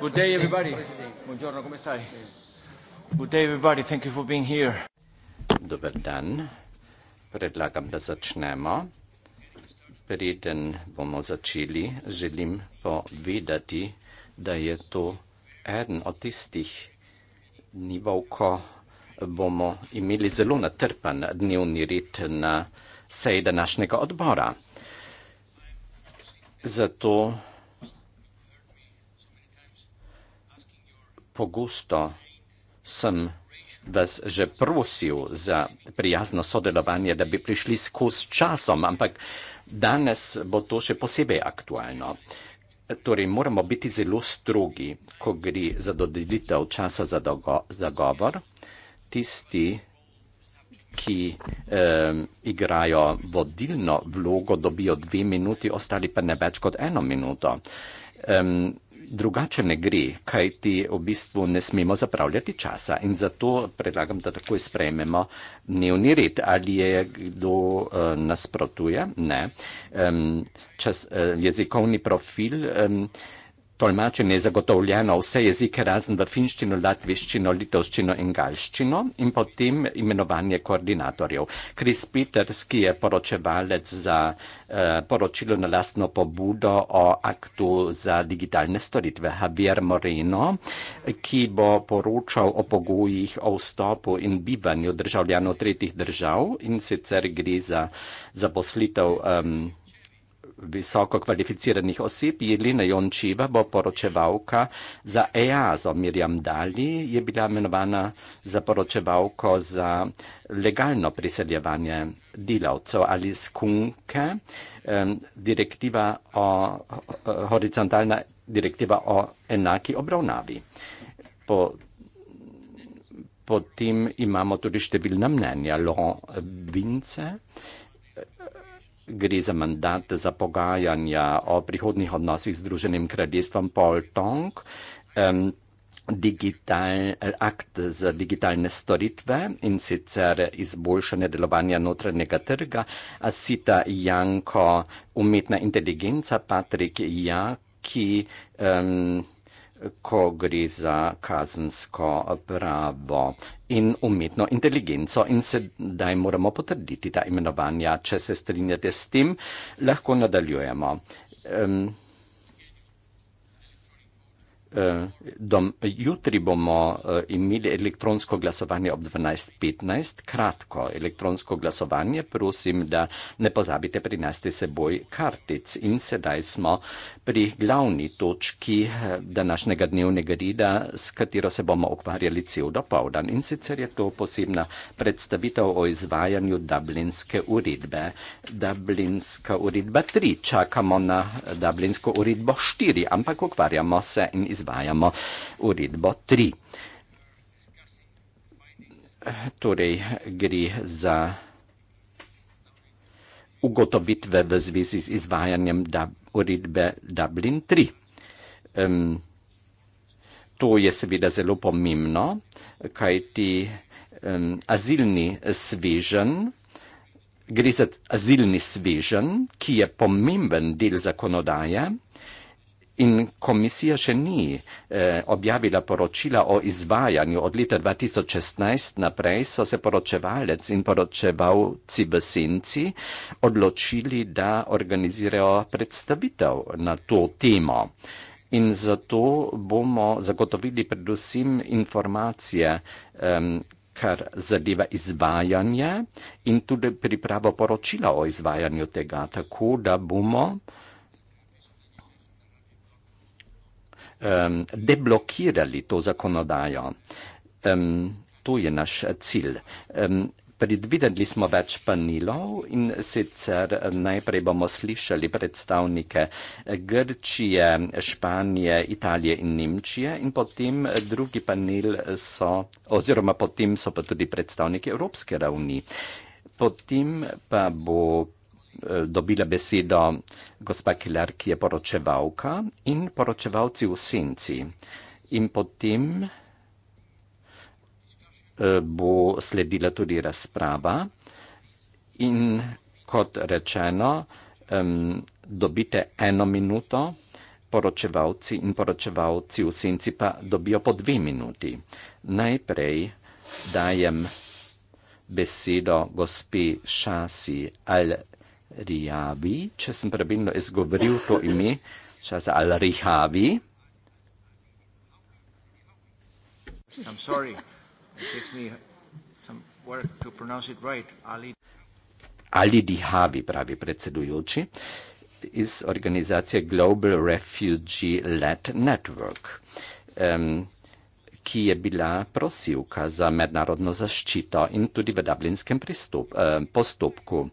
Good day, everybody. Buongiorno, come stai? Good day, everybody. Thank you for being here. Dobar dan. Predlagam, da začnemo. Preden bomo začeli, želim povedati, da je to eden od tistih nivov, ko bomo imeli zelo natrpan dnevni red na seji današnjega odbora. Zato pogosto sem vas že prosil za prijazno sodelovanje, da bi prišli skozi časom, ampak danes bo to še posebej aktualno. Torej, moramo biti zelo strogi, ko gre za dodelitev časa za, dogo, za govor. Tisti, ki eh, igrajo vodilno vlogo, dobijo dve minuti, ostali pa ne več kot eno minuto. Eh, drugače ne gre, kaj ti v bistvu ne smemo zapravljati časa in zato predlagam, da takoj sprejmemo dnevni red. Ali je kdo uh, nasprotuje? Ne. Um, čas, uh, jezikovni profil. Um, Tolmačenje je zagotovljeno vse jezike, razen v finščino, latviščino, litovščino in galščino in potem imenovanje koordinatorjev. Kris Peters, ki je poročevalec za eh, poročilo na lastno pobudo o aktu za digitalne storitve, Javier Moreno, ki bo poročal o pogojih o vstopu in bivanju državljanov tretjih držav in sicer gre za zaposlitev. Um, visoko kvalificiranih oseb. Jelena Jončeva bo poročevalka za EASO. Mirjam Dali je bila imenovana za poročevalko za legalno priseljevanje delavcev ali skunke. Direktiva o, horizontalna direktiva o enaki obravnavi. Po Potem imamo tudi številna mnenja. Laurent Vince gre za mandat za pogajanja o prihodnih odnosih z Združenim kraljestvom Paul Tong. Um, Digital, akt za digitalne storitve in sicer izboljšanje delovanja notranjega trga, Sita Janko, umetna inteligenca, Patrik Jaki. Um, ko gre za kazensko pravo in umetno inteligenco in sedaj moramo potrditi ta imenovanja. Če se strinjate s tem, lahko nadaljujemo. Um, Eh, dom, jutri bomo uh, imeli elektronsko glasovanje ob 12.15, kratko elektronsko glasovanje, prosim, da ne pozabite prinesti seboj kartic. In sedaj smo pri glavni točki eh, današnjega dnevnega rida, s katero se bomo ukvarjali cel dopoldan. In sicer je to posebna predstavitev o izvajanju Dublinske uredbe. Dublinska uredba 3, čakamo na Dublinsko uredbo 4, ampak ukvarjamo se in izvajamo izvajamo uredbo 3. Torej gre za ugotovitve v zvezi z izvajanjem uredbe Dublin 3. Um, to je seveda zelo pomembno, kajti um, azilni svežen, gre za azilni svežen, ki je pomemben del zakonodaje, In komisija še ni eh, objavila poročila o izvajanju. Od leta 2016 naprej so se poročevalec in poročevalci v senci odločili, da organizirajo predstavitev na to temo. In zato bomo zagotovili predvsem informacije, um, kar zadeva izvajanje in tudi pripravo poročila o izvajanju tega, tako da bomo um, deblokirali to zakonodajo. Um, to je naš eh, cilj. Um, Predvideli smo več panilov in sicer eh, najprej bomo slišali predstavnike eh, Grčije, Španije, Italije in Nemčije in potem drugi panel so, oziroma potem so pa tudi predstavniki Evropske ravni. Potem pa bo dobila besedo gospa Kiler, ki je poročevalka in poročevalci v senci. In potem eh, bo sledila tudi razprava in kot rečeno, dobite eno minuto, poročevalci in poročevalci v senci pa dobijo po dve minuti. Najprej dajem besedo gospe Šasi Al Riavi, če sem pravilno izgovoril to ime, če se Al-Rihavi. Right. Ali Dihavi, pravi predsedujoči, iz organizacije Global Refugee Led Network, um, ki je bila prosilka za mednarodno zaščito in tudi v dublinskem pristop, uh, postopku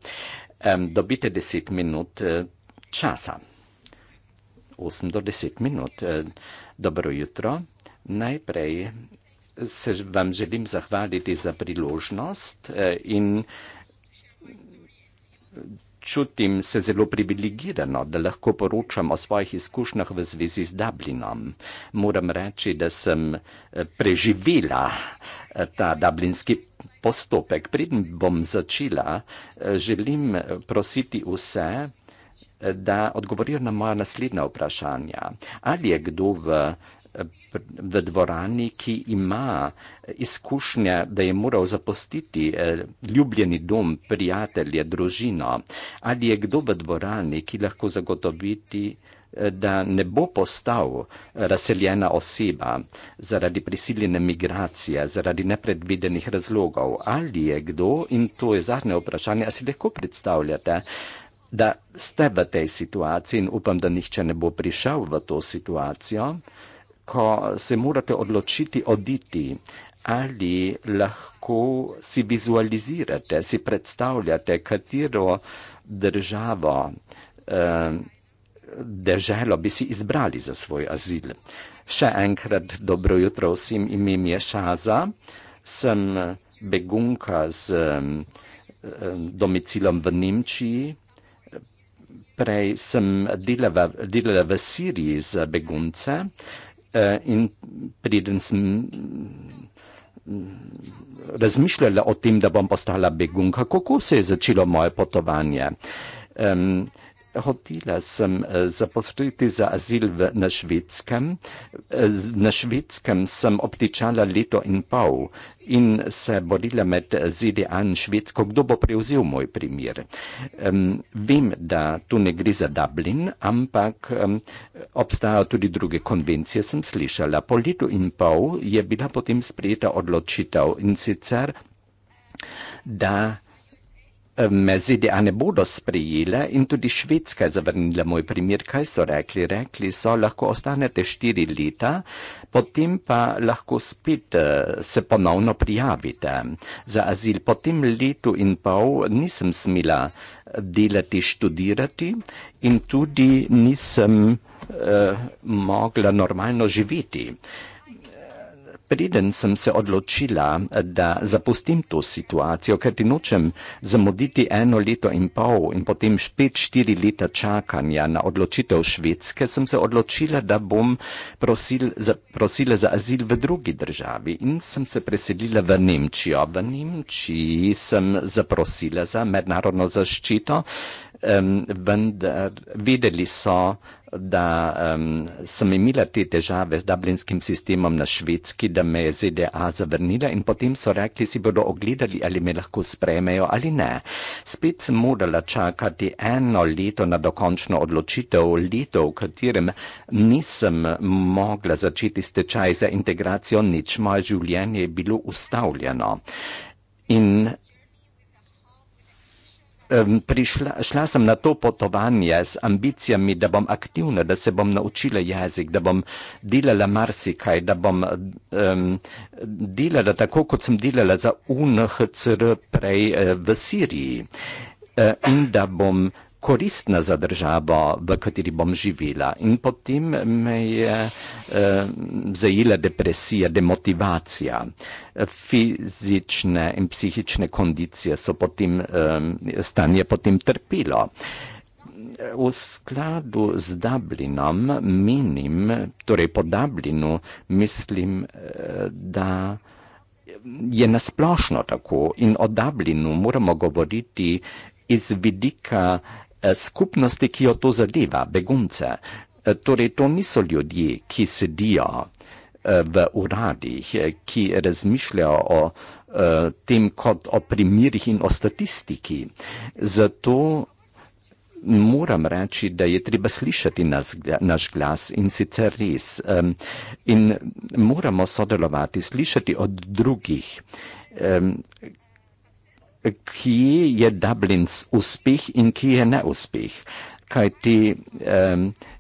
dobite 10 minut eh, časa. 8 do 10 minut. Eh, dobro jutro. Najprej se vam želim zahvaliti za priložnost eh, in čutim se zelo privilegirano, da lahko poročam o svojih izkušnjah v zvezi z Dublinom. Moram reči, da sem preživela ta dublinski postopek, preden bom začela, eh, želim eh, prositi vse, eh, da odgovorijo na moja naslednja vprašanja. Ali je kdo v, v dvorani, ki ima izkušnje, da je moral zapustiti ljubljeni dom, prijatelje, družino? Ali je kdo v dvorani, ki lahko zagotoviti, da ne bo postal razseljena oseba zaradi prisiljene migracije, zaradi nepredvidenih razlogov. Ali je kdo, in to je zadnje vprašanje, ali si lahko predstavljate, da ste v tej situaciji in upam, da nihče ne bo prišel v to situacijo, ko se morate odločiti oditi. Ali lahko si vizualizirate, si predstavljate, katero državo eh, deželo bi si izbrali za svoj azil. Še enkrat dobro jutro vsem, imem je Šaza, sem begunka z domicilom v Nemčiji. Prej sem delala v Siriji z begunce eh, in preden sem mm, razmišljala o tem, da bom postala begunka, kako se je začelo moje potovanje. Hotela sem eh, zaposliti za azil v, na švedskem. Eh, na švedskem sem obtičala leto in pol in se borila med ZDA in Švedsko, kdo bo prevzel moj primer. Um, vem, da tu ne gre za Dublin, ampak um, obstajajo tudi druge konvencije, sem slišala. Po letu in pol je bila potem sprejeta odločitev in sicer, da. Eh, Mezidi a ne bodo sprejele in tudi Švedska je zavrnila moj primer, kaj so rekli. Rekli so, lahko ostanete štiri leta, potem pa lahko spet eh, se ponovno prijavite za azil. Po tem letu in pol nisem smela eh, delati, študirati in tudi nisem eh, mogla normalno živeti. Eh, preden sem se odločila, da zapustim to situacijo, ker ti nočem zamuditi eno leto in pol in potem spet štiri leta čakanja na odločitev Švedske, sem se odločila, da bom prosil, za, prosila za azil v drugi državi in sem se preselila v Nemčijo. V Nemčiji sem zaprosila za mednarodno zaščito, um, vendar vedeli so, da um, sem imela te težave z dublinskim sistemom na švedski, da me je ZDA zavrnila in potem so rekli, si bodo ogledali, ali me lahko sprejmejo ali ne. Spet sem morala čakati eno leto na dokončno odločitev, leto, v katerem nisem mogla začeti stečaj za integracijo, nič moje življenje je bilo ustavljeno. In prišla, šla sem na to potovanje z ambicijami, da bom aktivna, da se bom naučila jezik, da bom delala marsikaj, da bom um, delala tako, kot sem delala za UNHCR prej uh, v Siriji uh, in da bom koristna za državo, v kateri bom živela. In potem me je eh, zajela depresija, demotivacija. Fizične in psihične kondicije so potem eh, stanje potem trpilo. V skladu z Dublinom menim, torej po Dublinu mislim, eh, da je nasplošno tako in o Dublinu moramo govoriti iz vidika eh, Eh, skupnosti, ki jo to zadeva, begunce. Eh, torej, to niso ljudje, ki sedijo eh, v uradih, ki razmišljajo o tem kot o primirih in o statistiki. Zato moram reči, da je treba slišati naš glas in sicer res. In moramo sodelovati, slišati od drugih, kje je Dublin uspeh in kje je neuspeh kaj ti eh,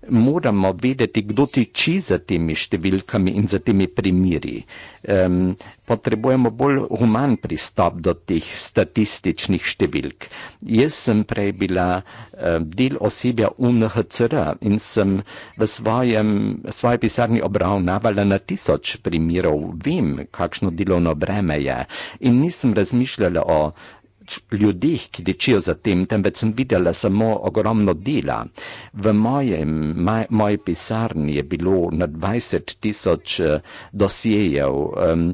moramo vedeti, kdo tiči za temi številkami in za temi primiri. Eh, potrebujemo bolj human pristop do teh statističnih številk. Jaz sem prej bila eh, del osebja UNHCR in sem v svojem, svoji pisarni obravnavala na tisoč primerov, vem, kakšno delovno breme je in nisem razmišljala o ljudeh, ki dečijo za tem, temveč sem videla samo ogromno dela. V mojem, maj, moji pisarni je bilo na 20 tisoč eh, dosjejev um,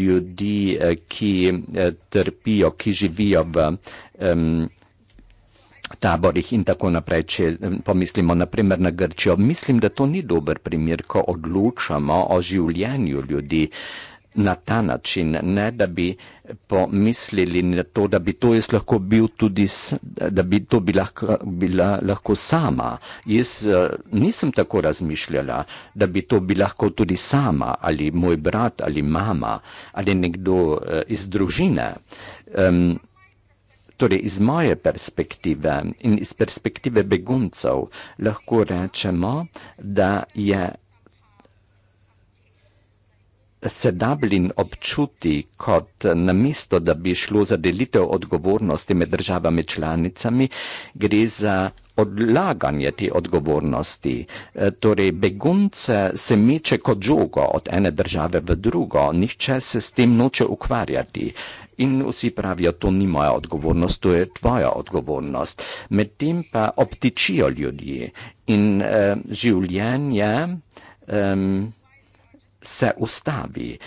ljudi, eh, ki eh, trpijo, ki živijo v um, taborih in tako naprej, če pomislimo naprimer na Grčijo. Mislim, da to ni dober primer, ko odločamo o življenju ljudi na ta način, ne da bi pomislili na to, da bi to jaz lahko bil tudi, da bi to bi lahko, bila lahko sama. Jaz eh, nisem tako razmišljala, da bi to bi lahko tudi sama ali moj brat ali mama ali nekdo eh, iz družine. Um, torej iz moje perspektive in iz perspektive beguncev lahko rečemo, da je se Dublin občuti kot eh, namesto, da bi šlo za delitev odgovornosti med državami članicami, gre za odlaganje te odgovornosti. Eh, torej, begunce se meče kot žogo od ene države v drugo, nihče se s tem noče ukvarjati. In vsi pravijo, to ni moja odgovornost, to je tvoja odgovornost. Medtem pa obtičijo ljudje in eh, življenje. Eh, se ustavi.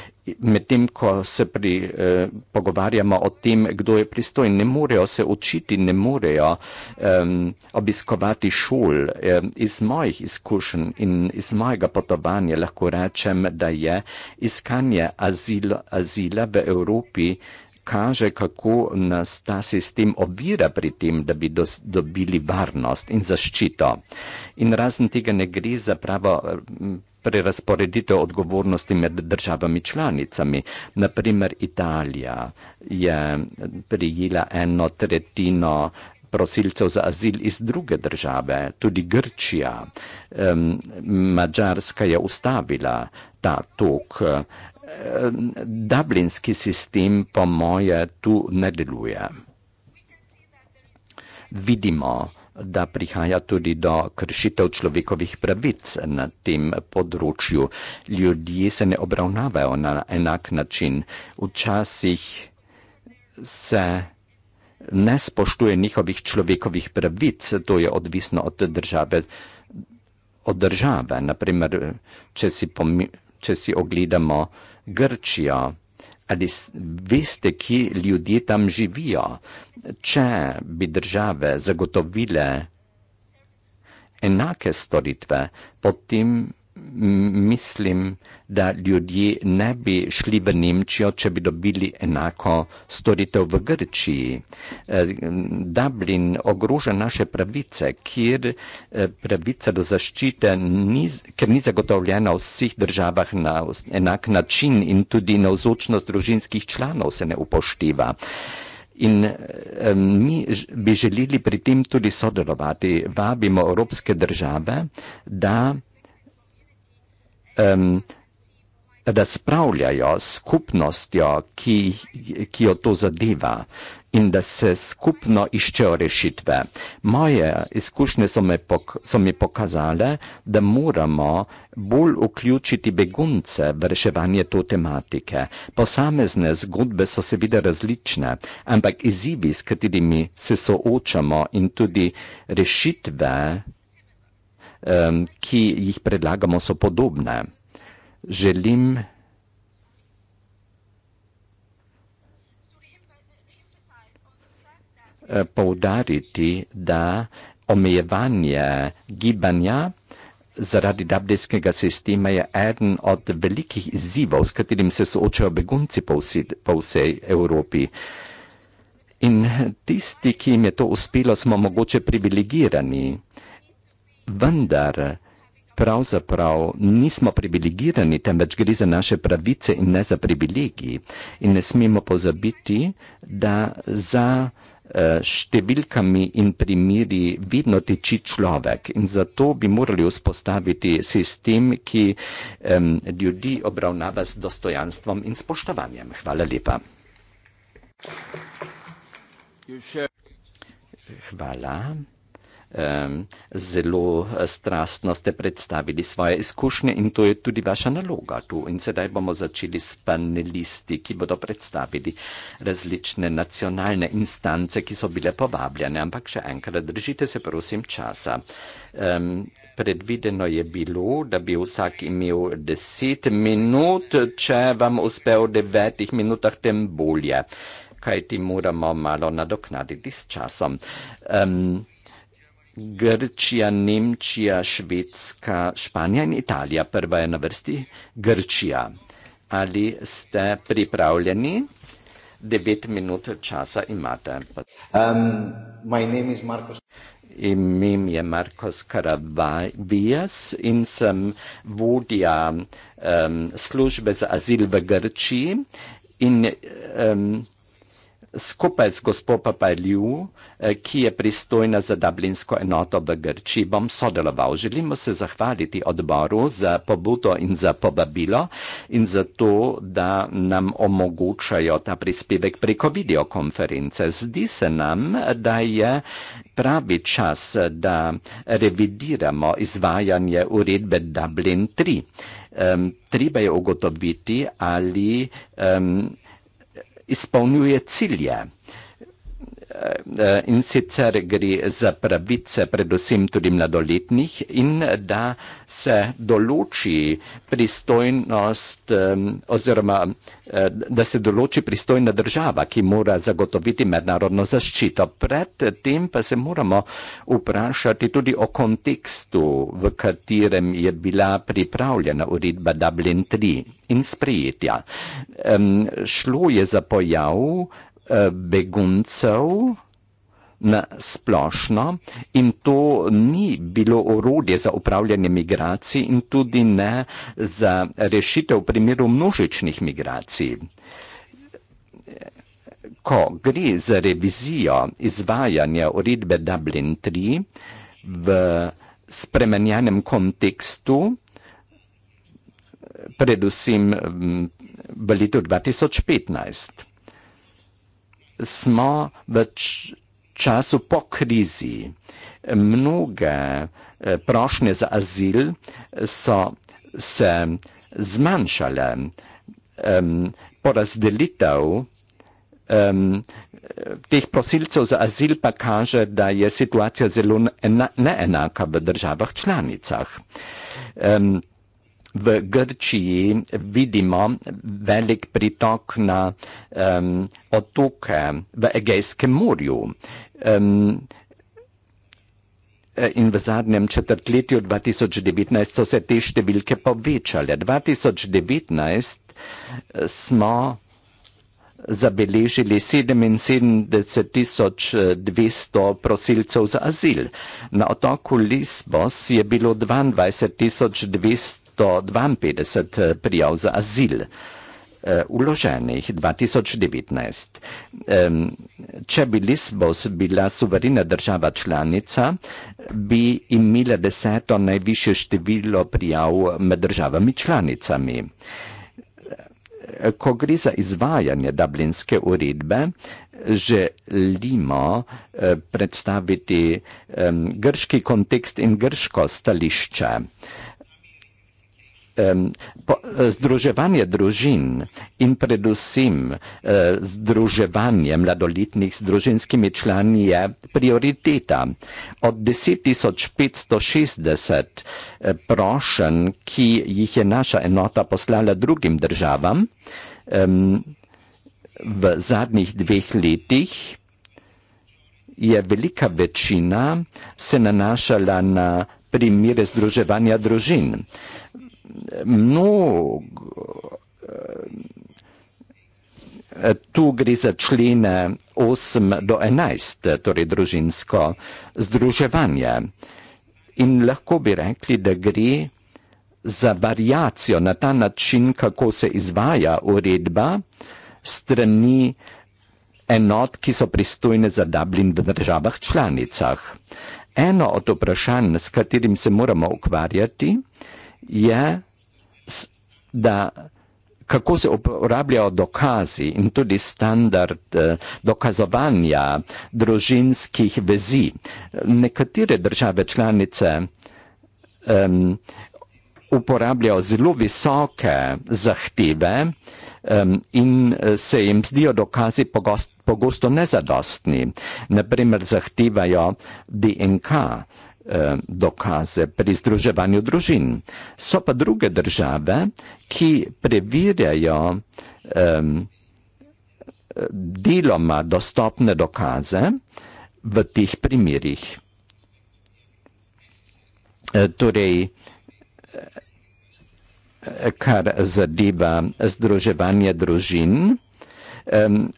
Medtem, ko se pri, eh, pogovarjamo o tem, kdo je pristojen, ne morejo se učiti, ne morejo eh, obiskovati šol. Eh, iz mojih izkušenj in iz mojega potovanja lahko rečem, da je iskanje azil, azila v Evropi kaže, kako nas ta sistem ovira pri tem, da bi dos, dobili varnost in zaščito. In razen tega ne gre za pravo prerasporeditev odgovornosti med državami članicami. Naprimer, Italija je prijela eno tretjino prosilcev za azil iz druge države, tudi Grčija. Um, Mačarska je ustavila ta tok. Dublinski sistem po moje tu ne deluje. Vidimo, da prihaja tudi do kršitev človekovih pravic na tem področju. Ljudje se ne obravnavajo na enak način. Včasih se ne spoštuje njihovih človekovih pravic, to je odvisno od države. Od države. Naprimer, če si, pomi, če si ogledamo uh, Grčija. Ali veste, kje ljudje tam živijo? Če bi države zagotovile enake storitve, potem mislim, da ljudje ne bi šli v Nemčijo, če bi dobili enako storitev v Grčiji. Eh, Dublin ogroža naše pravice, kjer eh, pravica do zaščite, ni, ker ni zagotovljena v vseh državah na enak način in tudi na vzočnost družinskih članov se ne upošteva. In eh, mi bi želeli pri tem tudi sodelovati. Vabimo evropske države, da um, razpravljajo s skupnostjo, ki, ki jo to zadeva in da se skupno iščejo rešitve. Moje izkušnje so mi pok pokazale, da moramo bolj vključiti begunce v reševanje to tematike. Posamezne zgodbe so seveda različne, ampak izzivi, s katerimi se soočamo in tudi rešitve, ki jih predlagamo, so podobne. Želim e, poudariti, da omejevanje gibanja zaradi dubdejskega sistema je eden od velikih izzivov, s katerim se soočajo begunci po vsej, po vsej Evropi. In tisti, ki jim je to uspelo, smo mogoče privilegirani vendar pravzaprav nismo privilegirani, temveč gre za naše pravice in ne za privilegij. In ne smemo pozabiti, da za eh, številkami in primiri vidno teči človek in zato bi morali vzpostaviti sistem, ki um, ljudi obravnava s dostojanstvom in spoštovanjem. Hvala lepa. Hvala zelo eh, strastno ste predstavili svoje izkušnje in to je tudi vaša naloga tu. In sedaj bomo začeli s panelisti, ki bodo predstavili različne nacionalne instance, ki so bile povabljene. Ampak še enkrat, držite se prosim časa. Um, predvideno je bilo, da bi vsak imel deset minut, če vam uspe v devetih minutah, tem bolje, kajti moramo malo nadoknaditi s časom. Um, Grčija, Nemčija, Švedska, Španija in Italija. Prva je na vrsti Grčija. Ali ste pripravljeni? Devet minut časa imate. Um, Ime mi je Markos Karavajas in sem vodja um, službe za azil v Grčiji. In, um, skupaj z gospo Papaliu, eh, ki je pristojna za Dublinsko enoto v Grčiji, bom sodeloval. Želimo se zahvaliti odboru za pobudo in za pobabilo in za to, da nam omogočajo ta prispevek preko videokonference. Zdi se nam, da je pravi čas, da revidiramo izvajanje uredbe Dublin 3. Um, treba je ugotoviti, ali um, izpolnjuje cilje. Eh, in sicer gre za pravice predvsem tudi mladoletnih in da se določi pristojnost oziroma eh, da se določi pristojna država, ki mora zagotoviti mednarodno zaščito. Pred tem pa se moramo vprašati tudi o kontekstu, v katerem je bila pripravljena uredba Dublin 3 in sprejetja. Šlo je za pojav, Eh, beguncev na splošno in to ni bilo orodje za upravljanje migracij in tudi ne za rešitev v primeru množičnih migracij. Ko gre za revizijo izvajanja uredbe Dublin 3 v spremenjenem kontekstu, predvsem mm, v letu 2015 smo v času po krizi. Mnoge eh, prošnje za azil so se zmanjšale. Porazdelitev teh prosilcev za azil pa kaže, da je situacija zelo neenaka v državah članicah v Grčiji vidimo velik pritok na um, otoke v Egejskem morju. Um, In v zadnjem četrtletju 2019 so se te številke povečale. 2019 smo zabeležili 77.200 prosilcev za azil. Na otoku Lisbos je bilo 22.200 152 eh, prijav za azil uloženih eh, 2019. Če bi Lisbos bila suverena država članica, bi imela deseto najvišje število prijav med državami članicami. Ko gre za izvajanje dublinske uredbe, želimo eh, predstaviti grški kontekst in grško stališče. E, združevanje družin in predvsem e, združevanje mladoletnih z družinskimi člani je prioriteta. Od 10560 e, prošen, ki jih je naša enota poslala drugim državam v zadnjih dveh letih, je velika večina se nanašala na primere združevanja družin mnogo, eh, tu gre za člene 8 do 11, torej družinsko združevanje. In lahko bi rekli, da gre za variacijo na ta način, kako se izvaja uredba strani enot, ki so pristojne za Dublin v državah članicah. Eno od vprašanj, s katerim se moramo ukvarjati, je, je, da kako se uporabljajo dokazi in tudi standard eh, dokazovanja družinskih vezi. Nekatere države članice um, uporabljajo zelo visoke zahteve um, in eh, se jim zdijo dokazi pogosto nezadostni. Naprimer, zahtevajo DNK. Eh, dokaze pri združevanju družin. So pa druge države, ki preverjajo um, deloma dostopne dokaze v tih primerjih. Eh, torej, eh, kar zadeva združevanje družin, um,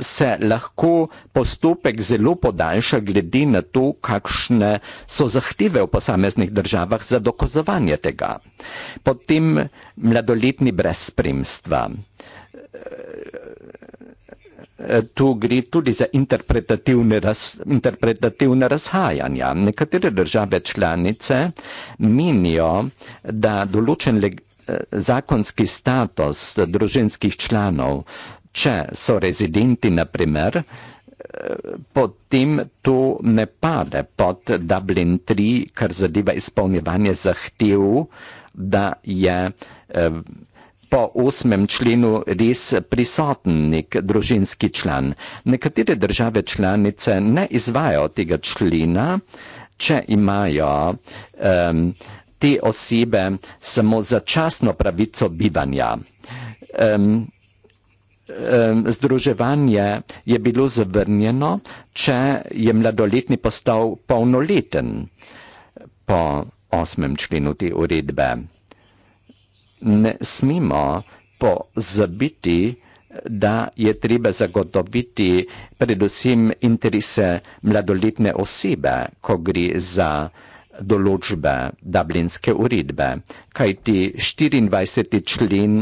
se lahko postopek zelo podaljša, glede na to, kakšne so zahteve v posameznih državah za dokazovanje tega. Potem mladoletni brez spremstva. E, tu gre tudi za interpretativne, raz, interpretativne razhajanja. Nekatere države članice menijo, da določen le, e, zakonski status družinskih članov uh, če so rezidenti, naprimer, eh, potem to ne pade pod Dublin 3, kar zadeva izpolnjevanje zahtev, da je eh, po osmem členu res prisoten nek družinski član. Nekatere države članice ne izvajo tega člena, če imajo te osebe samo začasno pravico bivanja združevanje je bilo zavrnjeno, če je mladoletni postal polnoleten po osmem členu te uredbe. Ne smemo pozabiti, da je treba zagotoviti predvsem interese mladoletne osebe, ko gre za določbe Dublinske uredbe, kajti 24. člen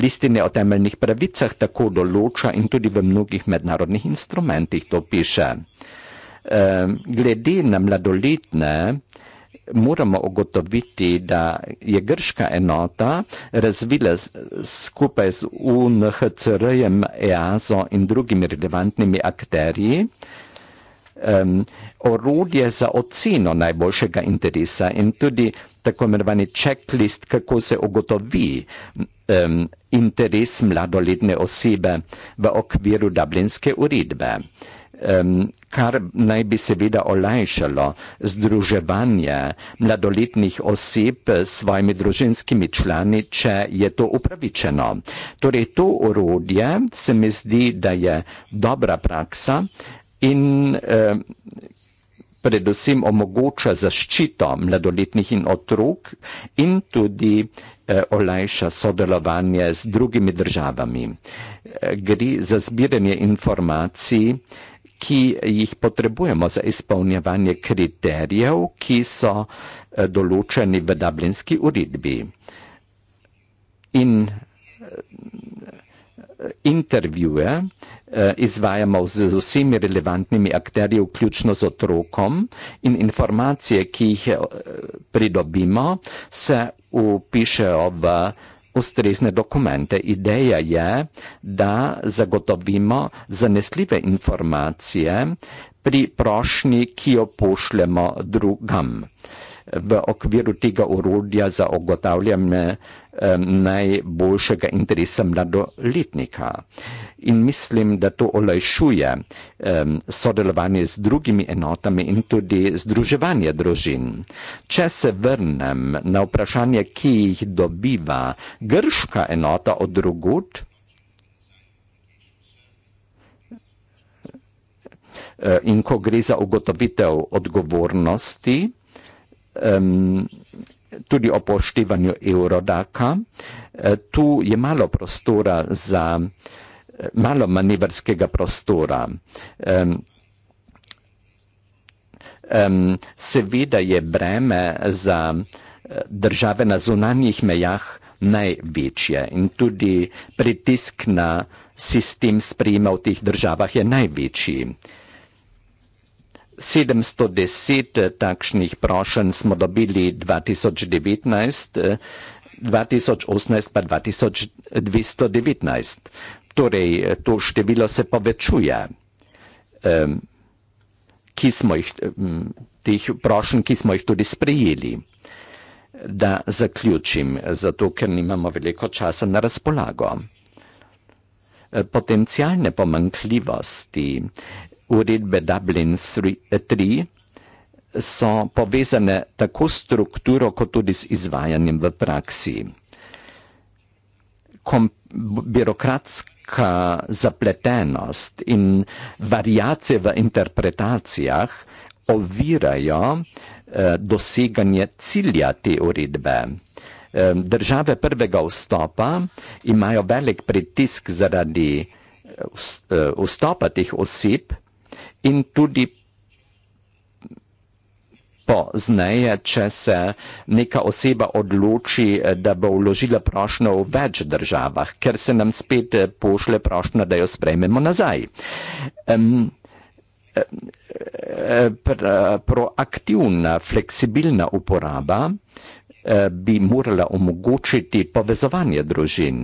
listine o temeljnih pravicah tako določa in tudi v mnogih mednarodnih instrumentih to piše. Ehm, glede na mladoletne moramo ugotoviti, da je grška enota razvila skupaj z UNHCR-jem, EASO in drugimi relevantnimi akterji, um, orodje za oceno najboljšega interesa in tudi tako imenovani checklist, kako se ugotovi um, interes mladoletne osebe v okviru Dublinske uredbe. Um, kar naj bi seveda olajšalo združevanje mladoletnih oseb s svojimi družinskimi člani, če je to upravičeno. Torej, to orodje se mi zdi, da je dobra praksa, uh, in eh, predvsem omogoča zaščito mladoletnih in otrok in tudi eh, olajša sodelovanje z drugimi državami. Eh, gre za zbiranje informacij, ki jih potrebujemo za izpolnjevanje kriterijev, ki so eh, določeni v Dublinski uredbi. In eh, intervjuje eh, izvajamo z vsemi relevantnimi akterji, vključno z otrokom in informacije, ki jih eh, pridobimo, se upišejo v ustrezne dokumente. Ideja je, da zagotovimo zanesljive informacije pri prošnji, ki jo pošljemo drugam. V okviru tega urodja za ogotavljanje najboljšega interesa mladoletnika. In mislim, da to olajšuje um, sodelovanje z drugimi enotami in tudi združevanje družin. Če se vrnem na vprašanje, ki jih dobiva grška enota od drugot, in ko gre za ugotovitev odgovornosti, um, tudi o poštevanju Eurodaka. Eh, tu je malo prostora za, eh, malo manevrskega prostora. Um, um, seveda je breme za eh, države na zunanjih mejah največje in tudi pritisk na sistem sprejema v teh državah je največji. 710 eh, takšnih prošenj smo dobili 2019, 2018 eh, pa 2219. Torej, eh, to število se povečuje. Ki smo jih, tih prošenj, ki smo jih tudi sprejeli. Da zaključim, zato ker nimamo veliko časa na razpolago. Potencijalne pomankljivosti uredbe Dublin 3 eh, so povezane tako s strukturo, kot tudi s izvajanjem v praksi. Kom birokratska zapletenost in variacije v interpretacijah ovirajo eh, doseganje cilja te uredbe. Eh, države prvega vstopa imajo velik pritisk zaradi eh, eh, vstopa teh oseb, in tudi pozneje, če se neka oseba odloči, eh, da bo vložila prošnjo v več državah, ker se nam spet eh, pošle prošnja, da jo sprejmemo nazaj. Um, Proaktivna, fleksibilna uporaba Eh, bi morala omogočiti povezovanje družin.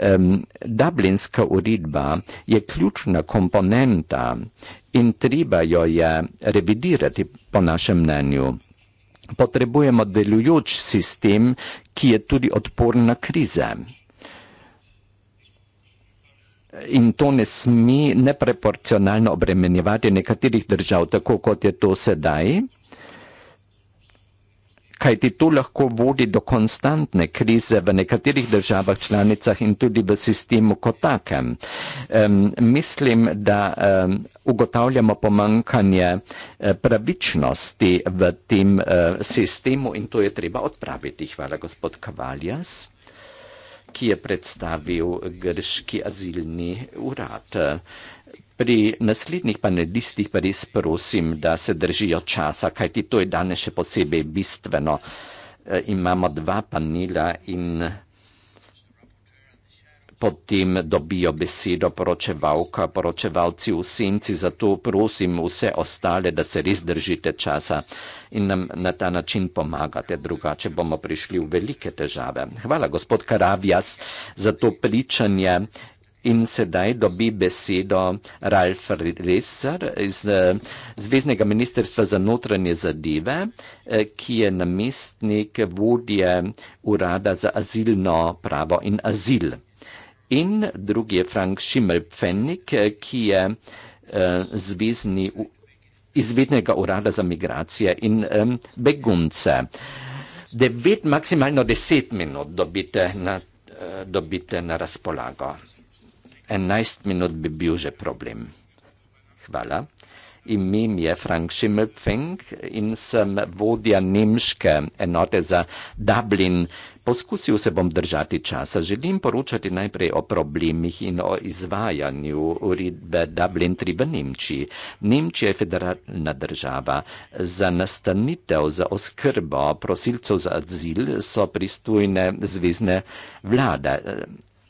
Um, Dublinska uredba je ključna komponenta in treba jo je revidirati, po našem mnenju. Potrebujemo delujoč sistem, ki je tudi odporen na krize. In to ne sme neproporcionalno obremenjevati nekaterih držav, tako kot je to sedaj kajti to lahko vodi do konstantne krize v nekaterih državah članicah in tudi v sistemu kot takem. Um, mislim, da um, ugotavljamo pomankanje eh, pravičnosti v tem uh, sistemu in to je treba odpraviti. Hvala, gospod Kavaljas ki je predstavil grški azilni urad. Uh, Pri naslednjih panelistih pa res prosim, da se držijo časa, kajti to je danes še posebej bistveno. E, imamo dva panela in potem dobijo besedo poročevalka, poročevalci v senci, zato prosim vse ostale, da se res držite časa in nam na ta način pomagate, drugače bomo prišli v velike težave. Hvala, gospod Karavjas, za to pričanje In sedaj dobi besedo Ralf Reser iz eh, Zvezdnega ministrstva za notranje zadeve, eh, ki je namestnik vodje urada za azilno pravo in azil. In drugi je Frank Schimmelpfennig, eh, ki je zvezdni izvednega urada za migracije in begunce. Devet, maksimalno deset minut dobite na, dobite na razpolago. 11 minut bi bil že problem. Hvala. Ime mi je Frank Schimmelpfeng in sem vodja nemške enote za Dublin. Poskusil se bom držati časa. Želim poročati najprej o problemih in o izvajanju uredbe Dublin 3 v Nemčiji. Nemčija je federalna država. Za nastanitev, za oskrbo prosilcev za azil so pristojne zvezne vlade.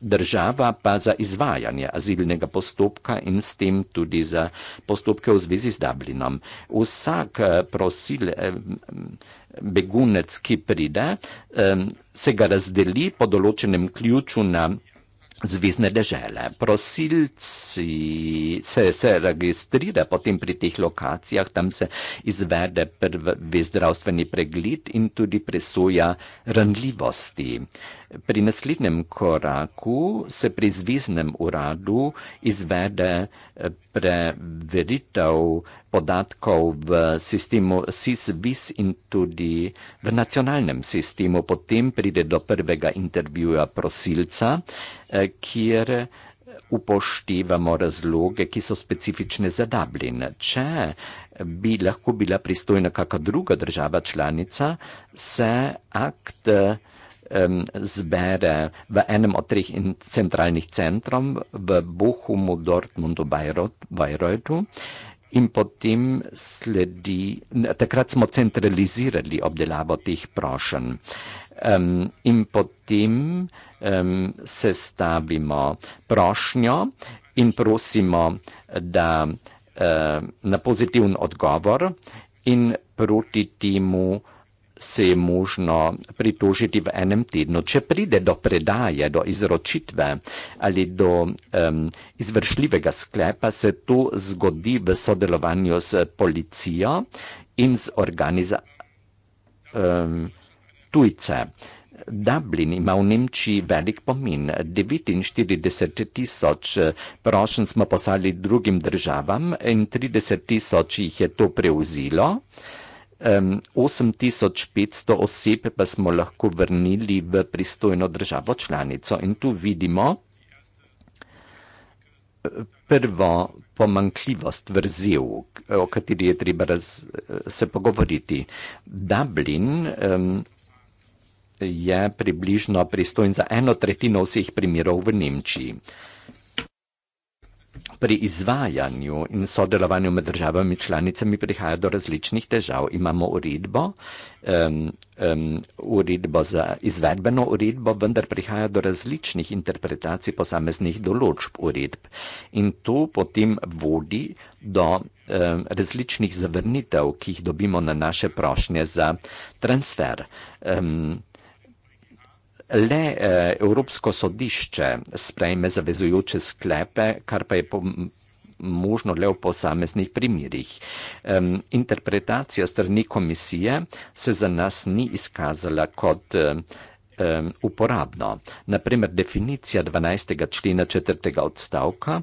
Država pa za izvajanje azilnega postopka in s tem tudi za postopke v zvezi z Dublinom. Vsak eh, prosil, eh, begunec, ki pride, eh, se ga razdeli po določenem ključu na zvezne dežele. Prosilci se, se registrira potem pri teh lokacijah, tam se izvede prvi zdravstveni pregled in tudi presoja randljivosti pri naslednjem koraku se pri zviznem uradu izvede eh, preveritev podatkov v sistemu SIS-VIS in tudi v nacionalnem sistemu. Potem pride do prvega intervjuja prosilca, eh, kjer upoštevamo razloge, ki so specifične za Dublin. Če bi lahko bila pristojna kakšna druga država članica, se akt um, zbere v enem od treh centralnih centrov v Bohumu, Dortmundu, Bayreuthu. In potem sledi, takrat smo centralizirali obdelavo teh prošen. Um, in potem um, sestavimo prošnjo in prosimo da, uh, na pozitiven odgovor in proti temu se je možno pritožiti v enem tednu. Če pride do predaje, do izročitve ali do um, izvršljivega sklepa, se to zgodi v sodelovanju s policijo in z organiza um, tujce. Dublin ima v Nemčiji velik pomen. 49 tisoč eh, prošen smo poslali drugim državam in 30 tisoč jih je to prevzilo um, 8500 oseb pa smo lahko vrnili v pristojno državo članico. In tu vidimo prvo pomankljivost vrzel, o kateri je treba raz, se pogovoriti. Dublin um, je približno pristojen za eno tretjino vseh primerov v Nemčiji pri izvajanju in sodelovanju med državami članicami prihaja do različnih težav. Imamo uredbo, um, um, uredbo za izvedbeno uredbo, vendar prihaja do različnih interpretacij posameznih določb uredb. In to potem vodi do um, različnih zavrnitev, ki jih dobimo na naše prošnje za transfer. Um, Le eh, Evropsko sodišče sprejme zavezujoče sklepe, kar pa je možno le v posameznih primirjih. Interpretacija strani komisije se za nas ni izkazala kot eh, uporabno. Naprimer, definicija 12. člena četrtega odstavka,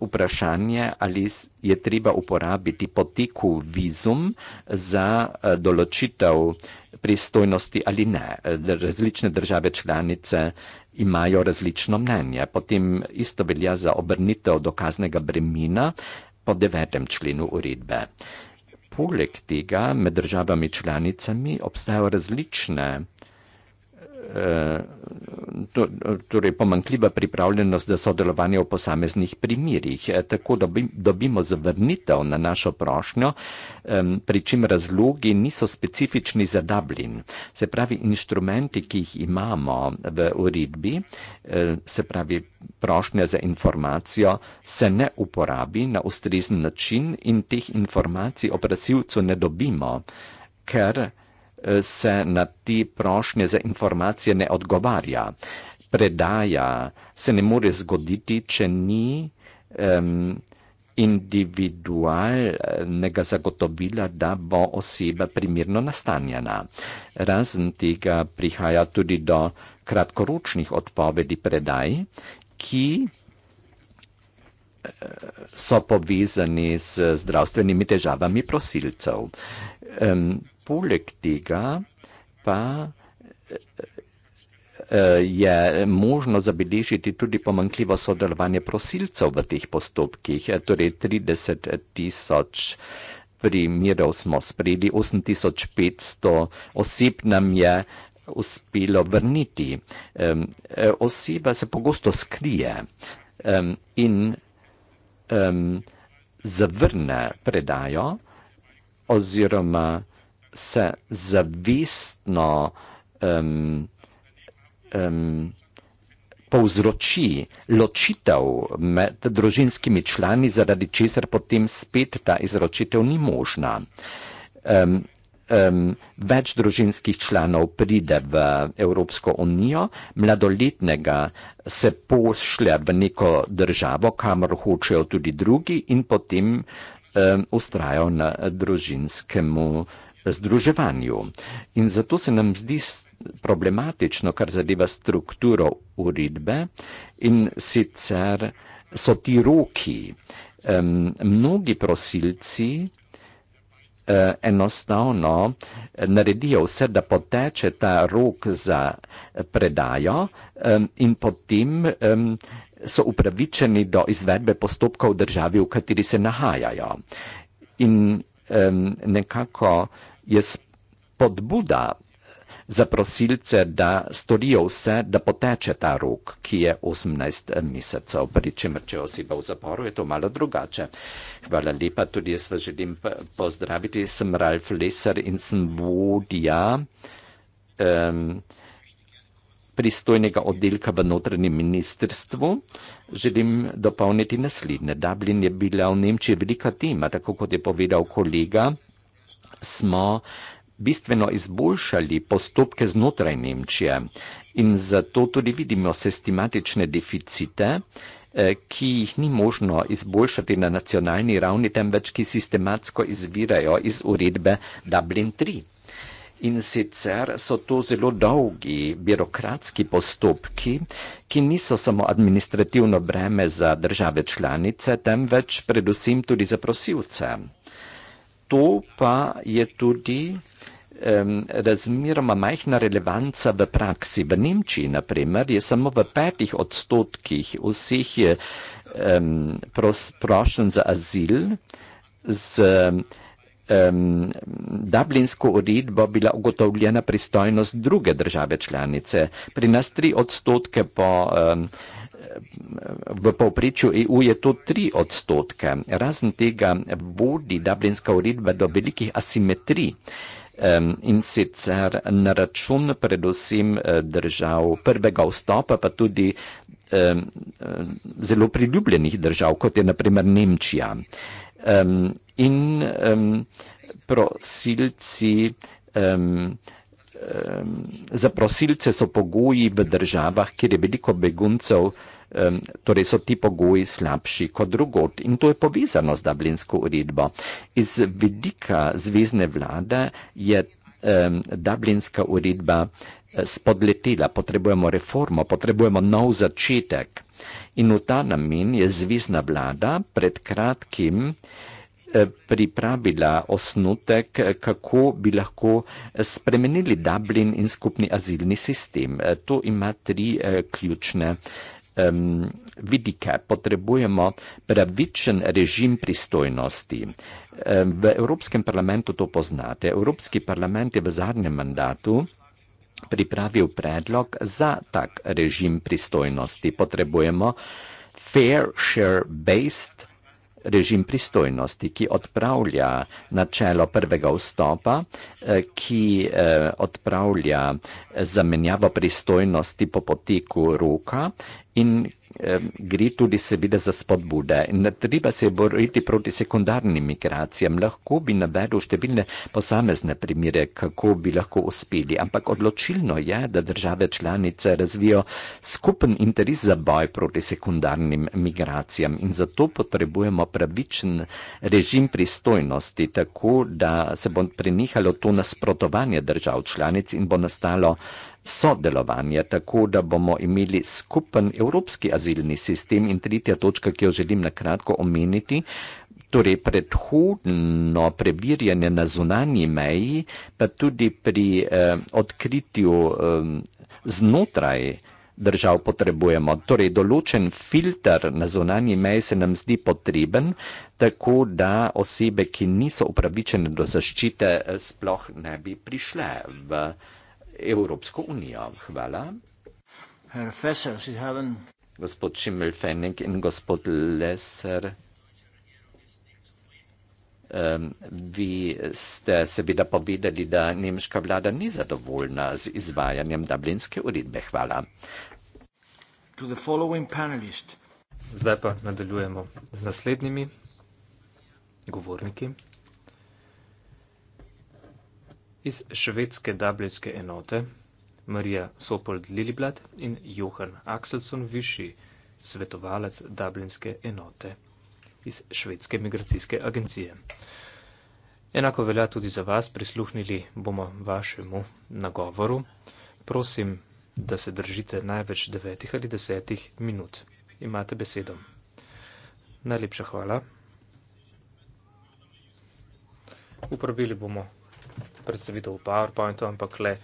vprašanje, ali je treba uporabiti potiku vizum za eh, določitev pristojnosti ali ne. Različne države članice imajo različno mnenje. Potem isto velja za obrnitev dokaznega bremena po devetem členu uredbe. Poleg tega med državami članicami obstajajo različne torej pomankljiva pripravljenost za sodelovanje v posameznih primirjih. E, tako dobimo zavrnitev na našo prošnjo, pri čem razlogi niso specifični za Dublin. Se pravi, inštrumenti, ki jih imamo v uredbi, e, se pravi, prošnja za informacijo se ne uporabi na ustrezen način in teh informacij o prosilcu ne dobimo, ker se na te prošnje za informacije ne odgovarja. Predaja se ne more zgoditi, če ni um, individualnega zagotovila, da bo oseba primirno nastanjena. Razen tega prihaja tudi do kratkoročnih odpovedi predaj, ki eh, so povezani z zdravstvenimi težavami prosilcev. Um, poleg tega pa eh, eh, je možno zabeležiti tudi pomankljivo sodelovanje prosilcev v teh postopkih, eh, torej 30 tisoč primerov smo sprejeli, 8500 oseb nam je uspelo vrniti. Oseba se pogosto skrije in zavrne predajo oziroma vrne, se zavestno um, um, povzroči ločitev med družinskimi člani, zaradi česar potem spet ta izročitev ni možna. Um, um, več družinskih članov pride v Evropsko unijo, mladoletnega se pošlja v neko državo, kamor hočejo tudi drugi in potem um, ustrajo na družinskemu združevanju. In zato se nam zdi problematično, kar zadeva strukturo uredbe in sicer so ti roki. Um, mnogi prosilci uh, enostavno e, naredijo vse, da poteče ta rok za e, predajo um, in potem um, so upravičeni do izvedbe postopkov v državi, v kateri se nahajajo. In um, nekako je spodbuda za prosilce, da storijo vse, da poteče ta rok, ki je 18 eh, mesecev. Pri čemer, če oseba v zaporu, je to malo drugače. Hvala lepa, tudi jaz vas želim pozdraviti. Sem Ralf Leser in sem vodja um, pristojnega oddelka v notranjem ministrstvu. Želim dopolniti naslednje. Dublin je bila v Nemčiji velika tema, tako kot je povedal kolega smo bistveno izboljšali postopke znotraj Nemčije in zato tudi vidimo sistematične deficite, eh, ki jih ni možno izboljšati na nacionalni ravni, temveč ki sistematsko izvirajo iz uredbe Dublin 3. In sicer so to zelo dolgi birokratski postopki, ki niso samo administrativno breme za države članice, temveč predvsem tudi za prosilce. To pa je tudi um, razmeroma majhna relevanca v praksi. V Nemčiji, na primer, je samo v petih odstotkih vseh um, pros, prošen za azil z um, dublinsko uredbo bila ugotovljena pristojnost druge države članice. Pri nas tri odstotke po um, v povprečju EU je to 3 odstotke. Razen tega vodi Dublinska uredba do velikih asimetrij in sicer na račun predvsem eh, držav prvega vstopa, pa tudi eh, zelo priljubljenih držav, kot je naprimer Nemčija. In prosilci, za prosilce so pogoji v državah, kjer je veliko beguncev, um, torej so ti pogoji slabši kot drugot in to je povezano z Dublinsko uredbo. Iz vidika zvezne vlade je um, Dublinska uredba eh, spodletela, potrebujemo reformo, potrebujemo nov začetek. In v ta namen je zvezna vlada pred kratkim eh, pripravila osnutek, eh, kako bi lahko spremenili Dublin in skupni azilni sistem. To ima tri ključne um, vidike. Potrebujemo pravičen režim pristojnosti. Um, v Evropskem parlamentu to poznate. Evropski parlament je v zadnjem mandatu pripravil predlog za tak režim pristojnosti. Potrebujemo fair share based režim pristojnosti, ki odpravlja načelo prvega vstopa, eh, ki eh, odpravlja zamenjavo pristojnosti po potiku roka in gre tudi seveda za spodbude. Ne treba se boriti proti sekundarnim migracijam. Lahko bi navedel številne posamezne primere, kako bi lahko uspeli, ampak odločilno je, da države članice razvijo skupen interes za boj proti sekundarnim migracijam in zato potrebujemo pravičen režim pristojnosti, tako da se bo prenehalo to nasprotovanje držav članic in bo nastalo sodelovanje, tako da bomo imeli skupen evropski azilni sistem in tretja točka, ki jo želim na kratko omeniti. Torej, predhodno preverjanje na zunanji meji, pa tudi pri eh, odkritju eh, znotraj držav potrebujemo. Torej, določen filter na zunanji meji se nam zdi potreben, tako da osebe, ki niso upravičene do zaščite, eh, sploh ne bi prišle v. Eh, Evropsko unijo. Hvala. Gospod Šimelfenik in gospod Leser, vi ste seveda povedali, da nemška vlada ni zadovoljna z izvajanjem dublinske uredbe. Hvala. Zdaj pa nadaljujemo z naslednjimi govorniki iz švedske dubljanske enote, Marija Sopold Liliblad in Johan Axelson, višji svetovalec dubljanske enote iz švedske migracijske agencije. Enako velja tudi za vas, prisluhnili bomo vašemu nagovoru. Prosim, da se držite največ devetih ali desetih minut. Imate besedo. Najlepša hvala. Uporabili bomo predstavitev v PowerPointu, ampak le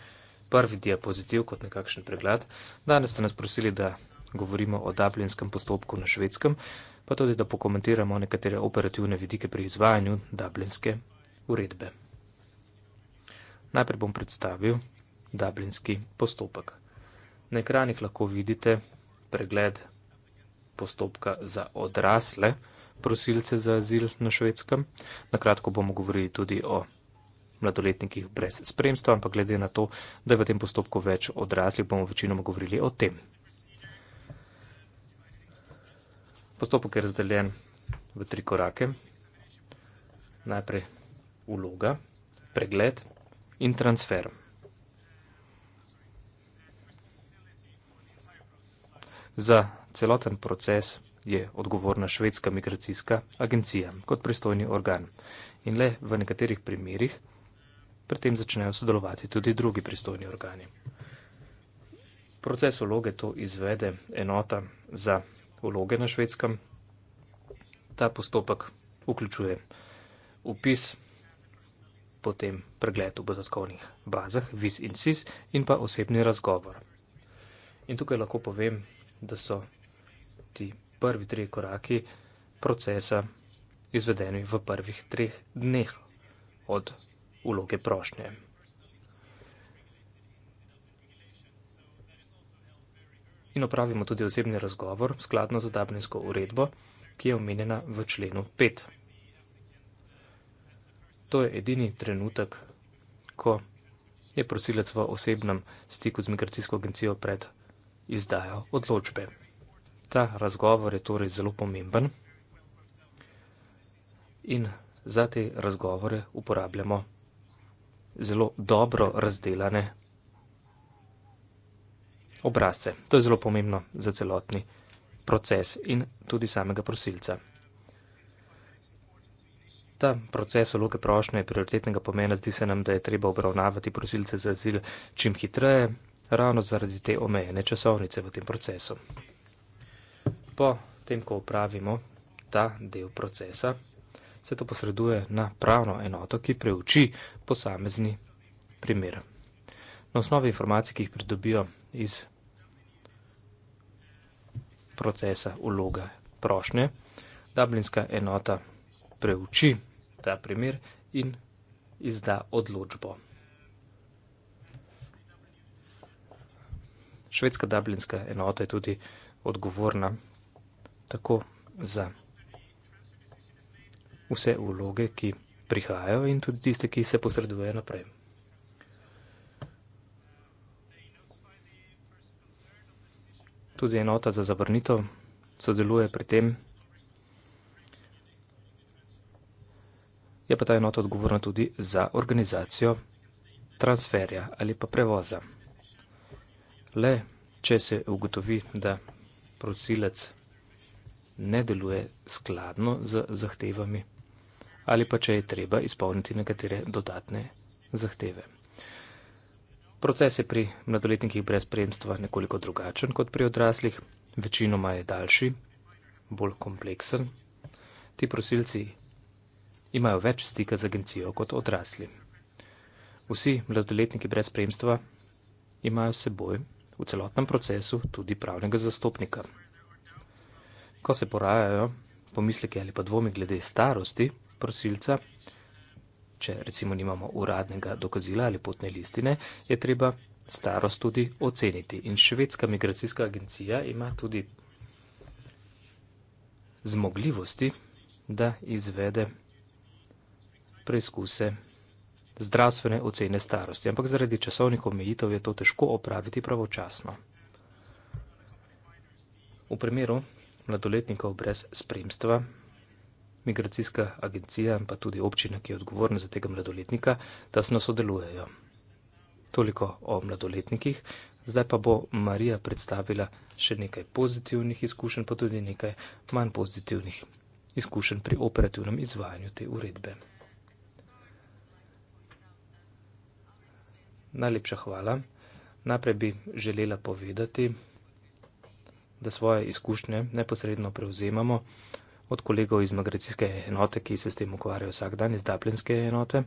prvi diapozitiv kot nekakšen pregled. Danes ste nas prosili, da govorimo o dublinskem postopku na švedskem, pa tudi da pokomentiramo nekatere operativne vidike pri izvajanju dublinske uredbe. Najprej bom predstavil dublinski postopek. Na ekranih lahko vidite pregled postopka za odrasle prosilce za azil na švedskem. Na kratko bomo govorili tudi o mladoletnikih brez spremstva, ampak glede na to, da je v tem postopku več odraslih, bomo večinoma govorili o tem. Postopek je razdeljen v tri korake. Najprej vloga, pregled in transfer. Za celoten proces je odgovorna švedska migracijska agencija kot pristojni organ. In le v nekaterih primerjih pri tem začnejo sodelovati tudi drugi pristojni organi. Proces vloge to izvede enota za vloge na švedskem. Ta postopek vključuje upis, potem pregled v podatkovnih bazah, viz in sis in pa osebni razgovor. In tukaj lahko povem, da so ti prvi tri koraki procesa izvedeni v prvih treh dneh od vloge prošnje. In opravimo tudi osebni razgovor skladno z Dablinsko uredbo, ki je omenjena v členu 5. To je edini trenutek, ko je prosilec v osebnem stiku z migracijsko agencijo pred izdajo odločbe. Ta razgovor je torej zelo pomemben in za te razgovore uporabljamo zelo dobro razdelane obrazce. To je zelo pomembno za celotni proces in tudi samega prosilca. Ta proces vloge prošnje je prioritetnega pomena, zdi se nam, da je treba obravnavati prosilce za azil čim hitreje, ravno zaradi te omejene časovnice v tem procesu. Po tem, ko upravimo ta del procesa, se to posreduje na pravno enoto, ki preuči posamezni primer. Na osnovi informacij, ki jih pridobijo iz procesa vloga prošnje, Dublinska enota preuči ta primer in izda odločbo. Švedska Dublinska enota je tudi odgovorna tako za vse vloge, ki prihajajo in tudi tiste, ki se posredujejo naprej. Tudi enota za zavrnitev sodeluje pri tem. Je pa ta enota odgovorna tudi za organizacijo transferja ali pa prevoza. Le, če se ugotovi, da prosilec ne deluje skladno z zahtevami ali pa če je treba izpolniti nekatere dodatne zahteve. Proces je pri mladoletnikih brez spremstva nekoliko drugačen kot pri odraslih, večinoma je daljši, bolj kompleksen. Ti prosilci imajo več stika z agencijo kot odrasli. Vsi mladoletniki brez spremstva imajo seboj v celotnem procesu tudi pravnega zastopnika. Ko se porajajo pomisleki ali pa dvomi glede starosti, prosilca, če recimo nimamo uradnega dokazila ali potne listine, je treba starost tudi oceniti. In švedska migracijska agencija ima tudi zmogljivosti, da izvede preizkuse zdravstvene ocene starosti. Ampak zaradi časovnih omejitev je to težko opraviti pravočasno. V primeru mladoletnikov brez spremstva migracijska agencija in pa tudi občina, ki je odgovorna za tega mladoletnika, da so nas sodelujejo. Toliko o mladoletnikih, zdaj pa bo Marija predstavila še nekaj pozitivnih izkušenj, pa tudi nekaj manj pozitivnih izkušenj pri operativnem izvajanju te uredbe. Najlepša hvala. Najprej bi želela povedati, da svoje izkušnje neposredno prevzemamo od kolegov iz migracijske enote, ki se s tem ukvarjajo vsak dan, iz Dublinske enote.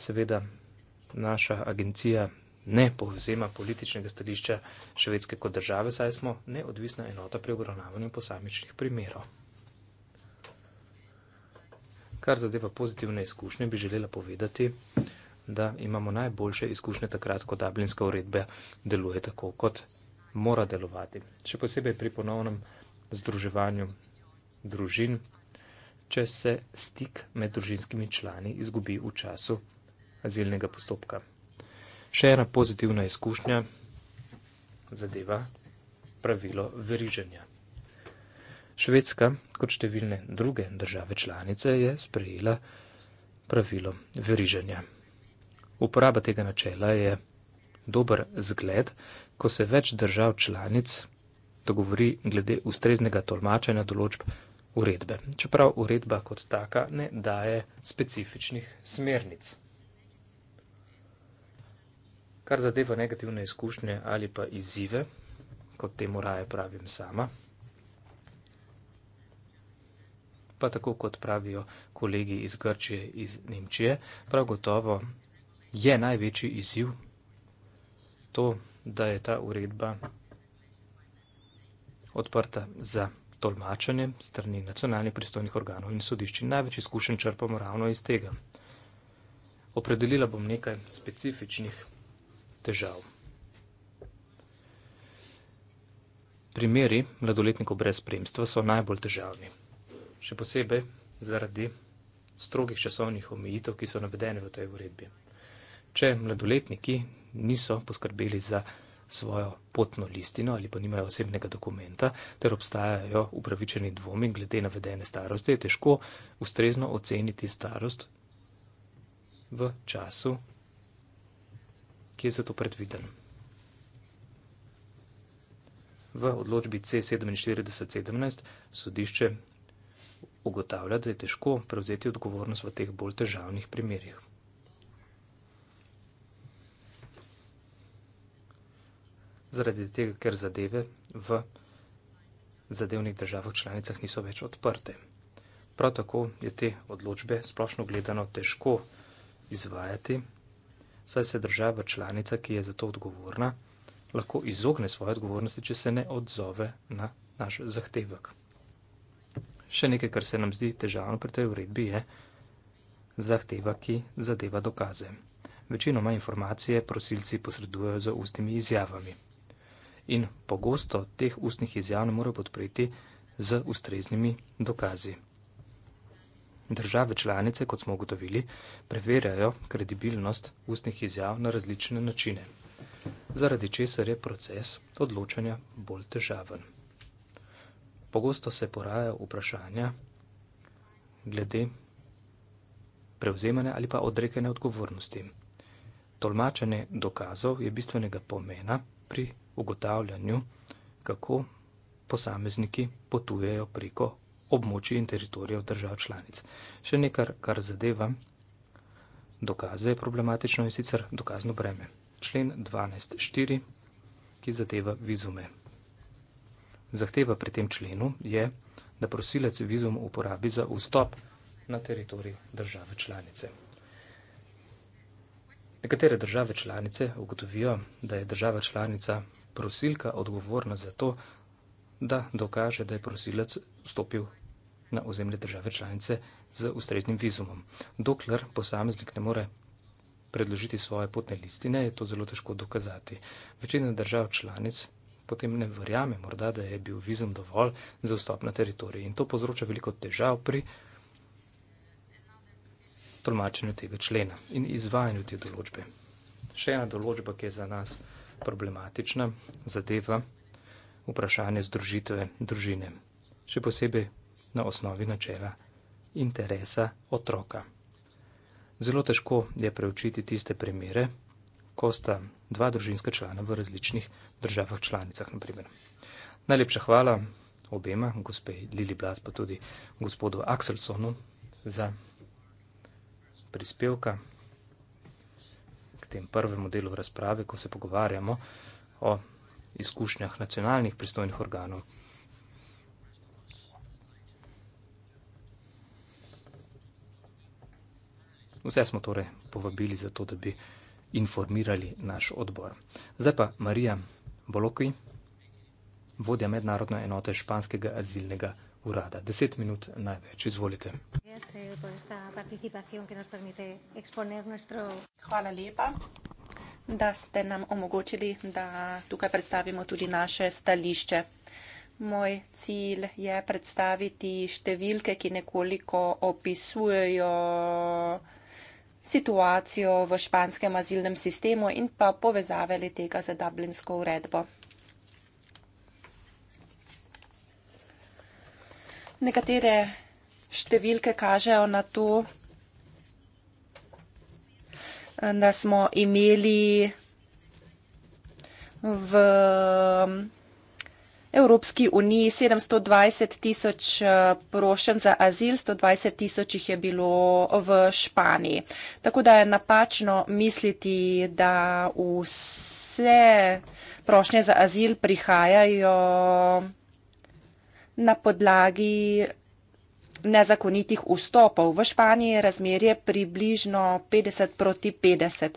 Seveda naša agencija ne povzema političnega stališča Švedske kot države, saj smo neodvisna enota pri obravnavanju posamičnih primerov. Kar zadeva pozitivne izkušnje, bi želela povedati, da imamo najboljše izkušnje takrat, ko Dublinska uredba deluje tako, kot mora delovati. Še posebej pri ponovnem združevanju družin, če se stik med družinskimi člani izgubi v času azilnega postopka. Še ena pozitivna izkušnja zadeva pravilo veriženja. Švedska, kot številne druge države članice, je sprejela pravilo veriženja. Uporaba tega načela je dober zgled, ko se več držav članic dogovori glede ustreznega tolmačenja določb uredbe. Čeprav uredba kot taka ne daje specifičnih smernic. Kar zadeva negativne izkušnje ali pa izzive, kot temu raje pravim sama, pa tako kot pravijo kolegi iz Grčije, iz Nemčije, prav gotovo je največji izziv to, da je ta uredba odprta za tolmačenje strani nacionalnih pristojnih organov in sodišč. Največ izkušenj črpamo ravno iz tega. Opredelila bom nekaj specifičnih težav. Primeri mladoletnikov brez spremstva so najbolj težavni. Še posebej zaradi strogih časovnih omejitev, ki so navedene v tej uredbi. Če mladoletniki niso poskrbeli za svojo potno listino ali pa nimajo osebnega dokumenta, ter obstajajo upravičeni dvomi glede navedene starosti, je težko ustrezno oceniti starost v času, ki je za to predviden. V odločbi C47-17 sodišče ugotavlja, da je težko prevzeti odgovornost v teh bolj težavnih primerjih. zaradi tega, ker zadeve v zadevnih državah članicah niso več odprte. Prav tako je te odločbe splošno gledano težko izvajati, saj se država članica, ki je za to odgovorna, lahko izogne svoje odgovornosti, če se ne odzove na naš zahtevek. Še nekaj, kar se nam zdi težavno pri tej uredbi, je zahteva, ki zadeva dokaze. Večinoma informacije prosilci posredujejo za ustnimi izjavami in pogosto teh ustnih izjav ne morejo podpreti z ustreznimi dokazi. Države članice, kot smo ugotovili, preverjajo kredibilnost ustnih izjav na različne načine, zaradi česar je proces odločanja bolj težaven. Pogosto se porajajo vprašanja glede prevzemanja ali pa odrekanja odgovornosti. Tolmačenje dokazov je bistvenega pomena pri ugotavljanju, kako posamezniki potujejo preko območij in teritorijev držav članic. Še nekaj, kar zadeva dokaze, je problematično in sicer dokazno breme. Člen 12.4, ki zadeva vizume. Zahteva pri tem členu je, da prosilec vizum uporabi za vstop na teritorij države članice. Nekatere države članice ugotovijo, da je država članica prosilka odgovorna za to, da dokaže, da je prosilec vstopil na ozemlje države članice z ustreznim vizumom. Dokler posameznik ne more predložiti svoje potne listine, je to zelo težko dokazati. Večina držav članic potem ne verjame morda, da je bil vizum dovolj za vstop na teritorij in to povzroča veliko težav pri tolmačenju tega člena in izvajanju te določbe. Še ena določba, ki je za nas problematična zadeva vprašanje združitve družine, še posebej na osnovi načela interesa otroka. Zelo težko je preučiti tiste primere, ko sta dva družinska člana v različnih državah članicah, naprimer. Najlepša hvala obema, gospe Lili Blad, pa tudi gospodu Akselsonu za prispevka tem prvem delu razprave, ko se pogovarjamo o izkušnjah nacionalnih pristojnih organov. Vse smo torej povabili za to, da bi informirali naš odbor. Zdaj pa Marija Bolokvi, vodja mednarodne enote španskega azilnega organa urada. Deset minut največ. Izvolite. Hvala lepa, da ste nam omogočili, da tukaj predstavimo tudi naše stališče. Moj cilj je predstaviti številke, ki nekoliko opisujejo situacijo v španskem azilnem sistemu in pa povezave tega z Dublinsko uredbo. Nekatere številke kažejo na to, da smo imeli v Evropski uniji 720 tisoč eh, prošen za azil, 120 tisoč jih je bilo v Španiji. Tako da je napačno misliti, da vse prošnje za azil prihajajo na podlagi nezakonitih vstopov. V Španiji je razmerje približno 50 proti 50.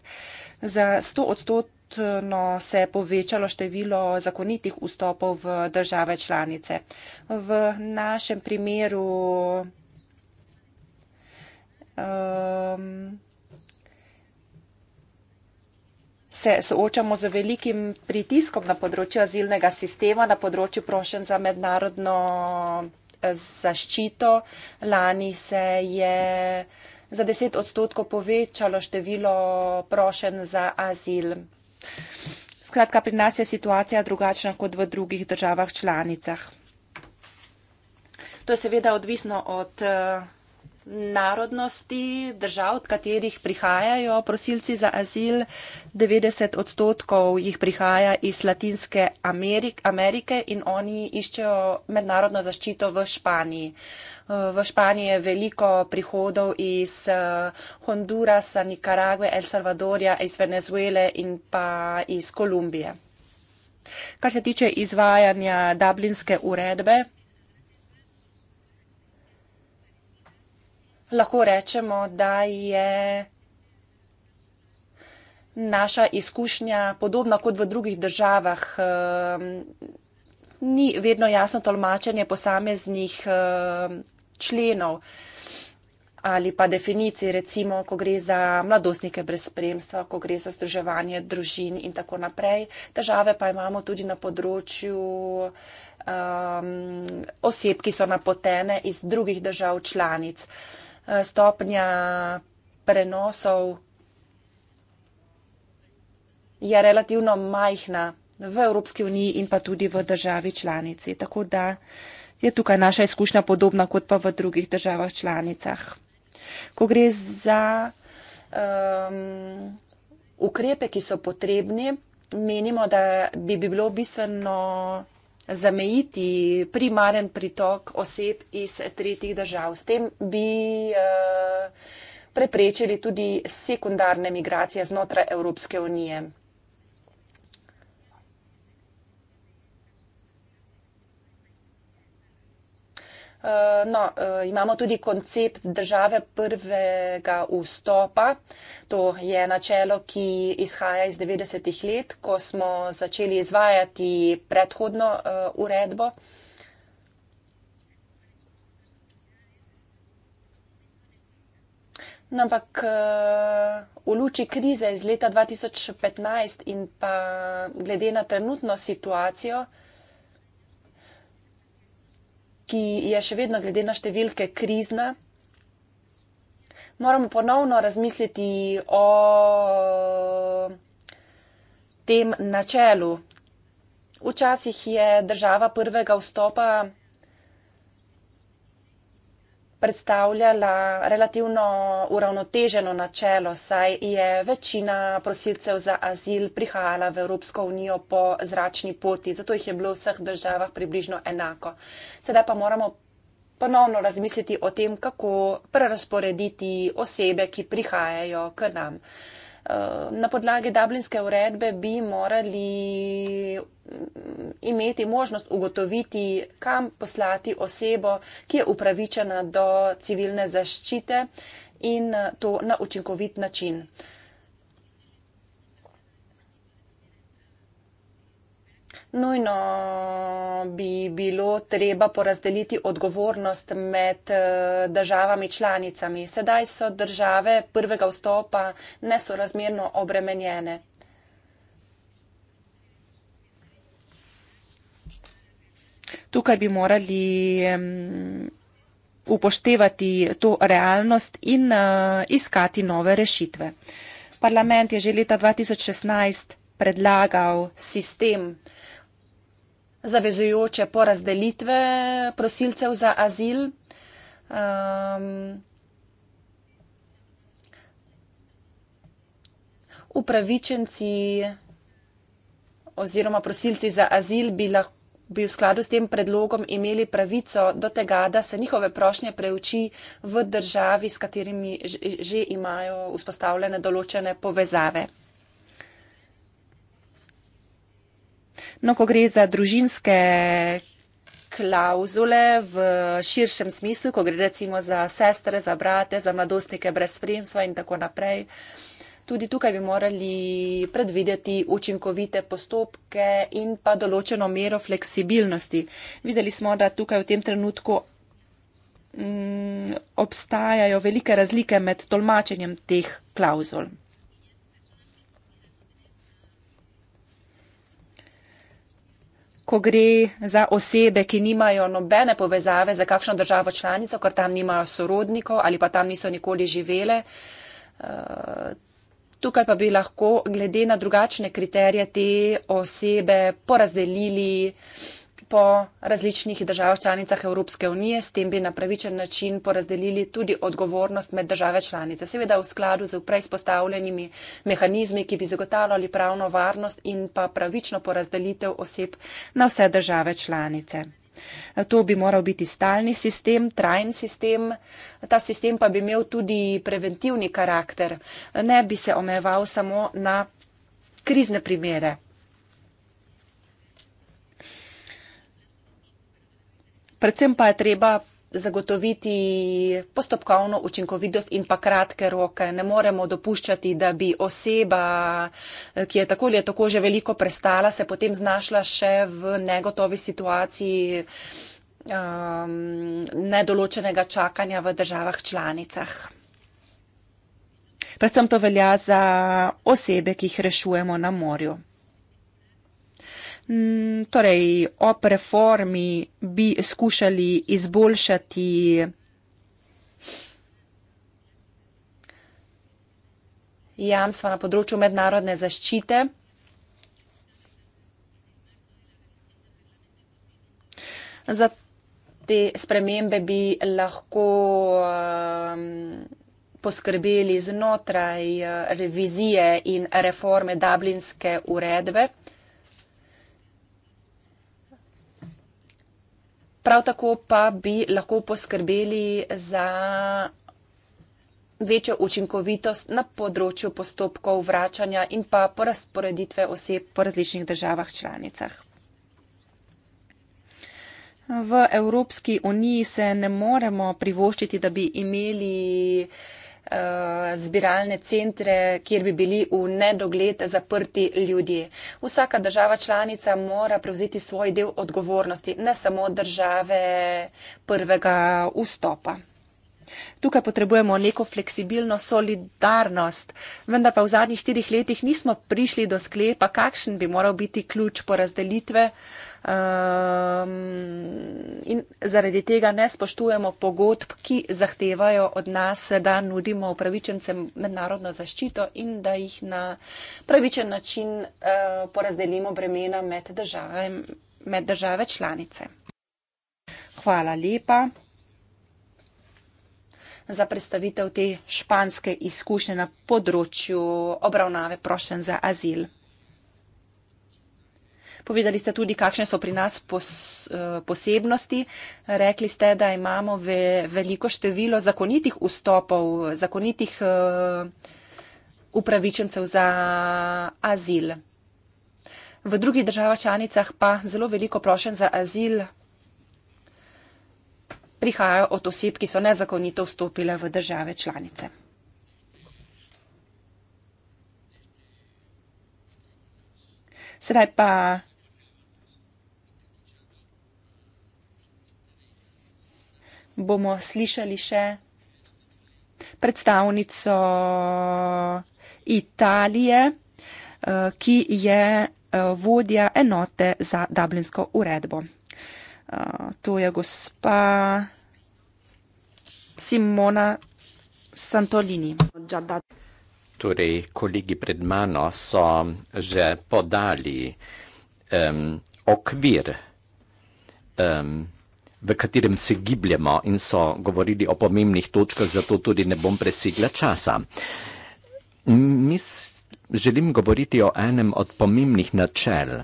Za 100 odstotno se je povečalo število zakonitih vstopov v države članice. V našem primeru um, se soočamo z velikim pritiskom na področju azilnega sistema, na področju prošen za mednarodno eh, zaščito. Lani se je za 10 odstotkov povečalo število prošen za azil. Skratka, pri nas je situacija drugačna kot v drugih državah članicah. To je seveda odvisno od eh, narodnosti držav, od katerih prihajajo prosilci za azil, 90 odstotkov jih prihaja iz Latinske Amerike in oni iščejo mednarodno zaščito v Španiji. V Španiji je veliko prihodov iz Hondurasa, Nicaragve, El Salvadorja, iz Venezuele in pa iz Kolumbije. Kar se tiče izvajanja Dublinske uredbe, lahko rečemo, da je naša izkušnja podobna kot v drugih državah. Ehm, ni vedno jasno tolmačenje posameznih ehm, členov ali pa definicij, recimo, ko gre za mladostnike brez spremstva, ko gre za združevanje družin in tako naprej. Težave pa imamo tudi na področju um, oseb, ki so napotene iz drugih držav članic. Uh, Eh, stopnja prenosov je relativno majhna v Evropski uniji in pa tudi v državi članici. Tako da je tukaj naša izkušnja podobna kot pa v drugih državah članicah. Ko gre za um, ukrepe, ki so potrebni, menimo, da bi bilo bistveno zamejiti primaren pritok oseb iz tretjih držav. S tem bi uh, preprečili tudi sekundarne migracije znotraj Evropske unije. Eh, no, eh, imamo tudi koncept države prvega vstopa. To je načelo, ki izhaja iz 90-ih let, ko smo začeli izvajati predhodno eh, uredbo. No, ampak v luči krize iz leta 2015 in pa glede na trenutno situacijo, ki je še vedno glede na številke krizna, moramo ponovno razmisliti o tem načelu. Včasih je država prvega vstopa predstavljala relativno uravnoteženo načelo, saj je večina prosilcev za azil prihajala v Evropsko unijo po zračni poti, zato jih je bilo v vseh državah približno enako. Sedaj pa moramo ponovno razmisliti o tem, kako prerasporediti osebe, ki prihajajo k nam. Eh, na podlagi dublinske uredbe bi morali mm, imeti možnost ugotoviti, kam poslati osebo, ki je upravičena do civilne zaščite in eh, to na učinkovit način. nujno bi bilo treba porazdeliti odgovornost med eh, državami članicami. Sedaj so države prvega vstopa nesorazmerno obremenjene. Tukaj bi morali upoštevati to realnost in eh, iskati nove rešitve. Parlament je že leta 2016 predlagal sistem, zavezujoče porazdelitve prosilcev za azil. Um, upravičenci oziroma prosilci za azil bi lahko bi v skladu s tem predlogom imeli pravico do tega, da se njihove prošnje preuči v državi, s katerimi že imajo vzpostavljene določene povezave. No, ko gre za družinske klauzule v širšem smislu, ko gre recimo za sestre, za brate, za mladostnike brez spremstva in tako naprej, tudi tukaj bi morali predvideti učinkovite postopke in pa določeno mero fleksibilnosti. Videli smo, da tukaj v tem trenutku. Mm, obstajajo velike razlike med tolmačenjem teh klauzul. ko gre za osebe, ki nimajo nobene povezave za kakšno državo članico, ker tam nimajo sorodnikov ali pa tam niso nikoli živele. Eh, tukaj pa bi lahko, glede na drugačne kriterije, te osebe porazdelili po različnih državah članicah Evropske unije, s tem bi na pravičen način porazdelili tudi odgovornost med države članice. Seveda v skladu z prej spostavljenimi mehanizmi, ki bi zagotavljali pravno varnost in pa pravično porazdelitev oseb na vse države članice. To bi moral biti stalni sistem, trajen sistem, ta sistem pa bi imel tudi preventivni karakter, ne bi se omejeval samo na krizne primere. Predvsem pa je treba zagotoviti postopkovno učinkovitost in pa kratke roke. Ne moremo dopuščati, da bi oseba, ki je tako ali tako že veliko prestala, se potem znašla še v negotovi situaciji um, nedoločenega čakanja v državah članicah. Predvsem to velja za osebe, ki jih rešujemo na morju. Mm, torej ob reformi bi skušali izboljšati jamstva na področju mednarodne zaščite. Za te spremembe bi lahko um, poskrbeli znotraj uh, revizije in reforme Dublinske uredbe. Prav tako pa bi lahko poskrbeli za večjo učinkovitost na področju postopkov vračanja in pa porazporeditve oseb po različnih državah članicah. V Evropski uniji se ne moremo privoščiti, da bi imeli uh, Eh, zbiralne centre, kjer bi bili v nedogled zaprti ljudje. Vsaka država članica mora prevzeti svoj del odgovornosti, ne samo države prvega vstopa. Tukaj potrebujemo neko fleksibilno solidarnost, vendar pa v zadnjih štirih letih nismo prišli do sklepa, kakšen bi moral biti ključ porazdelitve Um, in zaradi tega ne spoštujemo pogodb, ki zahtevajo od nas, da nudimo upravičencem mednarodno zaščito in da jih na pravičen način uh, porazdelimo bremena med države, med države članice. Hvala lepa za predstavitev te španske izkušnje na področju obravnave prošen za azil. Povedali ste tudi, kakšne so pri nas pos, eh, posebnosti. Rekli ste, da imamo ve, veliko število zakonitih vstopov, zakonitih uh, upravičencev za azil. V drugih državah članicah pa zelo veliko prošen za azil prihajajo od oseb, ki so nezakonito vstopile v države članice. Sedaj pa bomo slišali še predstavnico Italije, eh, ki je eh, vodja enote za Dublinsko uredbo. Eh, to je gospa Simona Santolini. Torej, kolegi pred mano so že podali um, okvir um, v katerem se gibljemo in so govorili o pomembnih točkah, zato tudi ne bom presegla časa. Mis želim govoriti o enem od pomembnih načel.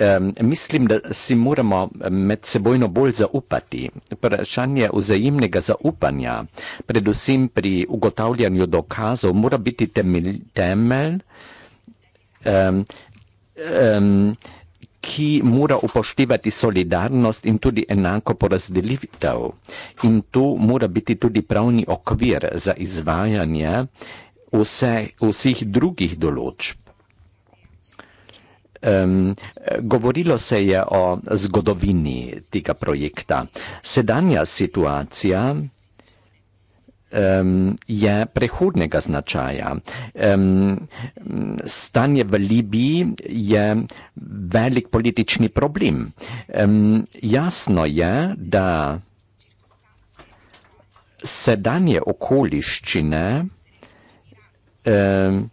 Um, mislim, da si moramo med sebojno bolj zaupati. Vprašanje vzajemnega zaupanja, predvsem pri ugotavljanju dokazov, mora biti temelj. temelj um, um, ki mora upoštevati solidarnost in tudi enako porazdelitev. In to mora biti tudi pravni okvir za izvajanje vse, vseh drugih določb. Um, govorilo se je o zgodovini tega projekta. Sedanja situacija um, je prehodnega značaja. Um, stanje v Libiji je velik politični problem. Um, jasno je, da sedanje okoliščine um,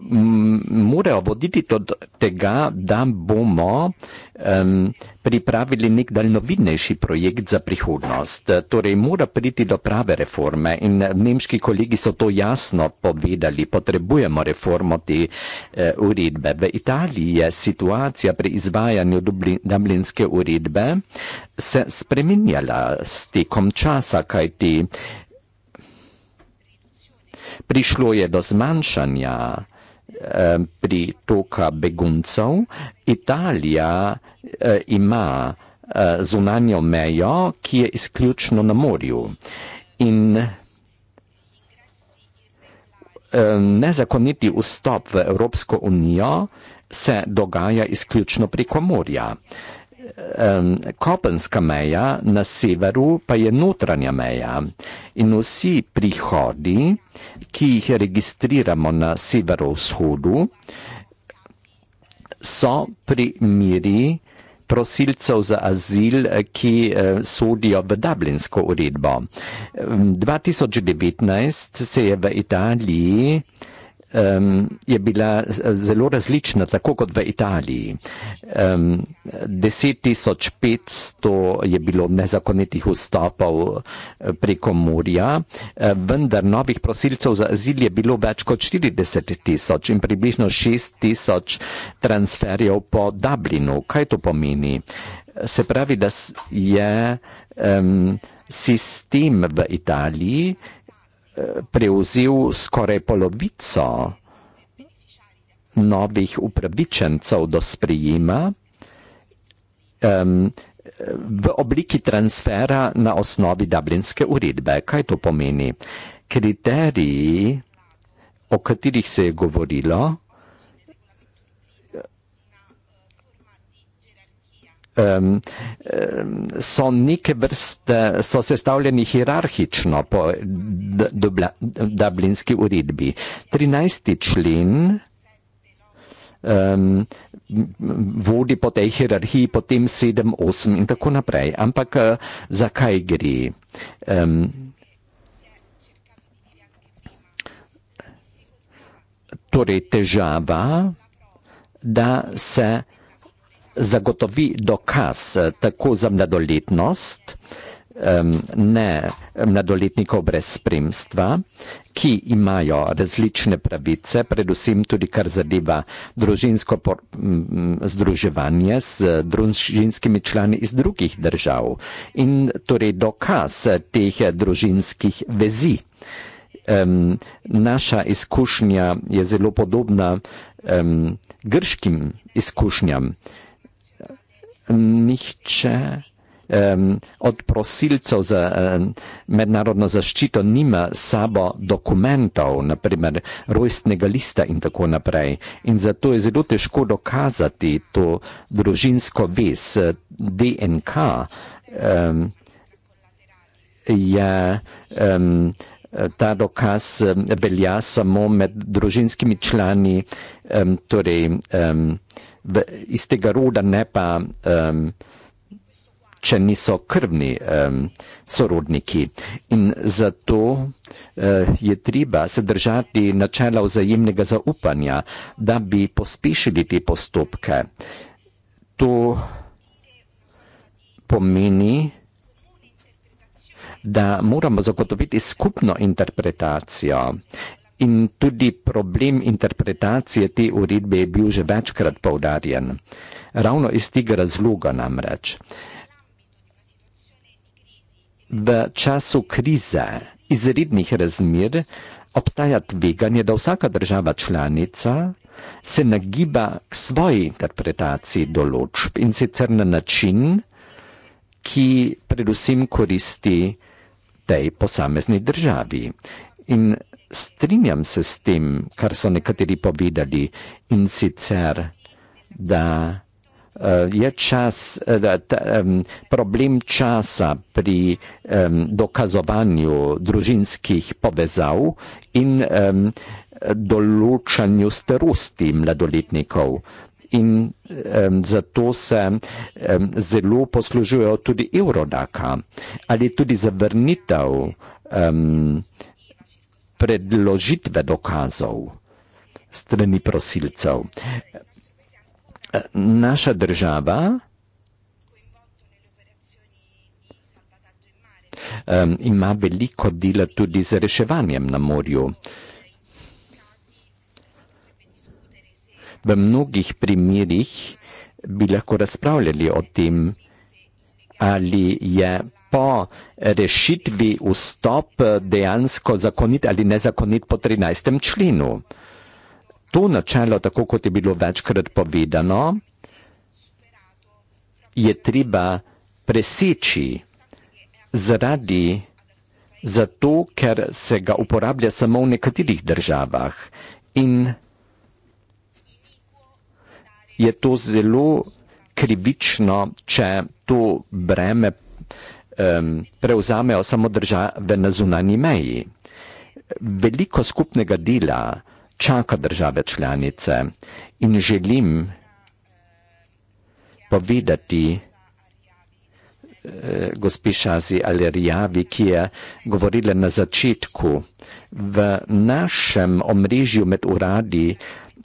morajo mm, voditi do tega, da bomo um, pripravili nek daljnovidnejši projekt za prihodnost. Torej, mora priti do prave reforme in nemški kolegi so to jasno povedali, potrebujemo reformo te uh, uredbe. V Italiji je situacija pri izvajanju Dublinske uredbe se spreminjala s tekom časa, kajti prišlo je do zmanjšanja Eh, pri toka beguncov. Italija eh, ima eh, zunanjo mejo, ki je izključno na morju. In eh, nezakoniti vstop v Evropsko unijo se dogaja izključno preko morja. Eh, um, kopenska meja, na severu pa je notranja meja. In vsi prihodi, ki jih registriramo na severovzhodu, so pri miri prosilcev za azil, ki eh, sodijo v Dublinsko uredbo. 2019 se je v Italiji um, je bila zelo različna, tako kot v Italiji. Um, 10.500 je bilo nezakonitih vstopov eh, preko Murja, eh, vendar novih prosilcev za azil je bilo več kot 40.000 in približno 6.000 transferjev po Dublinu. Kaj to pomeni? Se pravi, da je um, sistem v Italiji prevzel skoraj polovico novih upravičencev do sprejema um, v obliki transfera na osnovi Dublinske uredbe. Kaj to pomeni? Kriteriji, o katerih se je govorilo, um, um, so neke vrste, so sestavljeni hierarhično po dublinski uredbi. 13. člen um, vodi po tej hierarhiji, potem 7, 8 in tako naprej. Ampak uh, eh, zakaj gre? Um, Torej, težava, da se zagotovi dokaz eh, tako za mladoletnost, ne mladoletnikov brez spremstva, ki imajo različne pravice, predvsem tudi kar zadeva družinsko združevanje z družinskimi člani iz drugih držav in torej dokaz eh, teh eh, družinskih vezi. Naša izkušnja je zelo podobna grškim izkušnjam, ki je zelo podobna nihče um, od prosilcev za um, mednarodno zaščito nima sabo dokumentov, naprimer rojstnega lista in tako naprej. In zato je zelo težko dokazati to družinsko vez DNK. Um, je um, ta dokaz velja samo med družinskimi člani, um, torej um, v, iz tega roda, ne pa, um, če niso krvni um, sorodniki. In zato uh, je treba se držati načela vzajemnega zaupanja, da bi pospešili te postopke. To pomeni, da moramo zagotoviti skupno interpretacijo In tudi problem interpretacije te uredbe je bil že večkrat povdarjen. Ravno iz tega razloga namreč. V času krize izrednih razmir obstaja tveganje, da vsaka država članica se nagiba k svoji interpretaciji določb in sicer na način, ki predvsem koristi tej posamezni državi. In strinjam se s tem, kar so nekateri povedali in sicer, da uh, je čas, eh, da, ta, um, problem časa pri um, dokazovanju družinskih povezav in um, določanju starosti mladoletnikov. In um, zato se um, zelo poslužujejo tudi Eurodaka ali tudi zavrnitev um, predložitve dokazov strani prosilcev. Naša država um, ima veliko dela tudi z reševanjem na morju. V mnogih primerih bi lahko razpravljali o tem, ali je po rešitvi vstop eh, dejansko zakonit ali nezakonit po 13. členu. To načelo, tako kot je bilo večkrat povedano, je treba preseči zaradi zato, ker se ga uporablja samo v nekaterih državah in je to zelo krivično, če to breme povedano um, prevzamejo samo države na zunanji meji. Veliko skupnega dela čaka države članice in želim povedati uh, gospi Šazi Alerjavi, ki je govorila na začetku, v našem omrežju med uradi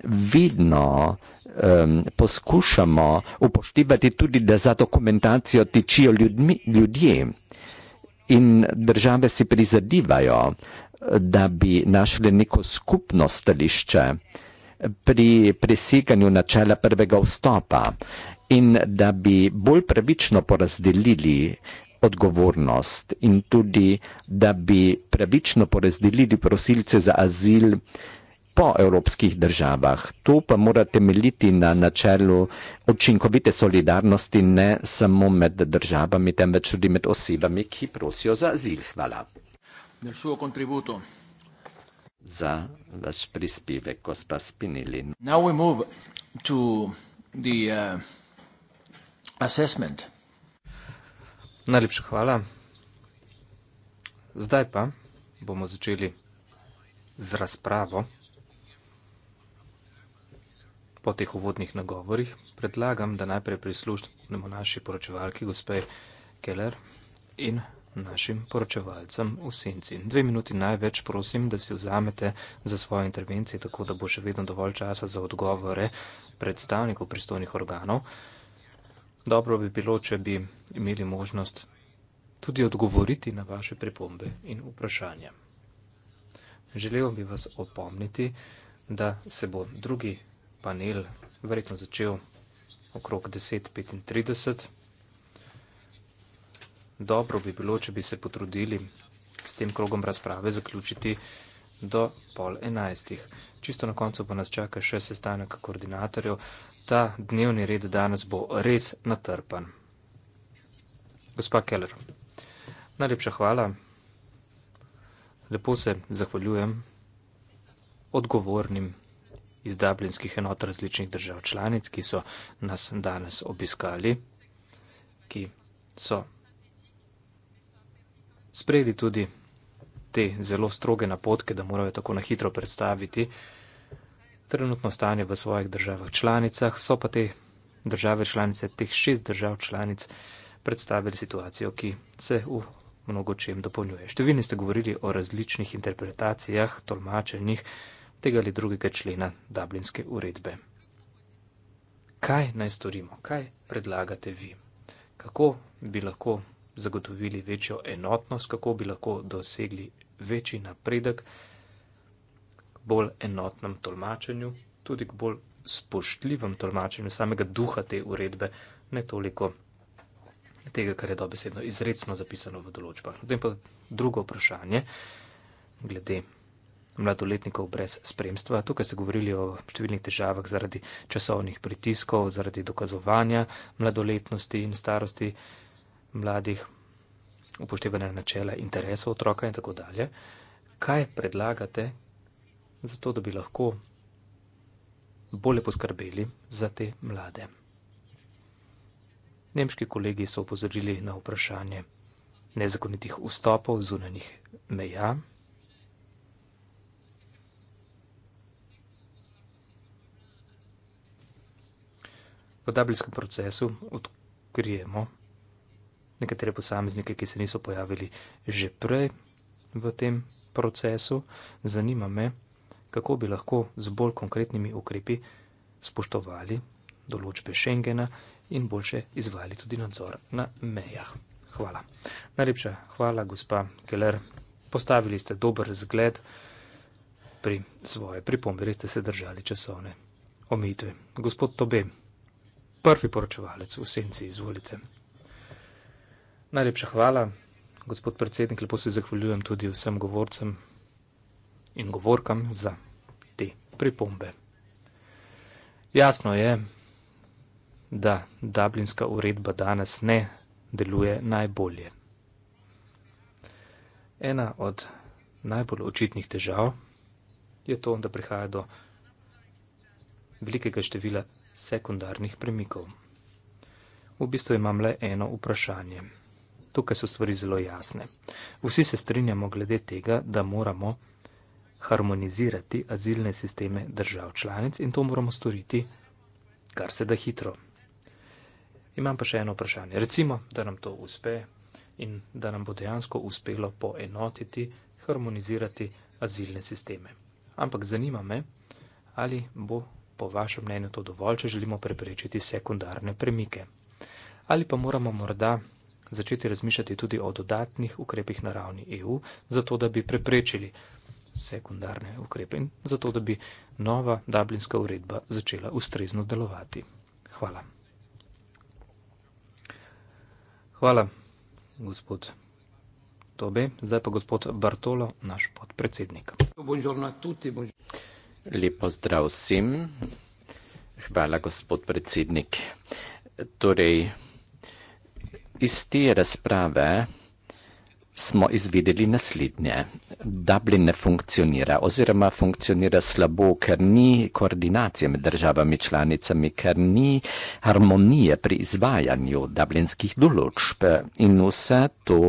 vidno um, poskušamo upoštevati tudi, da za to dokumentacijo tičijo ljudmi, ljudje in države si prizadivajo, da bi našli neko skupno stališče pri preseganju načela prvega vstopa in da bi bolj pravično porazdelili odgovornost in tudi, da bi pravično porazdelili prosilce za azil po evropskih državah. Tu pa mora temeljiti na načelu učinkovite solidarnosti ne samo med državami, temveč tudi med osebami, ki prosijo za azil. Hvala. Za vaš prispevek, ko spa spinili. Najlepša hvala. Zdaj pa bomo začeli z razpravo. Po teh uvodnih nagovorih predlagam, da najprej prisluhnemo naši poročevalki, gospe Keller, in našim poročevalcem v senci. Dve minuti največ, prosim, da si vzamete za svoje intervencije, tako da bo še vedno dovolj časa za odgovore predstavnikov pristojnih organov. Dobro bi bilo, če bi imeli možnost tudi odgovoriti na vaše pripombe in vprašanja. Želel bi vas opomniti, da se bo drugi panel verjetno začel okrog 10.35. Dobro bi bilo, če bi se potrudili s tem krogom razprave zaključiti do pol enajstih. Čisto na koncu pa nas čaka še sestanek koordinatorjev. Ta dnevni red danes bo res natrpan. Gospa Keller, najlepša hvala. Lepo se zahvaljujem odgovornim iz dublinskih enot različnih držav članic, ki so nas danes obiskali, ki so sprejeli tudi te zelo stroge napotke, da morajo tako na hitro predstaviti trenutno stanje v svojih državah članicah, so pa te države članice, teh šest držav članic, predstavili situacijo, ki se v mnogo čem dopolnjuje. Številni ste govorili o različnih interpretacijah, tolmačenjih, tega ali drugega člena Dublinske uredbe. Kaj naj storimo, kaj predlagate vi? Kako bi lahko zagotovili večjo enotnost, kako bi lahko dosegli večji napredek k bolj enotnem tolmačenju, tudi k bolj spoštljivem tolmačenju samega duha te uredbe, ne toliko tega, kar je dobesedno izredno zapisano v določbah. Potem pa drugo vprašanje glede mladoletnikov brez spremstva. Tukaj ste govorili o številnih težavah zaradi časovnih pritiskov, zaradi dokazovanja mladoletnosti in starosti mladih, upoštevanja načela interesov otroka in tako dalje. Kaj predlagate za to, da bi lahko bolje poskrbeli za te mlade? Nemški kolegi so upozorili na vprašanje nezakonitih vstopov zunanjih meja. v dubljskem procesu odkrijemo nekatere posameznike, ki se niso pojavili že prej v tem procesu. Zanima me, kako bi lahko z bolj konkretnimi ukrepi spoštovali določbe Schengena in boljše izvajali tudi nadzor na mejah. Hvala. Najlepša hvala, gospa Keller. Postavili ste dober zgled pri svoje pripombe, res ste se držali časovne omejitve. Gospod Tobe prvi poročevalec v senci, izvolite. Najlepša hvala, gospod predsednik, lepo se zahvaljujem tudi vsem govorcem in govorkam za te pripombe. Jasno je, da dublinska uredba danes ne deluje najbolje. Ena od najbolj očitnih težav je to, da prihaja do velikega števila sekundarnih premikov. V bistvu imam le eno vprašanje. Tukaj so stvari zelo jasne. Vsi se strinjamo glede tega, da moramo harmonizirati azilne sisteme držav članic in to moramo storiti kar se da hitro. Imam pa še eno vprašanje. Recimo, da nam to uspe in da nam bo dejansko uspelo poenotiti, harmonizirati azilne sisteme. Ampak zanima me, ali bo po vašem mnenju to dovolj, če želimo preprečiti sekundarne premike? Ali pa moramo morda začeti razmišljati tudi o dodatnih ukrepih na ravni EU, zato da bi preprečili sekundarne ukrepe in zato da bi nova dublinska uredba začela ustrezno delovati? Hvala. Hvala, gospod Tobe. Zdaj pa gospod Bartolo, naš podpredsednik. Buongiorno a tutti, buongiorno. Lepo zdrav vsem. Hvala, gospod predsednik. Torej, iz te razprave smo izvedeli naslednje. Dublin ne funkcionira oziroma funkcionira slabo, ker ni koordinacije med državami članicami, ker ni harmonije pri izvajanju dublinskih določb in vse to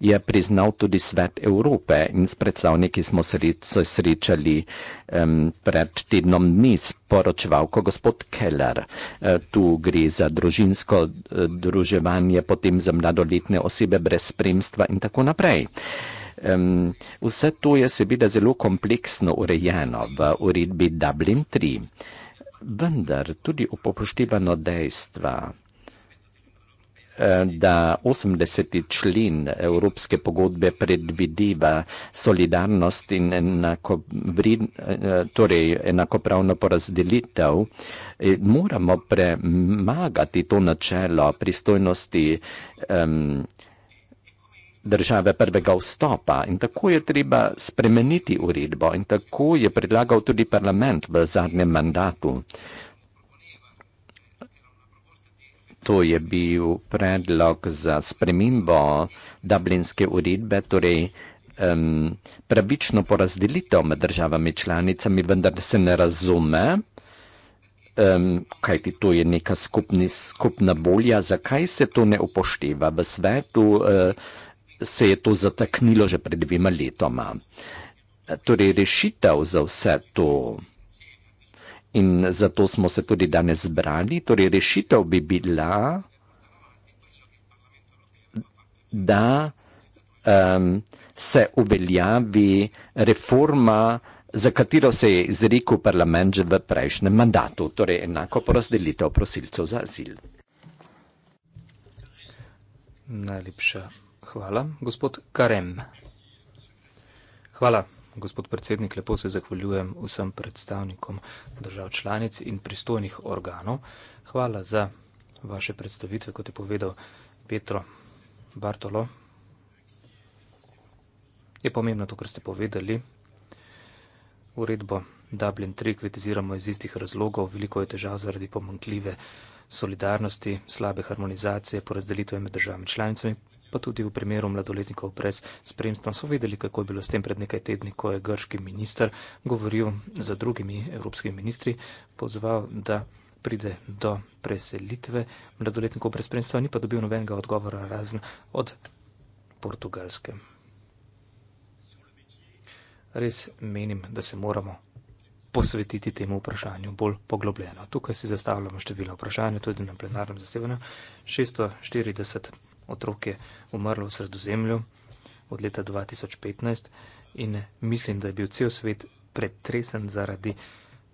je priznal tudi svet Evrope in s predstavniki smo se srečali um, pred tednom dni s poročevalko gospod Keller. E, tu gre za družinsko e, druževanje, potem za mladoletne osebe brez spremstva in tako naprej. Um, vse to je seveda zelo kompleksno urejeno v uredbi Dublin 3. Vendar tudi upoštevano dejstva, Eh, da 80. člen Evropske pogodbe predvideva solidarnost in enakovred, eh, torej enakopravno porazdelitev, eh, moramo premagati to načelo pristojnosti države prvega vstopa in tako je treba spremeniti uredbo in tako je predlagal tudi parlament v zadnjem mandatu to je bil predlog za spremembo dublinske uredbe, torej um, pravično porazdelitev med državami članicami, vendar se ne razume, um, kajti to je neka skupni, skupna volja, zakaj se to ne upošteva v svetu, uh, se je to zataknilo že pred dvima letoma. Torej, rešitev za vse to. In zato smo se tudi danes zbrali. Torej, rešitev bi bila, da um, se uveljavi reforma, za katero se je izrekel parlament že v prejšnjem mandatu, torej enako porazdelitev prosilcev za azil. Najlepša hvala, gospod Karem. Hvala gospod predsednik, lepo se zahvaljujem vsem predstavnikom držav članic in pristojnih organov. Hvala za vaše predstavitve, kot je povedal Petro Bartolo. Je pomembno to, kar ste povedali. Uredbo Dublin 3 kritiziramo iz istih razlogov. Veliko je težav zaradi pomankljive solidarnosti, slabe harmonizacije, porazdelitve med državami članicami, pa tudi v primeru mladoletnikov brez spremstva. So videli, kako je bilo s tem pred nekaj tedni, ko je grški minister govoril za drugimi evropskimi ministri, pozval, da pride do preselitve mladoletnikov brez spremstva, ni pa dobil nobenega odgovora razen od portugalske. Res menim, da se moramo posvetiti temu vprašanju bolj poglobljeno. Tukaj si zastavljamo številne vprašanja, tudi na plenarnem zasebanju. 640 otrok je umrl v sredozemlju od leta 2015 in mislim, da je bil cel svet pretresen zaradi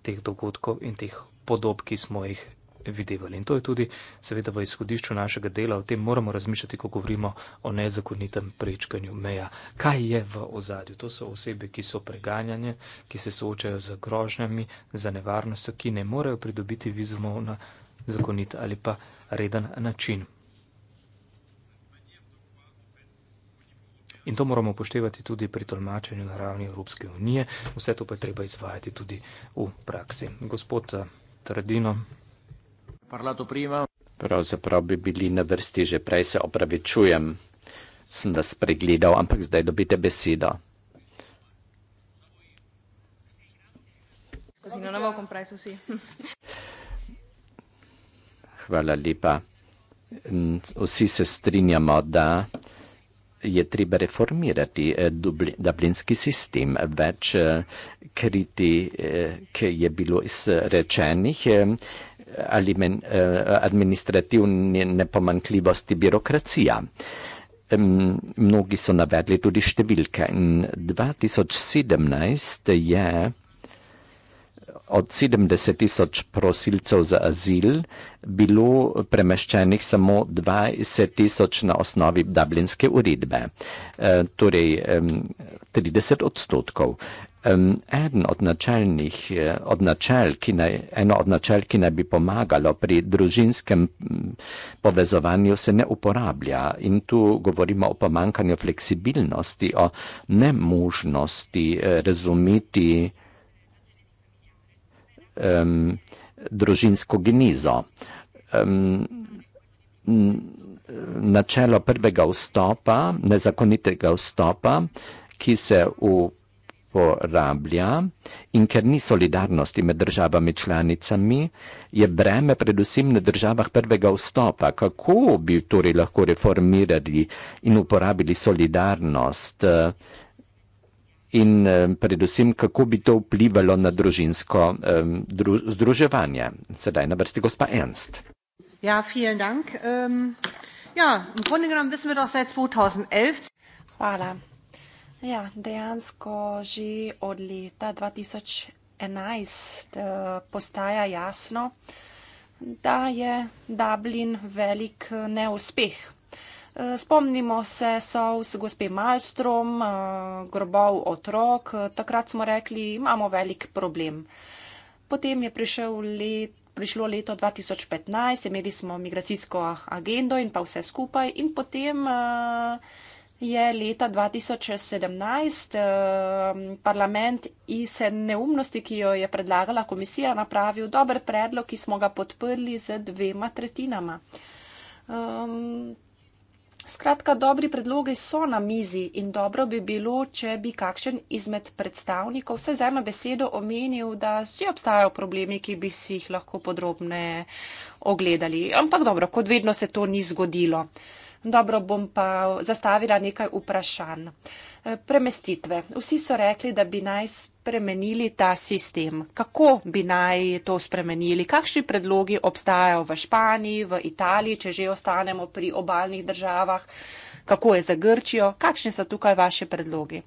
teh dogodkov in teh podob, ki smo jih videvali. In to je tudi seveda v izhodišču našega dela, o tem moramo razmišljati, ko govorimo o nezakonitem prečkanju meja. Kaj je v ozadju? To so osebe, ki so preganjanje, ki se soočajo z grožnjami, za nevarnostjo, ki ne morejo pridobiti vizumov na zakonit ali pa reden način. In to moramo upoštevati tudi pri tolmačenju na ravni Evropske unije. Vse to pa je treba izvajati tudi v praksi. Gospod eh, Tredino. Parlato prima. Pravzaprav bi bili na vrsti že prej, se opravičujem, sem vas pregledal, ampak zdaj dobite besedo. Hvala lepa. Vsi se strinjamo, da je treba reformirati eh, dublinski sistem, več eh, kriti, eh, ki je bilo izrečenih, ali administrativne nepomankljivosti birokracija. Mnogi so navedli tudi številke. 2017 je od 70 tisoč prosilcev za azil bilo premeščenih samo 20 tisoč na osnovi dublinske uredbe, eh, torej 30 odstotkov. Od načelnih, eh, od načel, naj, eno od načel, ki naj bi pomagalo pri družinskem mm, povezovanju, se ne uporablja in tu govorimo o pomankanju fleksibilnosti, o nemožnosti eh, razumeti um, družinsko genizo. Um, načelo prvega vstopa, nezakonitega vstopa, ki se uporablja in ker ni solidarnosti med državami članicami, je breme predvsem na državah prvega vstopa. Kako bi torej lahko reformirali in uporabili solidarnost? Uh, in predvsem, kako bi to vplivalo na družinsko združevanje. Sedaj na vrsti gospa Ernst. Ja, vielen Dank. Um, ja, im Grunde genommen wissen wir doch seit 2011. Hvala. Ja, dejansko že od leta 2011 eh, postaja jasno, da je Dublin velik eh, neuspeh. Spomnimo se solz gospe Malstrom, eh, grobov otrok. Takrat smo rekli, imamo velik problem. Potem je prišel let. Prišlo leto 2015, imeli smo migracijsko agendo in pa vse skupaj. In potem uh, je leta 2017 uh, eh, parlament iz neumnosti, ki jo je predlagala komisija, napravil dober predlog, ki smo ga podprli z dvema tretjinama. Um, Skratka, dobri predlogi so na mizi in dobro bi bilo, če bi kakšen izmed predstavnikov vse z eno besedo omenil, da že obstajajo problemi, ki bi si jih lahko podrobne ogledali. Ampak dobro, kot vedno se to ni zgodilo. Dobro, bom pa zastavila nekaj vprašanj premestitve. Vsi so rekli, da bi naj spremenili ta sistem. Kako bi naj to spremenili? Kakšni predlogi obstajajo v Španiji, v Italiji, če že ostanemo pri obaljnih državah? Kako je za Grčijo? Kakšni so tukaj vaše predlogi?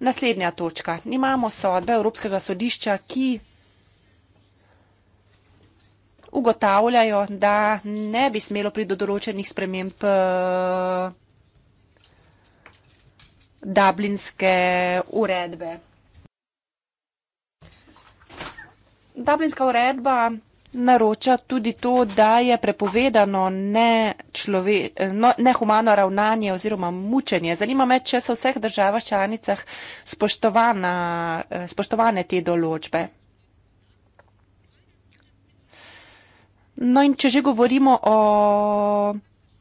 Naslednja točka. Imamo sodbe Evropskega sodišča, ki ugotavljajo, da ne bi smelo pri določenih sprememb eh, Dublinske uredbe. Dublinska uredba naroča tudi to, da je prepovedano no, nehumano ravnanje oziroma mučenje. Zanima me, če so v vseh državah članicah eh, spoštovane te določbe. No in če že govorimo o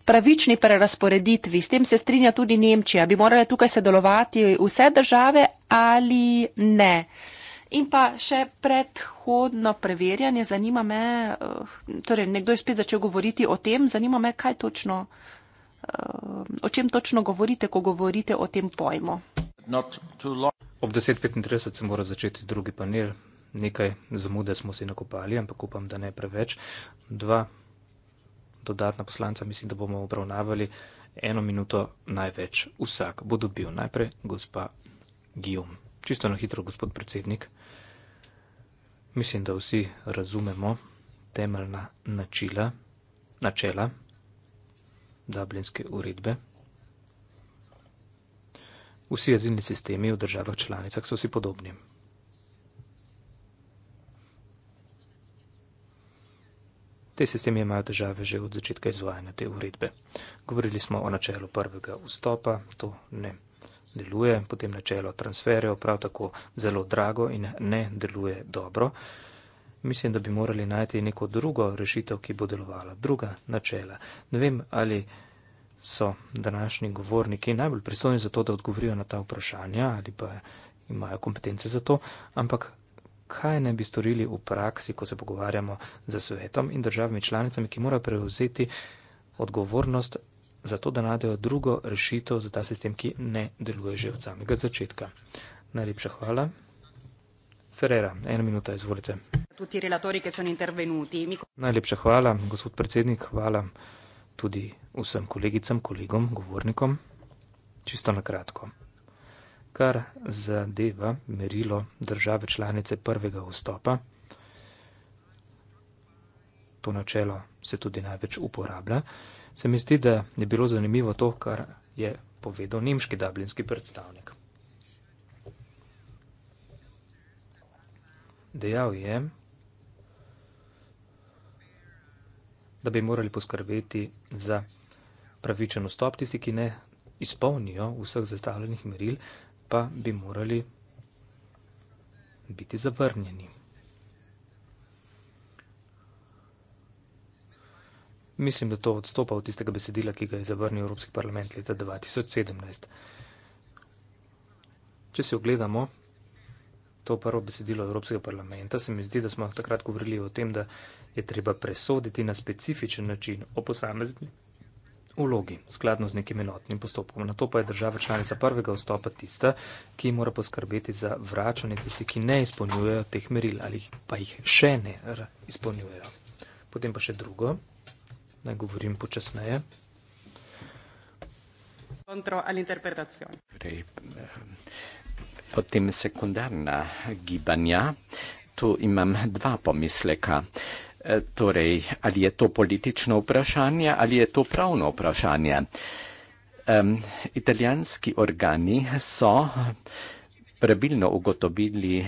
pravični prerasporeditvi. S tem se strinja tudi Nemčija. Bi morale tukaj sodelovati vse države ali ne? In pa še predhodno preverjanje, zanima me, eh, torej nekdo je spet začel govoriti o tem, zanima me, kaj točno, eh, o čem točno govorite, ko govorite o tem pojmu. Ob 10.35 se mora začeti drugi panel, nekaj zamude smo si nakopali, ampak upam, da ne preveč. Dva dodatna poslanca, mislim, da bomo obravnavali eno minuto največ. Vsak bo dobil najprej gospa Gijom. Čisto na hitro, gospod predsednik. Mislim, da vsi razumemo temeljna načela, načela Dublinske uredbe. Vsi azilni sistemi v državah članicah so si podobni. Te sistemi imajo težave že od začetka izvajanja te uredbe. Govorili smo o načelu prvega vstopa, to ne deluje, potem načelo transferjev, prav tako zelo drago in ne deluje dobro. Mislim, da bi morali najti neko drugo rešitev, ki bo delovala, druga načela. Ne vem, ali so današnji govorniki najbolj pristojni za to, da odgovorijo na ta vprašanja ali pa imajo kompetence za to, ampak kaj ne bi storili v praksi, ko se pogovarjamo z svetom in državami članicami, ki morajo prevzeti odgovornost za to, da najdejo drugo rešitev za ta sistem, ki ne deluje že od samega začetka. Najlepša hvala. Ferrera, ena minuta, izvolite. Najlepša hvala, gospod predsednik, hvala tudi vsem kolegicam, kolegom, govornikom. Čisto na kratko kar zadeva merilo države članice prvega vstopa. To načelo se tudi največ uporablja. Se mi zdi, da je bilo zanimivo to, kar je povedal nemški dublinski predstavnik. Dejal je, da bi morali poskrbeti za pravičen vstop tisti, ki ne izpolnijo vseh zastavljenih meril, pa bi morali biti zavrnjeni. Mislim, da to odstopa od tistega besedila, ki ga je zavrnil Evropski parlament leta 2017. Če si ogledamo to prvo besedilo Evropskega parlamenta, se mi zdi, da smo takrat govorili o tem, da je treba presoditi na specifičen način o posameznih vlogi, skladno z nekim enotnim postopkom. Na to pa je država članica prvega vstopa tista, ki mora poskrbeti za vračanje tistih, ki ne izpolnjujejo teh meril ali pa jih še ne izpolnjujejo. Potem pa še drugo, naj govorim počasneje. Torej, potem eh, sekundarna gibanja. Tu imam dva pomisleka. E, torej, ali je to politično vprašanje ali je to pravno vprašanje. Um, italijanski organi so pravilno ugotovili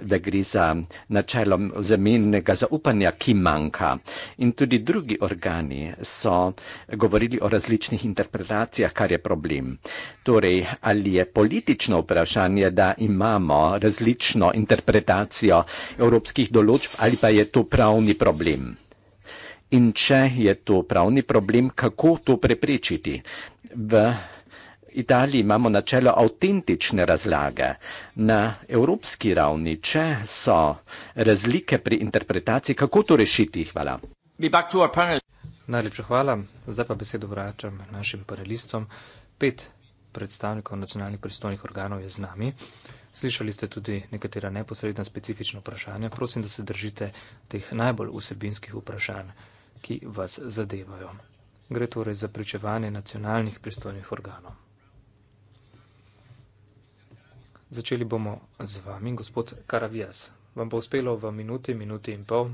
da gre za načelo zamenjnega zaupanja, ki manjka. In tudi drugi organi so govorili o različnih interpretacijah, kar je problem. Torej, ali je politično vprašanje, da imamo različno interpretacijo evropskih določb, ali pa je to pravni problem? In če je to pravni problem, kako to preprečiti? V Italiji imamo načelo avtentične razlage. Na evropski ravni, če so razlike pri interpretaciji, kako to rešiti? Hvala. Najlepša hvala. Zdaj pa besedo vračam našim panelistom. Pet predstavnikov nacionalnih pristojnih organov je z nami. Slišali ste tudi nekatera neposredna specifična vprašanja. Prosim, da se držite teh najbolj vsebinskih vprašanj, ki vas zadevajo. Gre torej za pričevanje nacionalnih pristojnih organov. Začeli bomo z vami, gospod Karavijas. Vam bo uspelo v minuti, minuti in pol.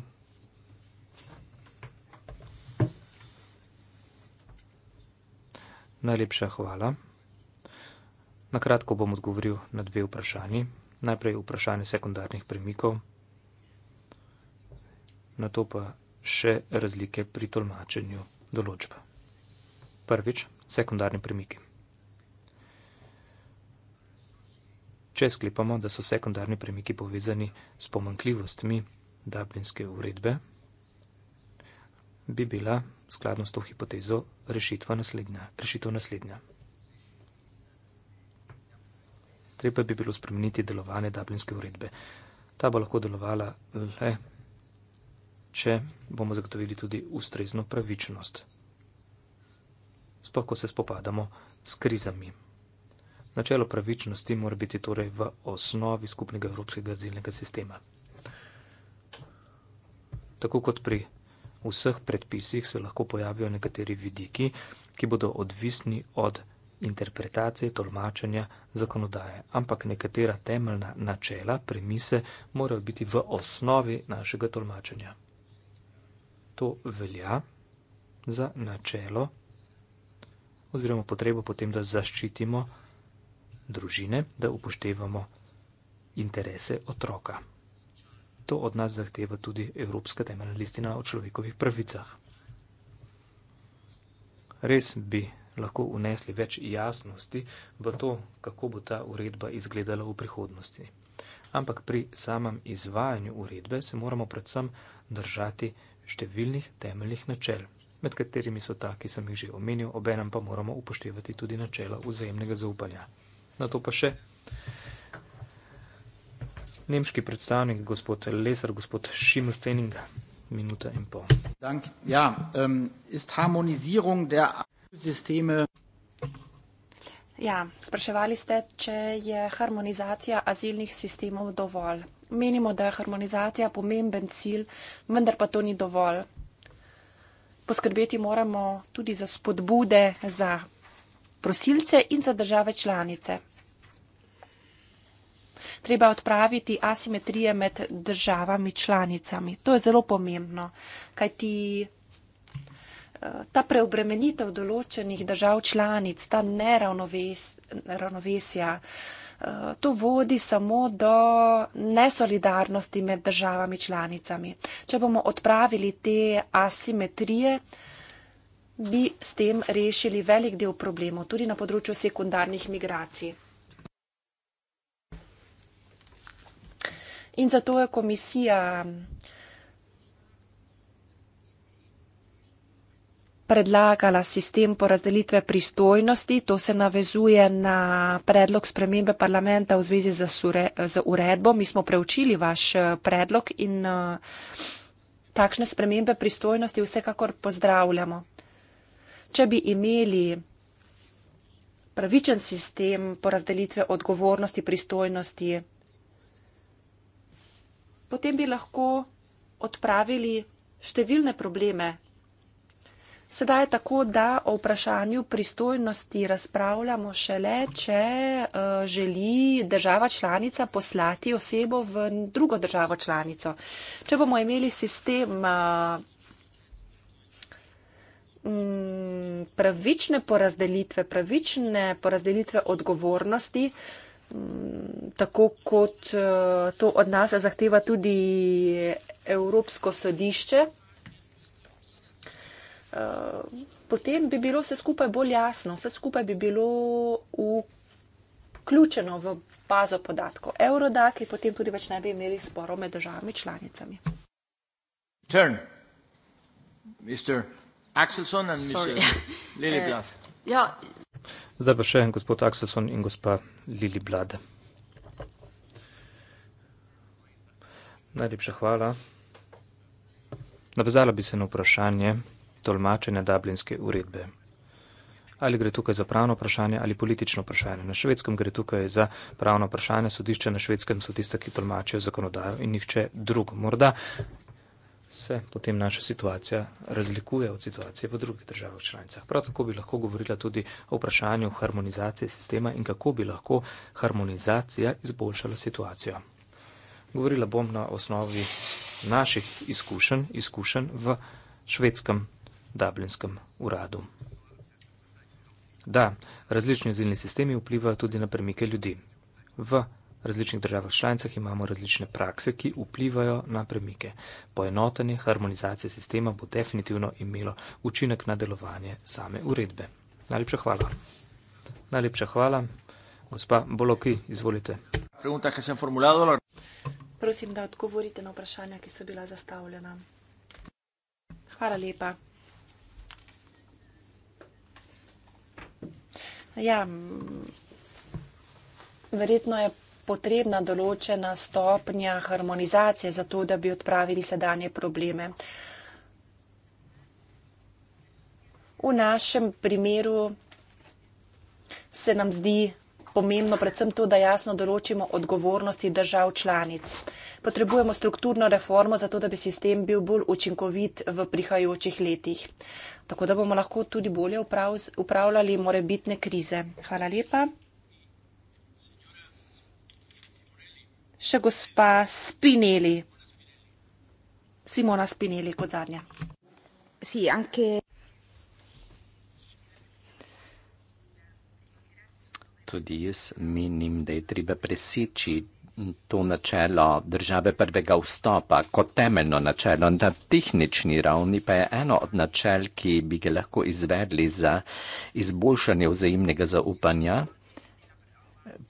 Najlepša hvala. Na kratko bom odgovoril na dve vprašanji. Najprej vprašanje sekundarnih premikov, na to pa še razlike pri tolmačenju določb. Prvič, sekundarni premiki. če sklepamo, da so sekundarni premiki povezani s pomankljivostmi Dublinske uredbe, bi bila skladno s to hipotezo rešitva naslednja. Rešitev naslednja. Treba bi bilo spremeniti delovanje Dublinske uredbe. Ta bo lahko delovala le, če bomo zagotovili tudi ustrezno pravičnost, sploh ko se spopadamo s krizami. Načelo pravičnosti mora biti torej v osnovi skupnega evropskega azilnega sistema. Tako kot pri vseh predpisih se lahko pojavijo nekateri vidiki, ki bodo odvisni od interpretacije, tolmačenja zakonodaje. Ampak nekatera temeljna načela, premise morajo biti v osnovi našega tolmačenja. To velja za načelo oziroma potrebo potem, da zaščitimo družine, da upoštevamo interese otroka. To od nas zahteva tudi Evropska temeljna listina o človekovih pravicah. Res bi lahko unesli več jasnosti v to, kako bo ta uredba izgledala v prihodnosti. Ampak pri samem izvajanju uredbe se moramo predvsem držati številnih temeljnih načel, med katerimi so ta, ki sem jih že omenil, obenem pa moramo upoštevati tudi načela vzajemnega zaupanja. Na to pa še nemški predstavnik, gospod Leser, gospod Šiml Fening, minuta in pol. Dank. Ja, um, ist harmonizirung der Asylsysteme. Ja, spraševali ste, če je harmonizacija azilnih sistemov dovolj. Menimo, da je harmonizacija pomemben cilj, vendar pa to ni dovolj. Poskrbeti moramo tudi za spodbude za prosilce in za države članice treba odpraviti asimetrije med državami članicami. To je zelo pomembno, kajti eh, ta preobremenitev določenih držav članic, ta neravnovesja, eh, To vodi samo do nesolidarnosti med državami članicami. Če bomo odpravili te asimetrije, bi s tem rešili velik del problemov, tudi na področju sekundarnih migracij. In zato je komisija predlagala sistem porazdelitve pristojnosti, to se navezuje na predlog spremembe parlamenta v zvezi z, z uredbo. Mi smo preučili vaš eh, predlog in eh, takšne spremembe pristojnosti vsekakor pozdravljamo. Če bi imeli pravičen sistem porazdelitve odgovornosti pristojnosti, potem bi lahko odpravili številne probleme. Sedaj je tako, da o vprašanju pristojnosti razpravljamo šele, če uh, želi država članica poslati osebo v drugo državo članico. Če bomo imeli sistem uh, pravične porazdelitve, pravične porazdelitve odgovornosti, uh, Mm, tako kot eh, to od nas zahteva tudi Evropsko sodišče. Eh, potem bi bilo vse skupaj bolj jasno, vse skupaj bi bilo vključeno v bazo podatkov Eurodac, ki potem tudi več ne bi imeli sporo med državami članicami. Turn. Mr. Axelson and Sorry. Mr. Lilleblad. uh, eh, ja, Zdaj pa še en gospod Akseson in gospa Lili Blade. Najlepša hvala. Navezala bi se na vprašanje tolmačenja Dublinske uredbe. Ali gre tukaj za pravno vprašanje ali politično vprašanje? Na švedskem gre tukaj za pravno vprašanje, sodišče na švedskem so tiste, ki tolmačijo zakonodajo in nihče drug. Morda se potem naša situacija razlikuje od situacije v drugih državah članicah. Prav tako bi lahko govorila tudi o vprašanju harmonizacije sistema in kako bi lahko harmonizacija izboljšala situacijo. Govorila bom na osnovi naših izkušenj, izkušenj v švedskem Dublinskem uradu. Da, različni azilni sistemi vplivajo tudi na premike ljudi. V različnih državah članicah imamo različne prakse, ki vplivajo na premike. Poenotenje, harmonizacija sistema bo definitivno imelo učinek na delovanje same uredbe. Najlepša hvala. Najlepša hvala. Gospa Boloki, izvolite. Prosim, da odgovorite na vprašanja, ki so bila zastavljena. Hvala lepa. Ja, verjetno je potrebna določena stopnja harmonizacije, zato da bi odpravili sedanje probleme. V našem primeru se nam zdi pomembno predvsem to, da jasno določimo odgovornosti držav članic. Potrebujemo strukturno reformo, zato da bi sistem bil bolj učinkovit v prihajajočih letih, tako da bomo lahko tudi bolje upravljali morebitne krize. Hvala lepa. še gospa Spinelli. Simona Spinelli kot zadnja. Sì, anche... Tudi jaz menim, da je treba preseči to načelo države prvega vstopa kot temeljno načelo. Na tehnični ravni pa je eno od načel, ki bi ga lahko izvedli za izboljšanje vzajemnega zaupanja,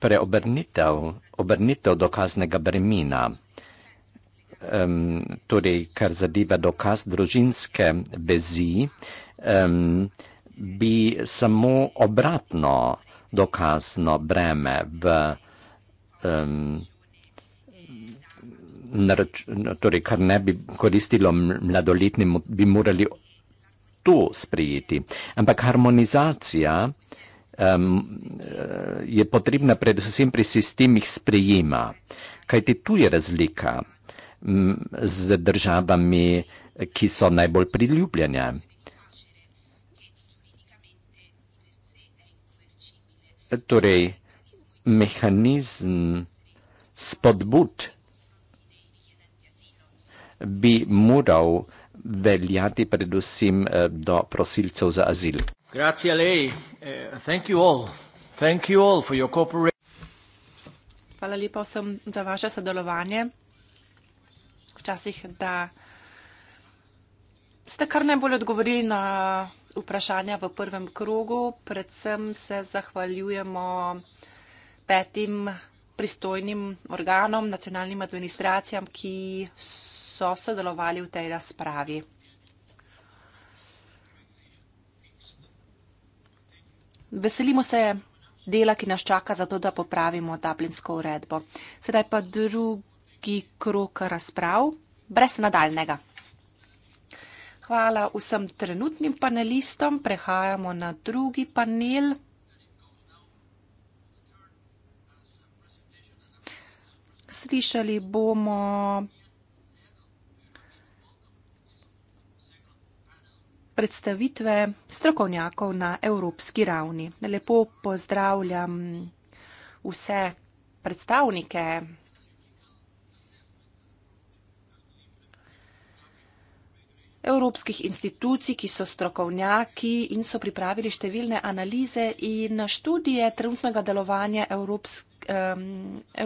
preobrnitev obrnitev dokaznega bremena, um, torej kar zadeva dokaz družinske vezi, um, bi samo obratno dokazno breme v um, Nareč, torej, kar ne bi koristilo mladoletnim, bi morali to sprejeti. Ampak harmonizacija uh, um, je potrebna predvsem pri sistemih sprejema. Kaj ti tu je razlika m, z državami, ki so najbolj priljubljene? Torej, mehanizem spodbud bi moral veljati predvsem eh, do prosilcev za azil. Grazie a lei. Uh, thank you all. Thank you all for your Hvala lepa vsem za vaše sodelovanje. Včasih, da ste kar najbolj odgovorili na vprašanja v prvem krogu. Predvsem se zahvaljujemo petim pristojnim organom, nacionalnim administracijam, ki so sodelovali v tej razpravi. veselimo se dela, ki nas čaka za to, da popravimo dublinsko uredbo. Sedaj pa drugi krok razprav, brez nadaljnega. Hvala vsem trenutnim panelistom. Prehajamo na drugi panel. Slišali bomo predstavitve strokovnjakov na evropski ravni. Lepo pozdravljam vse predstavnike. Evropskih institucij, ki so strokovnjaki in so pripravili številne analize in študije trenutnega delovanja Evropske,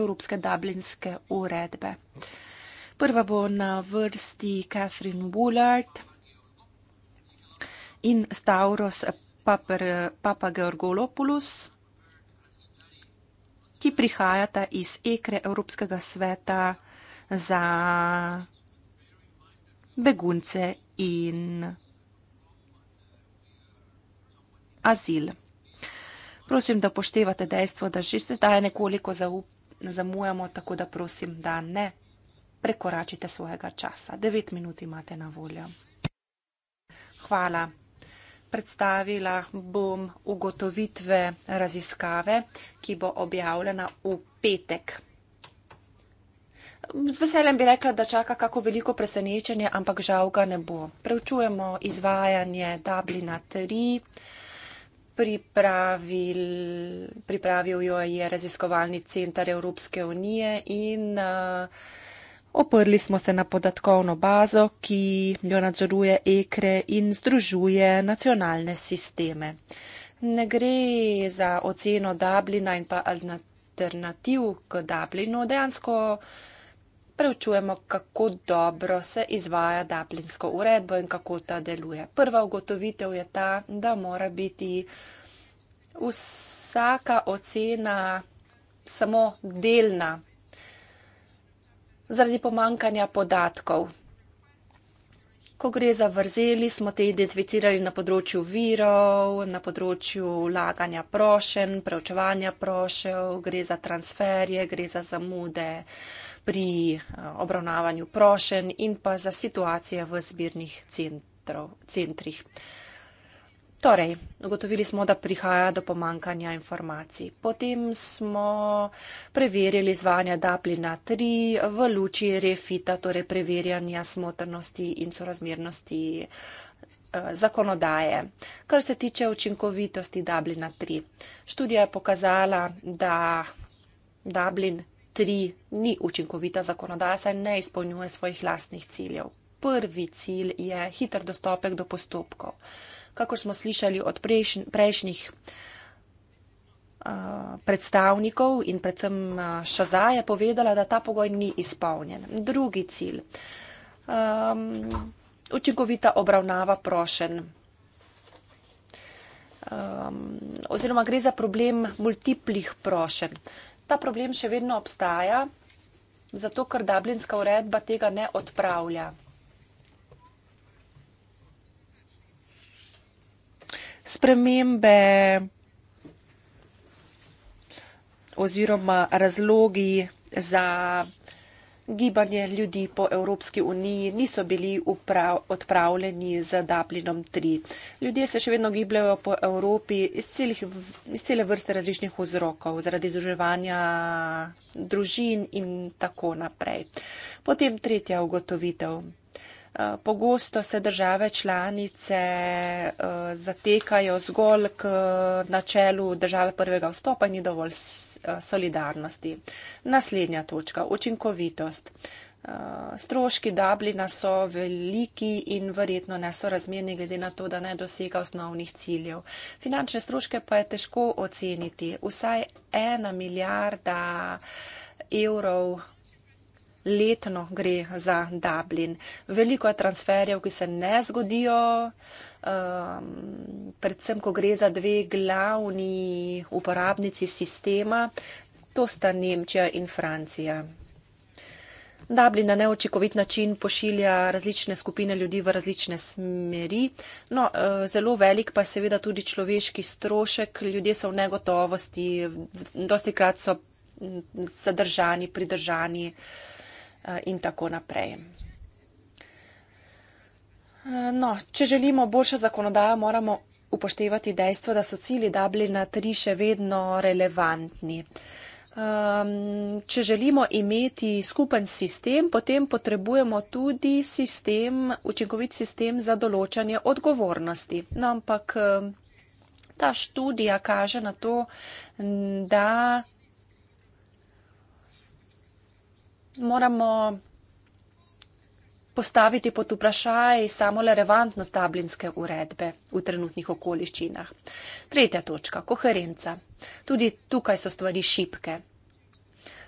Evropske dublinske uredbe. Prva bo na vrsti Catherine Woolard in Stavros Papr, Papa Georgolopoulos, ki prihajata iz Ekre Evropskega sveta za begunce in azil. Prosim, da poštevate dejstvo, da že sedaj nekoliko zaup, zamujamo, tako da prosim, da ne prekoračite svojega časa. Devet minut imate na voljo. Hvala predstavila bom ugotovitve raziskave, ki bo objavljena v petek. Z veseljem bi rekla, da čaka kako veliko presenečenje, ampak žal ga ne bo. Preučujemo izvajanje Dublina 3. Pripravil, pripravil jo je raziskovalni centar Evropske unije in uh, Oprli smo se na podatkovno bazo, ki jo nadzoruje ekre in združuje nacionalne sisteme. Ne gre za oceno Dublina in pa alternativ k Dublinu, dejansko preučujemo, kako dobro se izvaja Dublinsko uredbo in kako ta deluje. Prva ugotovitev je ta, da mora biti vsaka ocena samo delna zaradi pomankanja podatkov. Ko gre za vrzeli, smo te identificirali na področju virov, na področju laganja prošen, preučevanja prošev, gre za transferje, gre za zamude pri eh, obravnavanju prošen in pa za situacije v zbirnih centrov, centrih. Torej, ugotovili smo, da prihaja do pomankanja informacij. Potem smo preverili zvanja Dublina 3 v luči refita, torej preverjanja smotrnosti in sorazmernosti eh, zakonodaje. Kar se tiče učinkovitosti Dublina 3, študija je pokazala, da Dublin 3 ni učinkovita zakonodaja, saj ne izpolnjuje svojih lastnih ciljev. Prvi cilj je hiter dostopek do postopkov kako smo slišali od prejšnjih predstavnikov in predvsem Šazaja povedala, da ta pogoj ni izpolnjen. Drugi cilj. Učinkovita obravnava prošen. Oziroma gre za problem multiplih prošen. Ta problem še vedno obstaja, zato ker Dublinska uredba tega ne odpravlja. spremembe oziroma razlogi za gibanje ljudi po Evropski uniji niso bili uprav, odpravljeni z Dublinom 3. Ljudje se še vedno gibljajo po Evropi iz, celih, iz cele vrste različnih vzrokov, zaradi združevanja družin in tako naprej. Potem tretja ugotovitev. Eh, pogosto se države članice eh, zatekajo zgolj k eh, načelu države prvega vstopa in ni dovolj solidarnosti. Naslednja točka - učinkovitost. Stroški Dublina so veliki in verjetno nesorazmerni glede na to, da ne dosega osnovnih ciljev. Finančne stroške pa je težko oceniti. Vsaj ena milijarda evrov letno gre za Dublin. Veliko je transferjev, ki se ne zgodijo, um, predvsem, ko gre za dve glavni uporabnici sistema, to sta Nemčija in Francija. Dublin na neočikovit način pošilja različne skupine ljudi v različne smeri. No, eh, zelo velik pa je seveda tudi človeški strošek. Ljudje so v negotovosti, dosti krat so zadržani, pridržani. Uh, Eh, in tako naprej. Eh, no, če želimo boljšo zakonodajo, moramo upoštevati dejstvo, da so cilji Dublina 3 še vedno relevantni. Um, če želimo imeti skupen sistem, potem potrebujemo tudi sistem, učinkovit sistem za določanje odgovornosti. No, ampak ehm, ta študija kaže na to, da moramo postaviti pod vprašaj samo le relevantnost tablinske uredbe v trenutnih okoliščinah. Tretja točka, koherenca. Tudi tukaj so stvari šipke.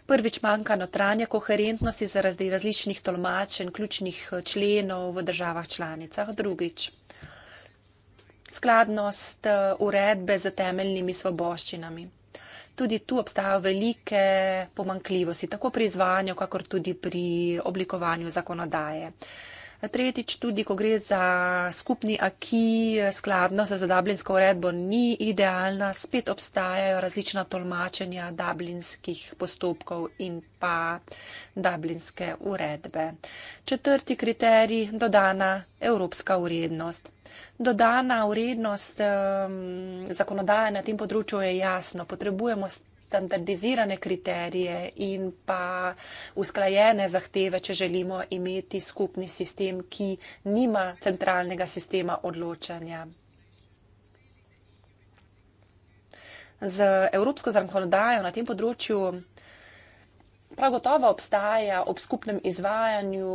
Prvič manjka notranja koherentnosti zaradi različnih tolmačenj ključnih eh, členov v državah članicah. Drugič, skladnost eh, uredbe z temeljnimi svoboščinami tudi tu obstajajo velike pomankljivosti, tako pri izvajanju, kakor tudi pri oblikovanju zakonodaje. Tretjič, tudi ko gre za skupni aki, skladno se za dublinsko uredbo ni idealna, spet obstajajo različna tolmačenja dublinskih postopkov in pa dublinske uredbe. Četrti kriterij, dodana evropska urednost. Dodana urednost um, zakonodaje na tem področju je jasno. Potrebujemo standardizirane kriterije in pa usklajene zahteve, če želimo imeti skupni sistem, ki nima centralnega sistema odločanja. Z evropsko zakonodajo na tem področju prav gotovo obstaja ob skupnem izvajanju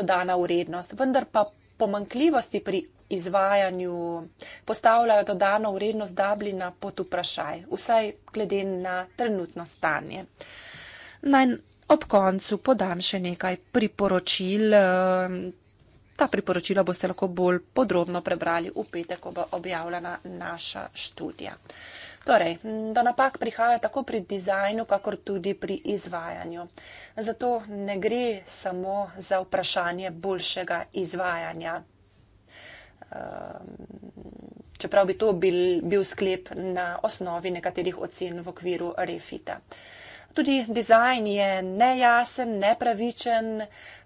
dodana urednost, vendar pa pomankljivosti pri izvajanju postavljajo dodano vrednost Dublina pod vprašaj, vsaj glede na trenutno stanje. Naj ob koncu podam še nekaj priporočil. Ehm, ta priporočila boste lahko bolj podrobno prebrali v petek, ko bo objavljena naša študija. Torej, do napak prihaja tako pri dizajnu, kakor tudi pri izvajanju. Zato ne gre samo za vprašanje boljšega izvajanja. Ehm, čeprav bi to bil, bil sklep na osnovi nekaterih ocen v okviru refita. Tudi dizajn je nejasen, nepravičen,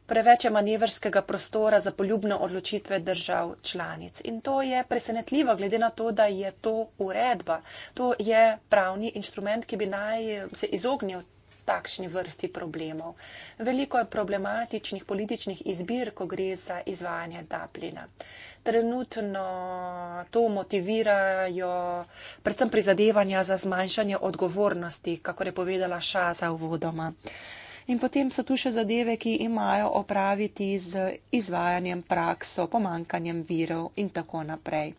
preveč je manevrskega prostora za poljubne odločitve držav članic. In to je presenetljivo, glede na to, da je to uredba, to je pravni inštrument, ki bi naj se izognil takšni vrsti problemov. Veliko je problematičnih političnih izbir, ko gre za izvajanje Dublina. Trenutno to motivirajo predvsem prizadevanja za zmanjšanje odgovornosti, kako je povedala Šaza v vodoma. Uh, In potem so tu še zadeve, ki imajo opraviti z izvajanjem prakso, pomankanjem virov in tako naprej.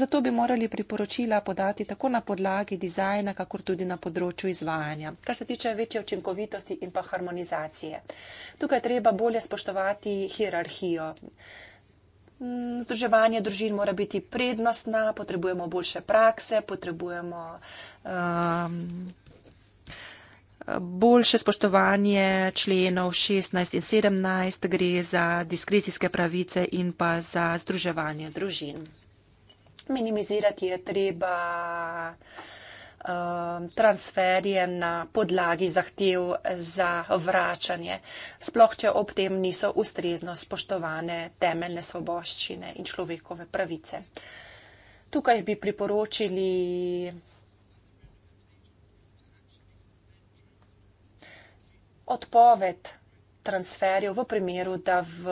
Zato bi morali priporočila podati tako na podlagi dizajna, kakor tudi na področju izvajanja, kar se tiče večje učinkovitosti in pa harmonizacije. Tukaj treba bolje spoštovati hierarhijo. Mm, združevanje družin mora biti prednostna, potrebujemo boljše prakse, potrebujemo. Um, boljše spoštovanje členov 16 in 17 gre za diskrecijske pravice in pa za združevanje družin. Minimizirati je treba um, transferje na podlagi zahtev za vračanje, sploh če ob tem niso ustrezno spoštovane temeljne svoboščine in človekove pravice. Tukaj bi priporočili odpoved transferjev v primeru, da v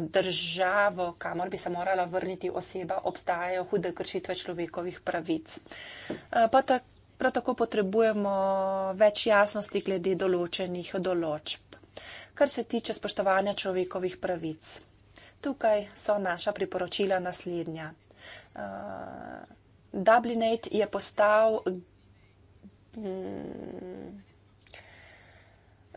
državo, kamor bi se morala vrniti oseba, obstajajo hude kršitve človekovih pravic. Eh, prav tako potrebujemo več jasnosti glede določenih določb. Kar se tiče spoštovanja človekovih pravic, tukaj so naša priporočila naslednja. Eh, Dublinate je postal mm,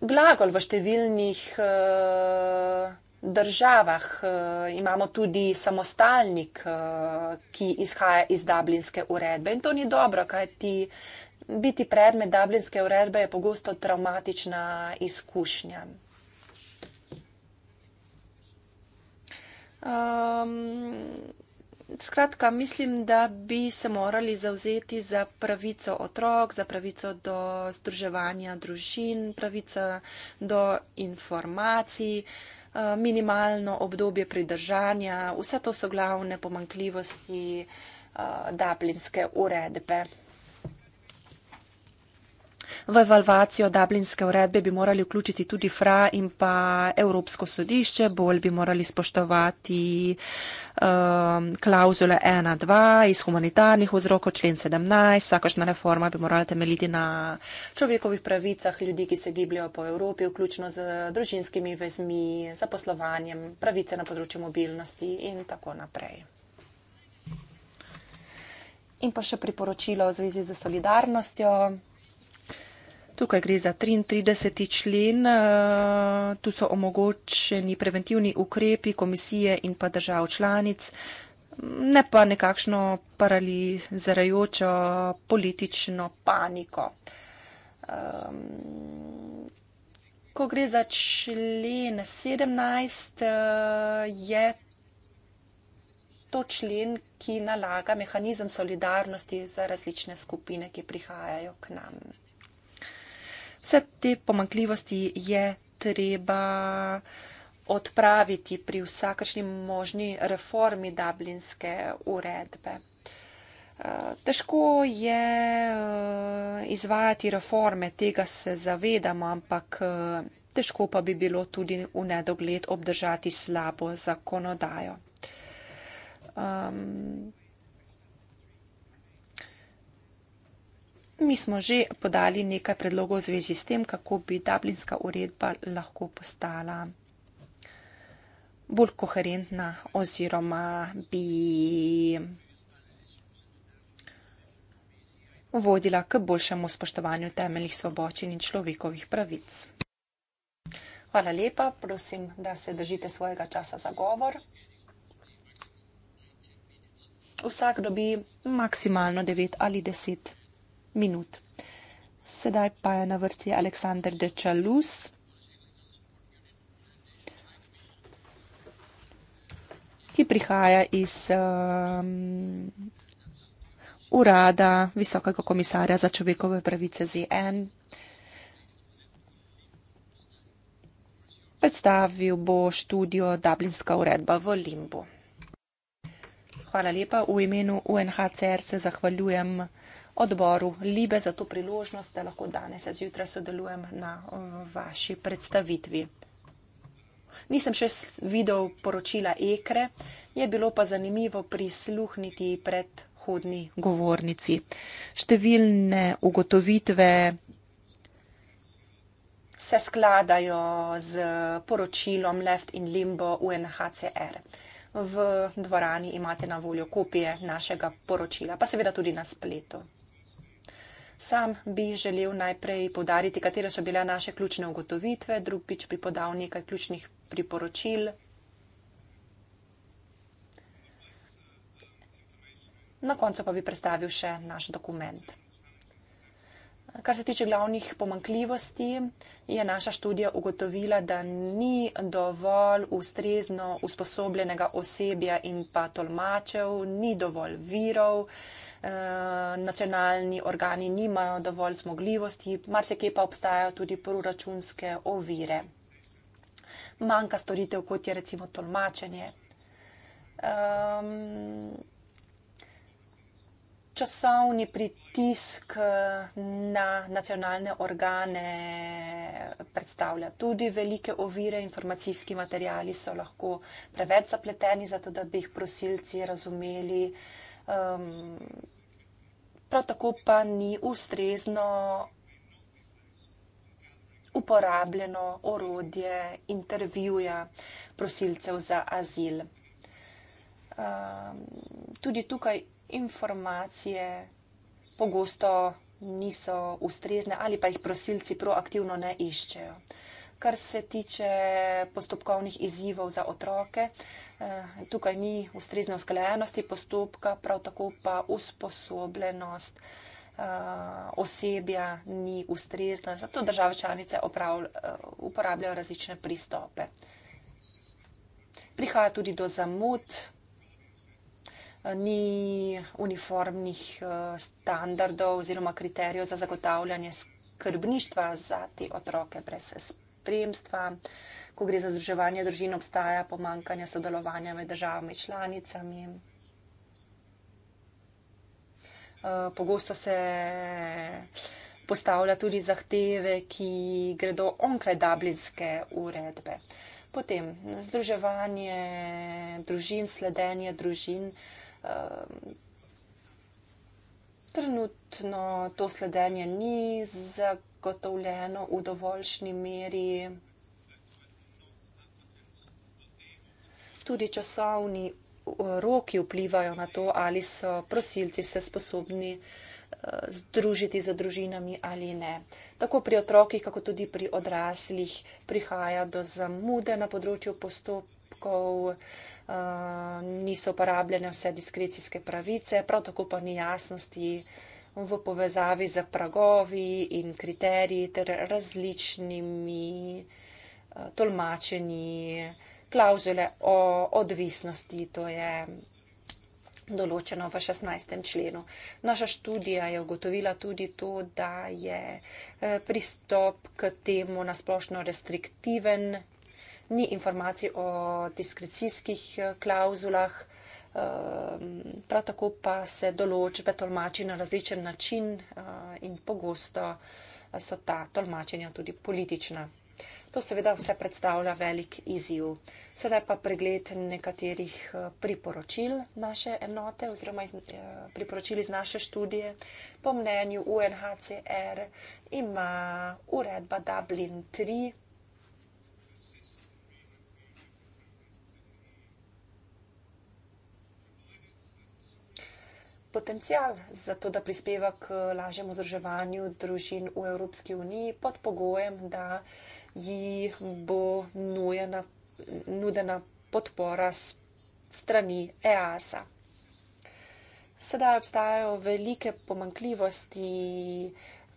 glagol v številnih uh, državah. Uh, imamo tudi samostalnik, uh, ki izhaja iz Dublinske uredbe in to ni dobro, kajti biti predmet Dublinske uredbe je pogosto travmatična izkušnja. Um, skratka, mislim, da bi se morali zauzeti za pravico otrok, za pravico do združevanja družin, pravico do informacij, eh, minimalno obdobje pridržanja. Vse to so glavne pomankljivosti eh, dablinske uredbe. V evalvacijo dublinske uredbe bi morali vključiti tudi FRA in pa Evropsko sodišče, bolj bi morali spoštovati um, klauzule 1.2 iz humanitarnih vzrokov, člen 17. Vsakošna reforma bi morala temeljiti na človekovih pravicah ljudi, ki se gibljajo po Evropi, vključno z družinskimi vezmi, zaposlovanjem, pravice na področju mobilnosti in tako naprej. In pa še priporočilo v zvezi z solidarnostjo. Tukaj gre za 33. člen, eh, tu so omogočeni preventivni ukrepi komisije in pa držav članic, ne pa nekakšno paralizirajočo politično paniko. Ehm, ko gre za člen 17, eh, je to člen, ki nalaga mehanizem solidarnosti za različne skupine, ki prihajajo k nam. Vse te pomankljivosti je treba odpraviti pri vsakršni možni reformi dublinske uredbe. Eh, težko je eh, izvajati reforme, tega se zavedamo, ampak eh, težko pa bi bilo tudi v nedogled obdržati slabo zakonodajo. Um, Mi smo že podali nekaj predlogov v zvezi s tem, kako bi Dublinska uredba lahko postala bolj koherentna oziroma bi vodila k boljšemu spoštovanju temeljnih svoboščin in človekovih pravic. Hvala lepa, prosim, da se držite svojega časa za govor. Vsak dobi maksimalno 9 ali 10 minut. Sedaj pa je na vrsti Aleksandr Dečalus. ki prihaja iz um, urada visokega komisarja za človekove pravice ZN. Predstavil bo študijo Dublinska uredba v Limbu. Hvala lepa. V imenu UNHCR se zahvaljujem odboru Libe za to priložnost, da lahko danes zjutraj sodelujem na vaši predstavitvi. Nisem še videl poročila Ekre, je bilo pa zanimivo prisluhniti predhodni govornici. Številne ugotovitve se skladajo z poročilom Left in Limbo UNHCR. V dvorani imate na voljo kopije našega poročila, pa seveda tudi na spletu. Sam bi želel najprej podariti, katere so bile naše ključne ugotovitve, drugič bi podal nekaj ključnih priporočil. Na koncu pa bi predstavil še naš dokument. Kar se tiče glavnih pomankljivosti, je naša študija ugotovila, da ni dovolj ustrezno usposobljenega osebja in pa tolmačev, ni dovolj virov. Eh, nacionalni organi nimajo dovolj zmogljivosti, marsikje pa obstajajo tudi proračunske ovire. Manjka storitev, kot je recimo tolmačenje. Um, časovni pritisk eh, na nacionalne organe predstavlja tudi velike ovire. Informacijski materijali so lahko preveč zapleteni, zato da bi jih prosilci razumeli uh, Um, prav tako pa ni ustrezno uporabljeno orodje intervjuja prosilcev za azil. Um, tudi tukaj informacije pogosto niso ustrezne ali pa jih prosilci proaktivno ne iščejo. Kar se tiče postopkovnih izzivov za otroke, uh, Eh, tukaj ni ustrezne usklajenosti postopka, prav tako pa usposobljenost eh, osebja ni ustrezna. Zato države članice eh, uporabljajo različne pristope. Prihaja tudi do zamud, ni uniformnih standardov oziroma kriterijev za zagotavljanje skrbništva za te otroke brez spremstva ko gre za združevanje družin, obstaja pomankanje sodelovanja med državami članicami. Eh, pogosto se postavlja tudi zahteve, ki gredo onkraj dublinske uredbe. Potem združevanje družin, sledenje družin. Eh, trenutno to sledenje ni zagotovljeno v dovoljšni meri. tudi časovni uh, roki vplivajo na to, ali so prosilci se sposobni uh, združiti z družinami ali ne. Tako pri otrokih, kako tudi pri odraslih prihaja do zamude na področju postopkov, uh, niso uporabljene vse diskrecijske pravice, prav tako pa ni jasnosti v povezavi z pragovi in kriteriji ter različnimi tolmačenji klauzule o odvisnosti, to je določeno v 16. členu. Naša študija je ugotovila tudi to, da je eh, pristop k temu nasplošno restriktiven, ni informacij o diskrecijskih eh, klauzulah, ehm, prav tako pa se določbe tolmači na različen način eh, in pogosto so ta tolmačenja tudi politična. To seveda vse predstavlja velik izziv. Sedaj pa pregled nekaterih eh, priporočil naše enote oziroma iz, eh, priporočil iz naše študije. Po mnenju UNHCR ima uredba Dublin 3. Potencijal za to, da prispeva k lažjemu združevanju družin v Evropski uniji pod pogojem, da ji bo nujena, nudena podpora strani EASA. Sedaj obstajajo velike pomankljivosti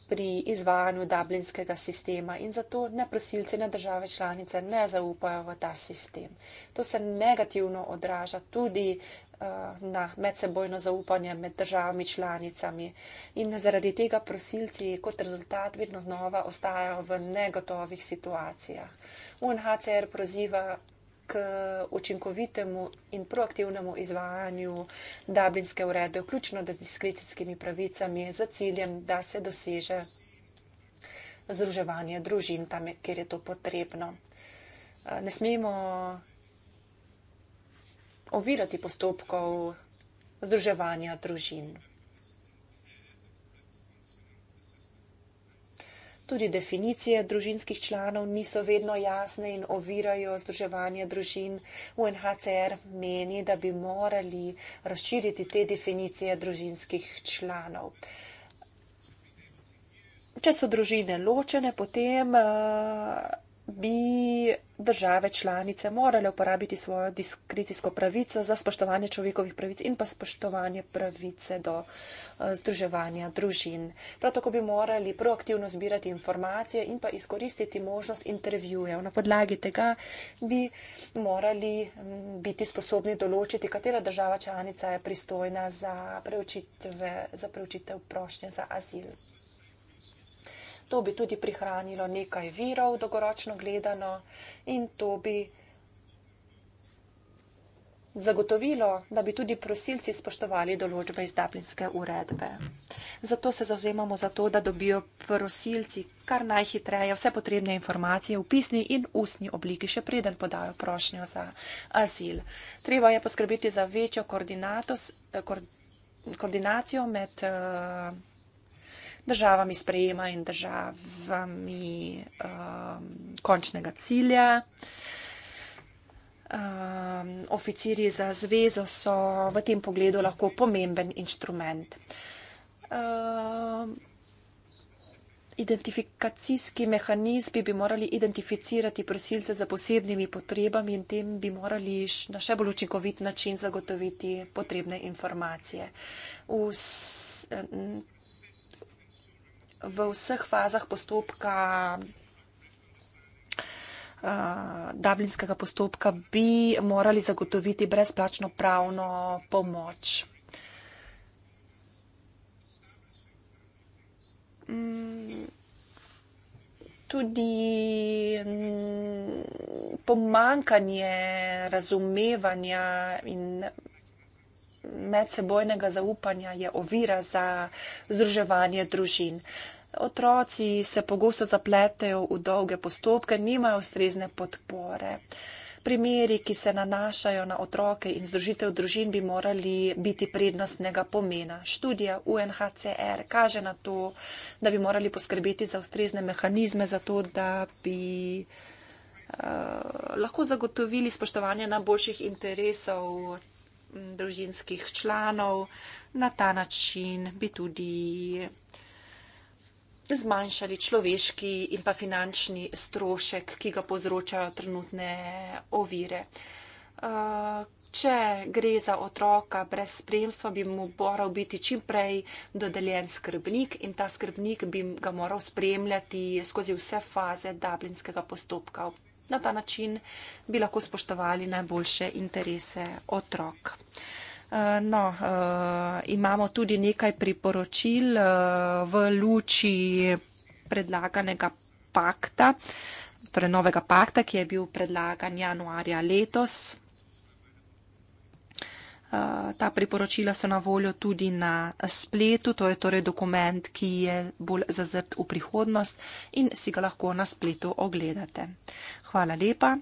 pri izvajanju dublinskega sistema in zato ne prosilce, ne države članice ne zaupajo v ta sistem. To se negativno odraža tudi Eh, na medsebojno zaupanje med državami članicami. In zaradi tega prosilci kot rezultat vedno znova ostajajo v negotovih situacijah. UNHCR proziva k učinkovitemu in proaktivnemu izvajanju dablinske urede, vključno da z diskrecijskimi pravicami, za ciljem, da se doseže združevanje družin tam, kjer je to potrebno. Eh, ne smemo ovirati postopkov združevanja družin. Tudi definicije družinskih članov niso vedno jasne in ovirajo združevanje družin. UNHCR meni, da bi morali razširiti te definicije družinskih članov. Če so družine ločene, potem uh, bi države članice morale uporabiti svojo diskricijsko pravico za spoštovanje človekovih pravic in pa spoštovanje pravice do eh, združevanja družin. Prav tako bi morali proaktivno zbirati informacije in pa izkoristiti možnost intervjujev. Na podlagi tega bi morali mm, biti sposobni določiti, katera država članica je pristojna za preučitev prošnje za azil. To bi tudi prihranilo nekaj virov, dolgoročno gledano, in to bi zagotovilo, da bi tudi prosilci spoštovali določbe iz Dublinske uredbe. Zato se zauzemamo za to, da dobijo prosilci kar najhitreje vse potrebne informacije v pisni in ustni obliki, še preden podajo prošnjo za azil. Treba je poskrbeti za večjo koordinacijo med. Uh, državami sprejema in državami um, končnega cilja. Um, oficiri za zvezo so v tem pogledu lahko pomemben inštrument. Um, identifikacijski mehanizmi bi morali identificirati prosilce za posebnimi potrebami in tem bi morali na še bolj učinkovit način zagotoviti potrebne informacije. Vs, v vseh fazah postopka, uh, dublinskega postopka, bi morali zagotoviti brezplačno pravno pomoč. Mm, tudi pomankanje razumevanja in medsebojnega zaupanja je ovira za združevanje družin. Uh, otroci se pogosto zapletejo v dolge postopke, nimajo ustrezne podpore. Primeri, ki se nanašajo na otroke in združitev družin, bi morali biti prednostnega pomena. Študija UNHCR kaže na to, da bi morali poskrbeti za ustrezne mehanizme, zato da bi uh, lahko zagotovili spoštovanje najboljših interesov družinskih članov. Na ta način bi tudi zmanjšali človeški in pa finančni strošek, ki ga povzročajo trenutne ovire. Eh, če gre za otroka brez spremstva, bi mu moral biti čimprej dodeljen skrbnik in ta skrbnik bi ga moral spremljati skozi vse faze dublinskega postopka. Na ta način bi lahko spoštovali najboljše interese otrok. Eh, no, eh, imamo tudi nekaj priporočil eh, v luči predlaganega pakta, torej novega pakta, ki je bil predlagan januarja letos. Ta priporočila so na voljo tudi na spletu, to je torej dokument, ki je bolj zazrt v prihodnost in si ga lahko na spletu ogledate. Hvala lepa.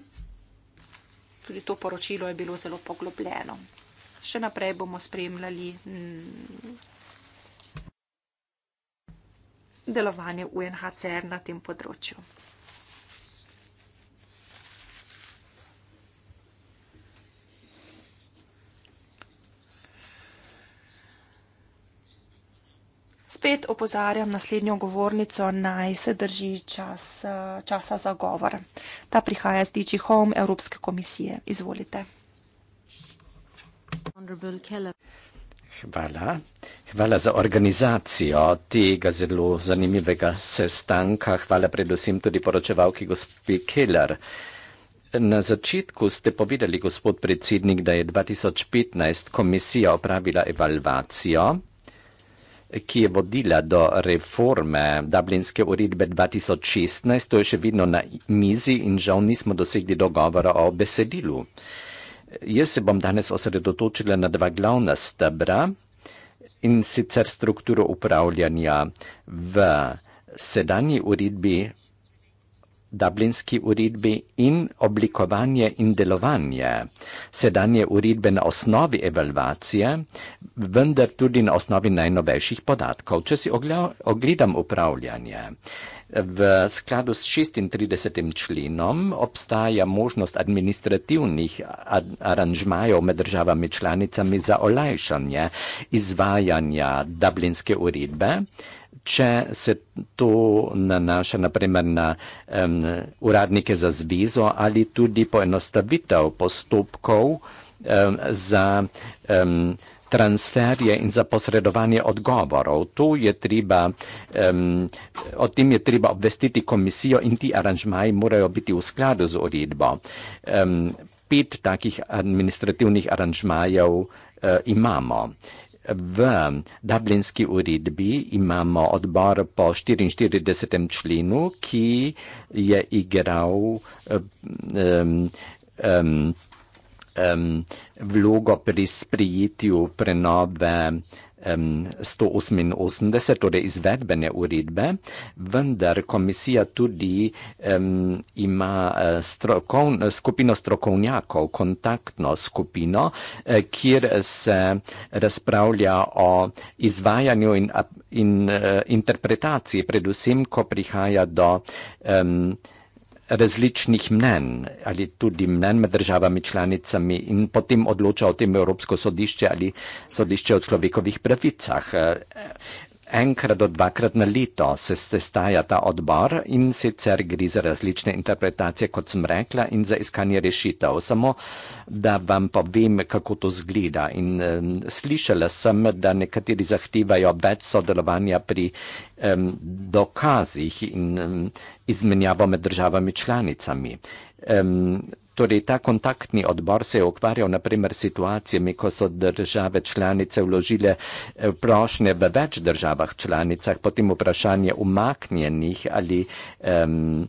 Tudi to poročilo je bilo zelo poglobljeno še naprej bomo spremljali mm, delovanje UNHCR na tem področju. Spet opozarjam naslednjo govornico, naj se drži čas, časa za govor. Ta prihaja z DigiHome Evropske komisije. Izvolite. Hvala. Hvala za organizacijo tega zelo zanimivega sestanka. Hvala predvsem tudi poročevalki gospi Keller. Na začetku ste povedali, gospod predsednik, da je 2015 komisija opravila evalvacijo, ki je vodila do reforme Dublinske uredbe 2016. To je še vedno na mizi in žal nismo dosegli dogovora o besedilu. Jaz se bom danes osredotočila na dva glavna stebra in sicer strukturo upravljanja v sedanji uredbi, dublinski uredbi in oblikovanje in delovanje sedanje uredbe na osnovi evalvacije, vendar tudi na osnovi najnovejših podatkov. Če si ogledam upravljanje, V skladu s 36. členom obstaja možnost administrativnih aranžmajev med državami članicami za olajšanje izvajanja dublinske uredbe, če se to nanaša naprimer na um, uradnike za zvezo ali tudi poenostavitev postopkov um, za. Um, transfer je in zaposredovanje odgovorov. Tu je treba, um, o tem je treba obvestiti komisijo in ti aranžmaji morajo biti v skladu z uredbo. Um, pet takih administrativnih aranžmajev uh, imamo. V dublinski uredbi imamo odbor po 44. členu, ki je igral um, um, um, vlogo pri sprijetju prenove um, 188, torej izvedbene uredbe, vendar komisija tudi um, ima e, strokovn, skupino strokovnjakov, kontaktno skupino, e, kjer se razpravlja o izvajanju in, in uh, interpretaciji, predvsem, ko prihaja do um, različnih mnen ali tudi mnen med državami članicami in potem odloča o tem Evropsko sodišče ali sodišče o človekovih pravicah enkrat do dvakrat na leto se sestaja ta odbor in sicer gre za različne interpretacije, kot sem rekla, in za iskanje rešitev. Samo, da vam povem, kako to zgleda. In um, slišala sem, da nekateri zahtevajo več sodelovanja pri um, dokazih in um, izmenjavo med državami članicami. Um, Torej, ta kontaktni odbor se je ukvarjal naprimer s situacijami, ko so države članice vložile eh, prošnje v več državah članicah, potem vprašanje umaknjenih ali. Um,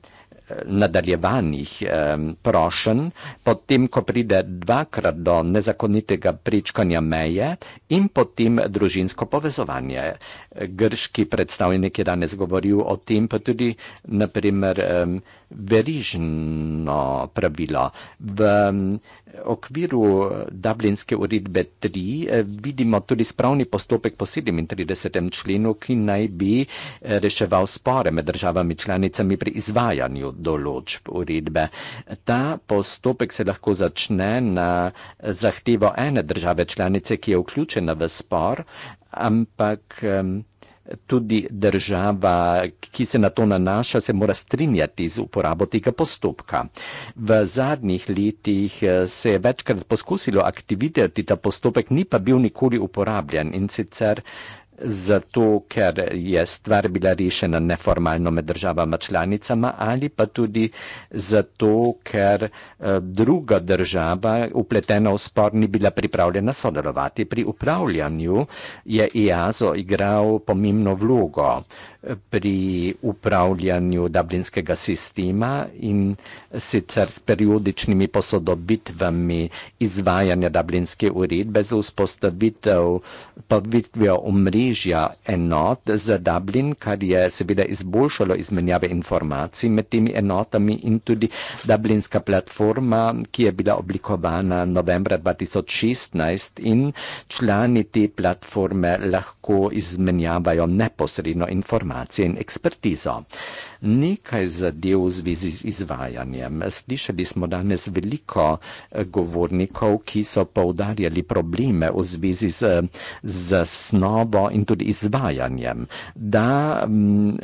nadaljevanjih eh, prošen, potem, ko pride dvakrat do nezakonitega prečkanja meje in potem družinsko povezovanje. Grški predstavnik je danes govoril o tem, pa tudi naprimer eh, verižno pravilo. V, eh, okviru eh, Dublinske uredbe 3 eh, vidimo tudi spravni postopek po 37. členu, ki naj bi eh, reševal spore med državami članicami pri izvajanju določb uredbe. Ta postopek se lahko začne na zahtevo ene države članice, ki je vključena v spor, ampak tudi država, ki se na to nanaša, se mora strinjati z uporabo tega postopka. V zadnjih letih eh, se je večkrat poskusilo aktivirati ta postopek, ni pa bil nikoli uporabljen in sicer zato ker je stvar bila rešena neformalno med državama članicama ali pa tudi zato, ker eh, druga država upletena v spor ni bila pripravljena sodelovati. Pri upravljanju je IAZO igral pomembno vlogo pri upravljanju dublinskega sistema in sicer s periodičnimi posodobitvami izvajanja dublinske uredbe za vzpostavitev podvitvijo omrežja enot za Dublin, kar je seveda izboljšalo izmenjave informacij med temi enotami in tudi dublinska platforma, ki je bila oblikovana novembra 2016 in člani te platforme lahko izmenjavajo neposredno informacije informacije in ekspertizo. Nekaj zadev v zvezi z izvajanjem. Slišali smo danes veliko eh, govornikov, ki so povdarjali probleme v zvezi z zasnovo in tudi izvajanjem. Da um,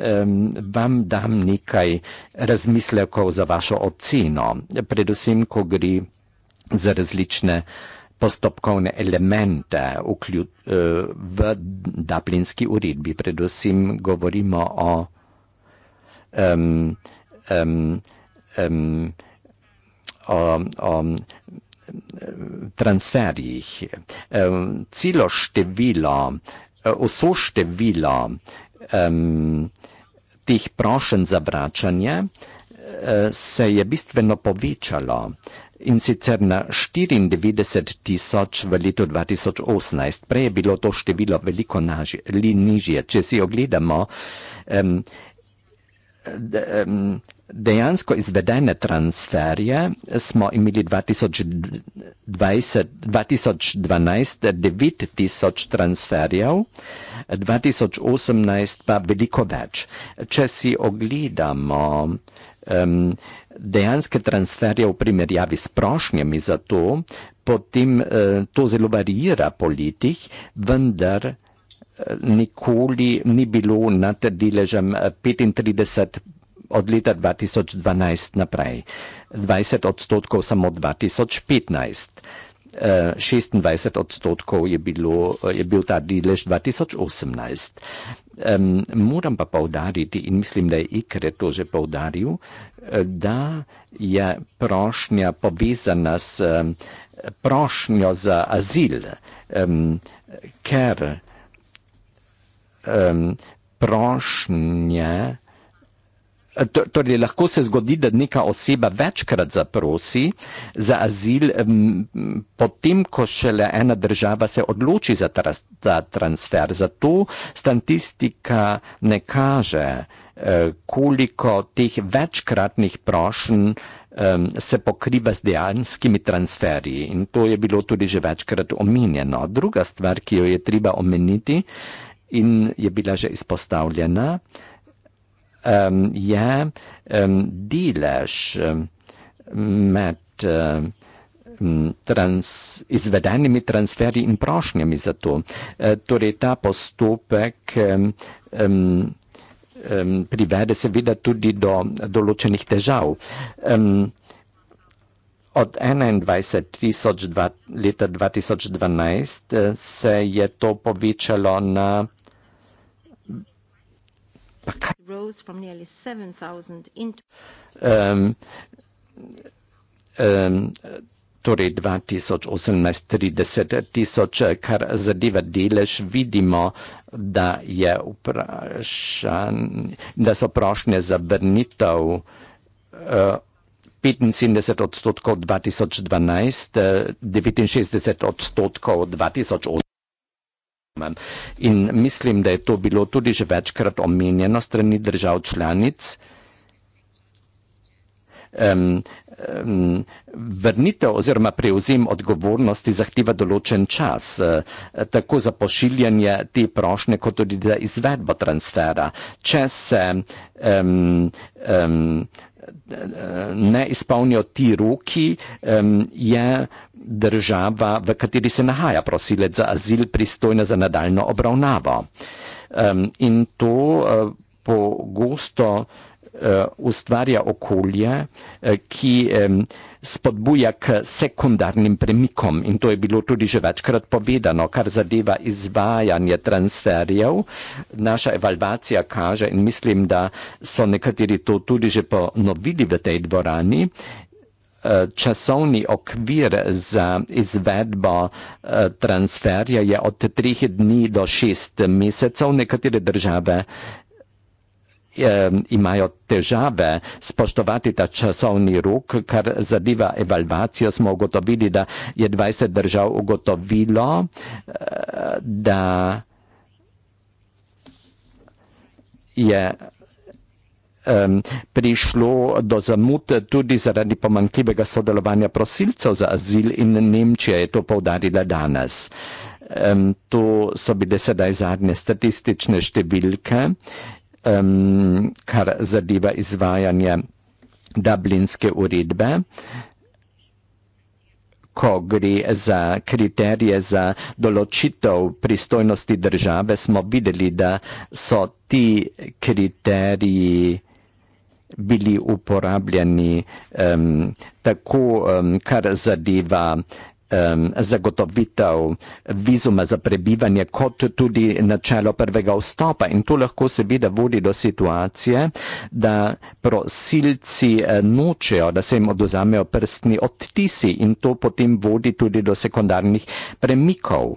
vam dam nekaj razmislekov za vašo oceno, predvsem, ko gre za različne postopkovne elemente vklju, eh, v Dublinski uredbi. Predvsem govorimo o um, um, um, O, o transferjih. Celo število, vso število um, teh prošenj za vračanje eh, se je bistveno povečalo in sicer na 94 tisoč v letu 2018. Prej je bilo to število veliko naži, nižje. Če si ogledamo, um, dejansko izvedene transferje smo imeli 2020, 2012 9 tisoč transferjev, 2018 pa veliko več. Če si ogledamo, um, dejanske transferje v primerjavi s prošnjami za to, potem eh, to zelo varira po letih, vendar eh, nikoli ni bilo nad deležem 35 eh, od leta 2012 naprej, 20 odstotkov samo 2015. 26 odstotkov je, bilo, je bil ta delež 2018. Um, moram pa povdariti in mislim, da je Ikre to že povdaril, da je prošnja povezana s prošnjo za azil, ker prošnje, torej lahko se zgodi, da neka oseba večkrat zaprosi za azil, potem, ko šele ena država se odloči za ta transfer. Zato statistika ne kaže, da je prošnja koliko teh večkratnih prošenj se pokriva z dejanskimi transferji in to je bilo tudi že večkrat omenjeno. Druga stvar, ki jo je treba omeniti in je bila že izpostavljena, je delež med trans, izvedenimi transferji in prošnjami za to. E, torej ta postopek um, privede seveda tudi do določenih težav. Um, od 21 tisoč leta 2012 eh, se je to povečalo na. Um, um, torej 2018-30 tisoč, kar zadeva delež, vidimo, da, vprašan, da so prošnje za vrnitev uh, eh, 75 odstotkov 2012, 69 eh, odstotkov 2008. In mislim, da je to bilo tudi že večkrat omenjeno strani držav članic. Um, vrnitev oziroma prevzem odgovornosti zahteva določen čas, e, tako za pošiljanje te prošnje, kot tudi za izvedbo transfera. Če se um, um, ne izpolnijo ti roki, um, je država, v kateri se nahaja prosilec za azil, pristojna za nadaljno obravnavo. Um, in to uh, pogosto. Eh, ustvarja okolje, eh, ki spodbuja k sekundarnim premikom in to je bilo tudi že večkrat povedano, kar zadeva izvajanje transferjev. Naša evalvacija kaže in mislim, da so nekateri to tudi že ponovili v tej dvorani, eh, časovni okvir za izvedbo transferja je od treh dni do šest mesecev, nekatere države imajo težave spoštovati ta časovni rok, kar zadeva evalvacijo, smo ugotovili, da je 20 držav ugotovilo, eh, da je um, prišlo do zamud tudi zaradi pomankljivega sodelovanja prosilcev za azil in Nemčija je to povdarila danes. Um, to so bile sedaj zadnje statistične številke um, kar zadeva izvajanje Dublinske uredbe, ko gre za kriterije za določitev pristojnosti države, smo videli, da so ti kriteriji bili uporabljeni um, tako, um, kar zadeva zagotovitev vizume za prebivanje, kot tudi načelo prvega vstopa. In to lahko seveda vodi do situacije, da prosilci eh, nočejo, da se jim oduzamejo prstni odtisi in to potem vodi tudi do sekundarnih premikov.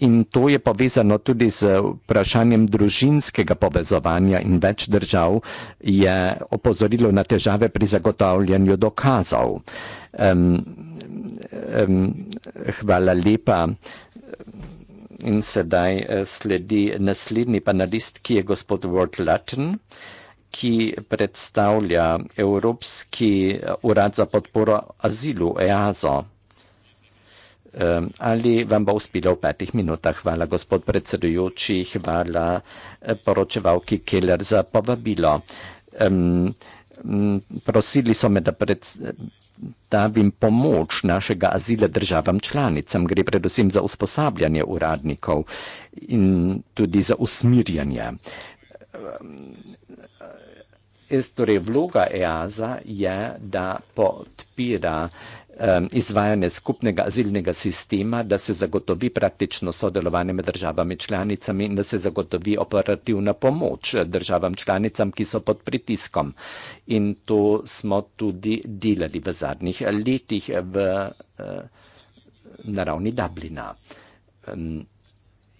In to je povezano tudi z vprašanjem družinskega povezovanja in več držav je opozorilo na težave pri zagotavljanju dokazov. Um, um, hvala lepa. In sedaj eh, sledi naslednji panelist, ki je gospod Ward Latin, ki predstavlja Evropski eh, urad za podporo azilu EASO. Ali vam bo uspelo v petih minutah? Hvala, gospod predsedujoči, hvala eh, poročevalki Keller za povabilo. Um, prosili so me, da predstavljam dostavim pomoč našega azila državam članicam. Gre predvsem za usposabljanje uradnikov in tudi za usmirjanje. Torej, vloga EASA je, da podpira izvajanje skupnega azilnega sistema, da se zagotovi praktično sodelovanje med državami članicami in da se zagotovi operativna pomoč državam članicam, ki so pod pritiskom. In to smo tudi delali v zadnjih letih v eh, naravni Dublina.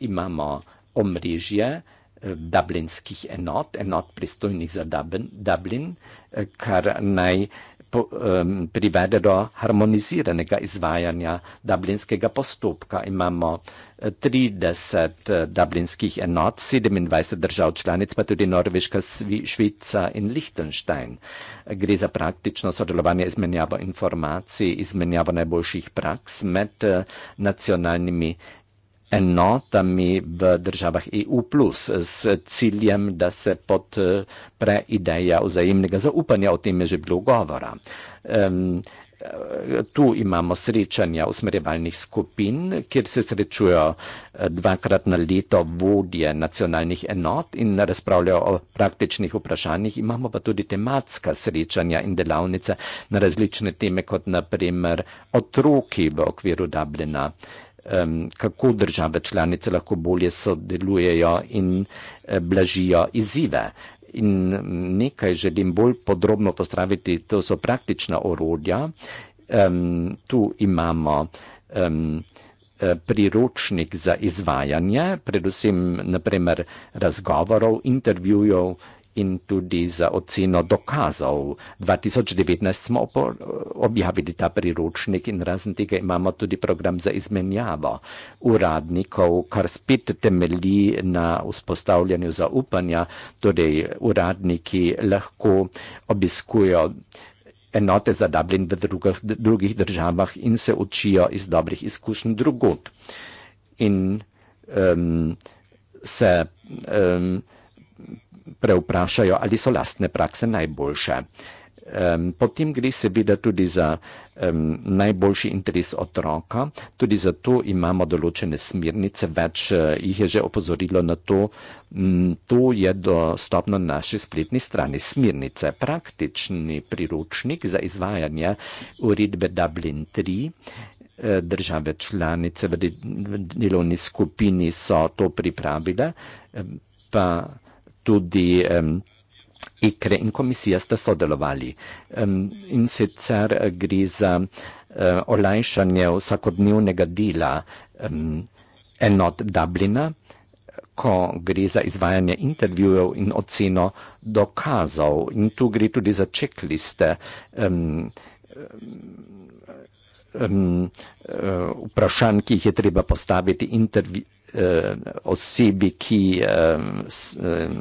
Imamo omrežje eh, dublinskih enot, enot pristojnih za Dublin, eh, kar naj privede do harmoniziranega izvajanja dublinskega postopka. Imamo 30 eh, eh, dublinskih enot, 27 držav članic, pa tudi Norveška, Švica in Liechtenstein. Gre za praktično sodelovanje, izmenjavo informacij, izmenjavo najboljših praks med eh, nacionalnimi enotami v državah EU, s ciljem, da se podpre ideja vzajemnega zaupanja, o tem je že bilo govora. Um, Tu imamo srečanja usmerjevalnih skupin, kjer se srečujo eh, dvakrat na leto vodje nacionalnih enot in razpravljajo o praktičnih vprašanjih. Imamo pa tudi tematska srečanja in delavnice na različne teme, kot naprimer otroki v okviru Dublina um, kako države članice lahko bolje sodelujejo in eh, blažijo izzive. In mm, nekaj želim bolj podrobno postaviti, to so praktična orodja. Um, tu imamo um, priročnik za izvajanje, predvsem naprimer razgovorov, intervjujev in tudi za oceno dokazov. 2019 smo objavili ta priročnik in razen tega imamo tudi program za izmenjavo uradnikov, kar spet temelji na vzpostavljanju zaupanja, torej uradniki lahko obiskujo enote za Dublin v drugih, drugih državah in se učijo iz dobrih izkušenj drugot. In um, se um, preuprašajo, ali so lastne prakse najboljše. Potem gre seveda tudi za um, najboljši interes otroka, tudi zato imamo določene smernice, več uh, jih je že opozorilo na to, um, to je dostopno na naši spletni strani. Smernice, praktični priročnik za izvajanje uredbe Dublin 3, eh, države članice v delovni skupini so to pripravile, pa tudi um, IKRE in komisija sta sodelovali. Um, in sicer gre za um, olajšanje vsakodnevnega dela um, enot Dublina, ko gre za izvajanje intervjujev in oceno dokazov. In tu gre tudi za čekliste. Um, um, um, uh, vprašanj, ki jih je treba postaviti intervju eh, osebi, ki, eh, eh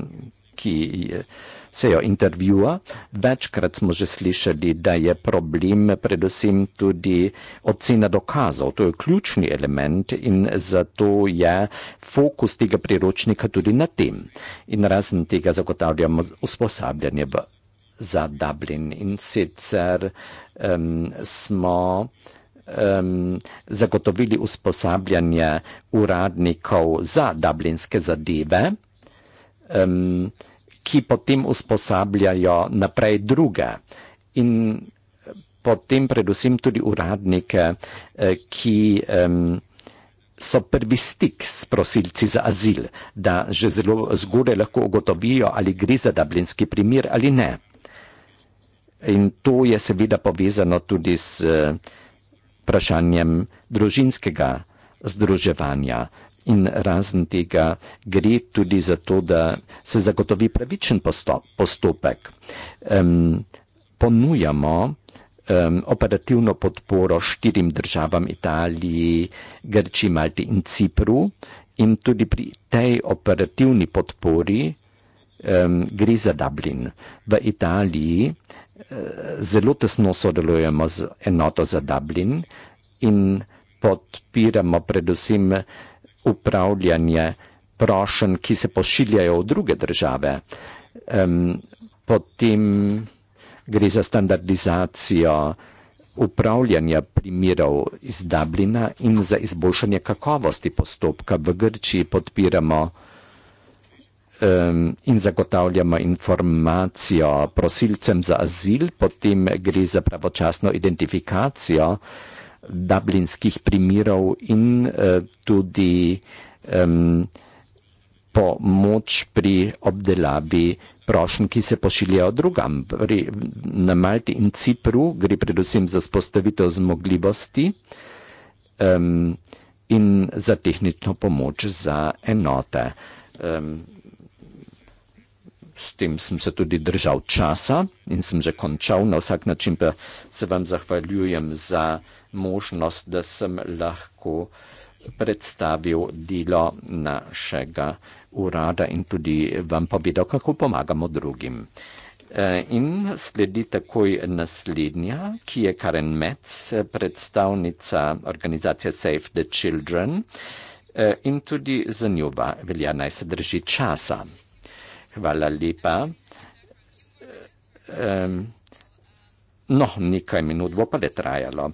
ki eh, se jo intervjuja. Večkrat smo že slišali, da je problem predvsem tudi ocena dokazov. To je ključni element in zato je fokus tega priročnika tudi na tem. In razen tega zagotavljamo usposabljanje za Dublin. In sicer eh, smo um, zagotovili usposabljanje uradnikov za dublinske zadeve, um, ki potem usposabljajo naprej druge in potem predvsem tudi uradnike, eh, ki um, so prvi stik s prosilci za azil, da že zelo zgodaj lahko ugotovijo, ali gre za dublinski primer ali ne. In to je seveda povezano tudi s uh, vprašanjem družinskega združevanja. In razen tega gre tudi za to, da se zagotovi pravičen postopek. Um, ponujamo um, operativno podporo štirim državam Italiji, Grči, Malti in Cipru in tudi pri tej operativni podpori um, gre za Dublin. V Italiji zelo tesno sodelujemo z enoto za Dublin in podpiramo predvsem upravljanje prošen, ki se pošiljajo v druge države. Um, potem gre za standardizacijo upravljanja primerov iz Dublina in za izboljšanje kakovosti postopka. V Grčiji podpiramo in zagotavljamo informacijo prosilcem za azil, potem gre za pravočasno identifikacijo dublinskih primirov in e, tudi pomoč pri obdelavi prošen, ki se pošiljajo drugam. Na Malti in Cipru gre predvsem za spostavitev zmogljivosti in za tehnično pomoč za enote. S tem sem se tudi držal časa in sem že končal. Na vsak način pa se vam zahvaljujem za možnost, da sem lahko predstavil delo našega urada in tudi vam povedal, kako pomagamo drugim. E, in sledi takoj naslednja, ki je Karen Metz, predstavnica organizacije Save the Children. E, in tudi za njo velja naj se drži časa. Hvala lepa. Um, no, nekaj minut bo pa le trajalo.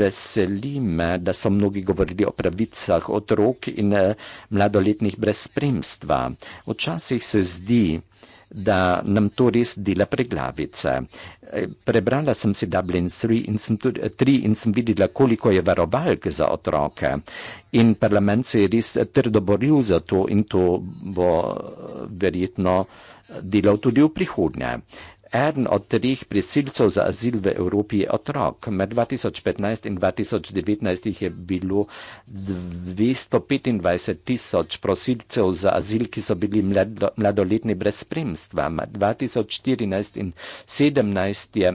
Veseli me, da so mnogi govorili o pravicah otrok in eh, mladoletnih brez spremstva. Včasih se zdi, da nam to res dela preglavice. E, prebrala sem si Dublin 3 in sem, tudi, 3 in sem videla, koliko je varovalk za otroke. In parlament se je res trdo boril za to in to bo e, verjetno delal tudi v prihodnje. Eden od treh prisilcev za azil v Evropi je otrok. Med 2015 in 2019 jih je bilo 225 tisoč prosilcev za azil, ki so bili mlado, mladoletni brez spremstva. Med 2014 in 2017 je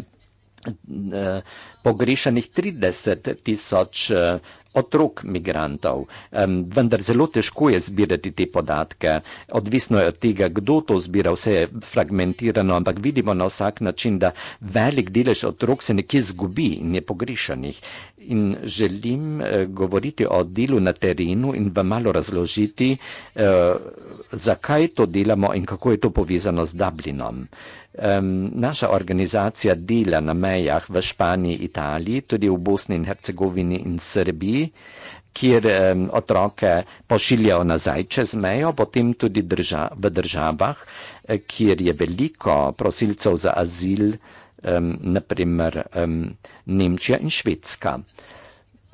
eh, pogrešanih 30 tisoč. Eh, otrok migrantov. Um, vendar zelo težko je zbirati te podatke, odvisno je od tega, kdo to zbira, vse je fragmentirano, ampak vidimo na vsak način, da velik delež otrok se nekje zgubi in je pogrešanih. In želim uh, govoriti o delu na terenu in vam malo razložiti, uh, zakaj to delamo in kako je to povezano z Dublinom. Uh, Um, naša organizacija dela na mejah v Španiji, Italiji, tudi v Bosni in Hercegovini in Srbiji, kjer um, otroke pošiljajo nazaj čez mejo, potem tudi drža v državah, eh, kjer je veliko prosilcev za azil, um, naprimer um, Nemčija in Švedska.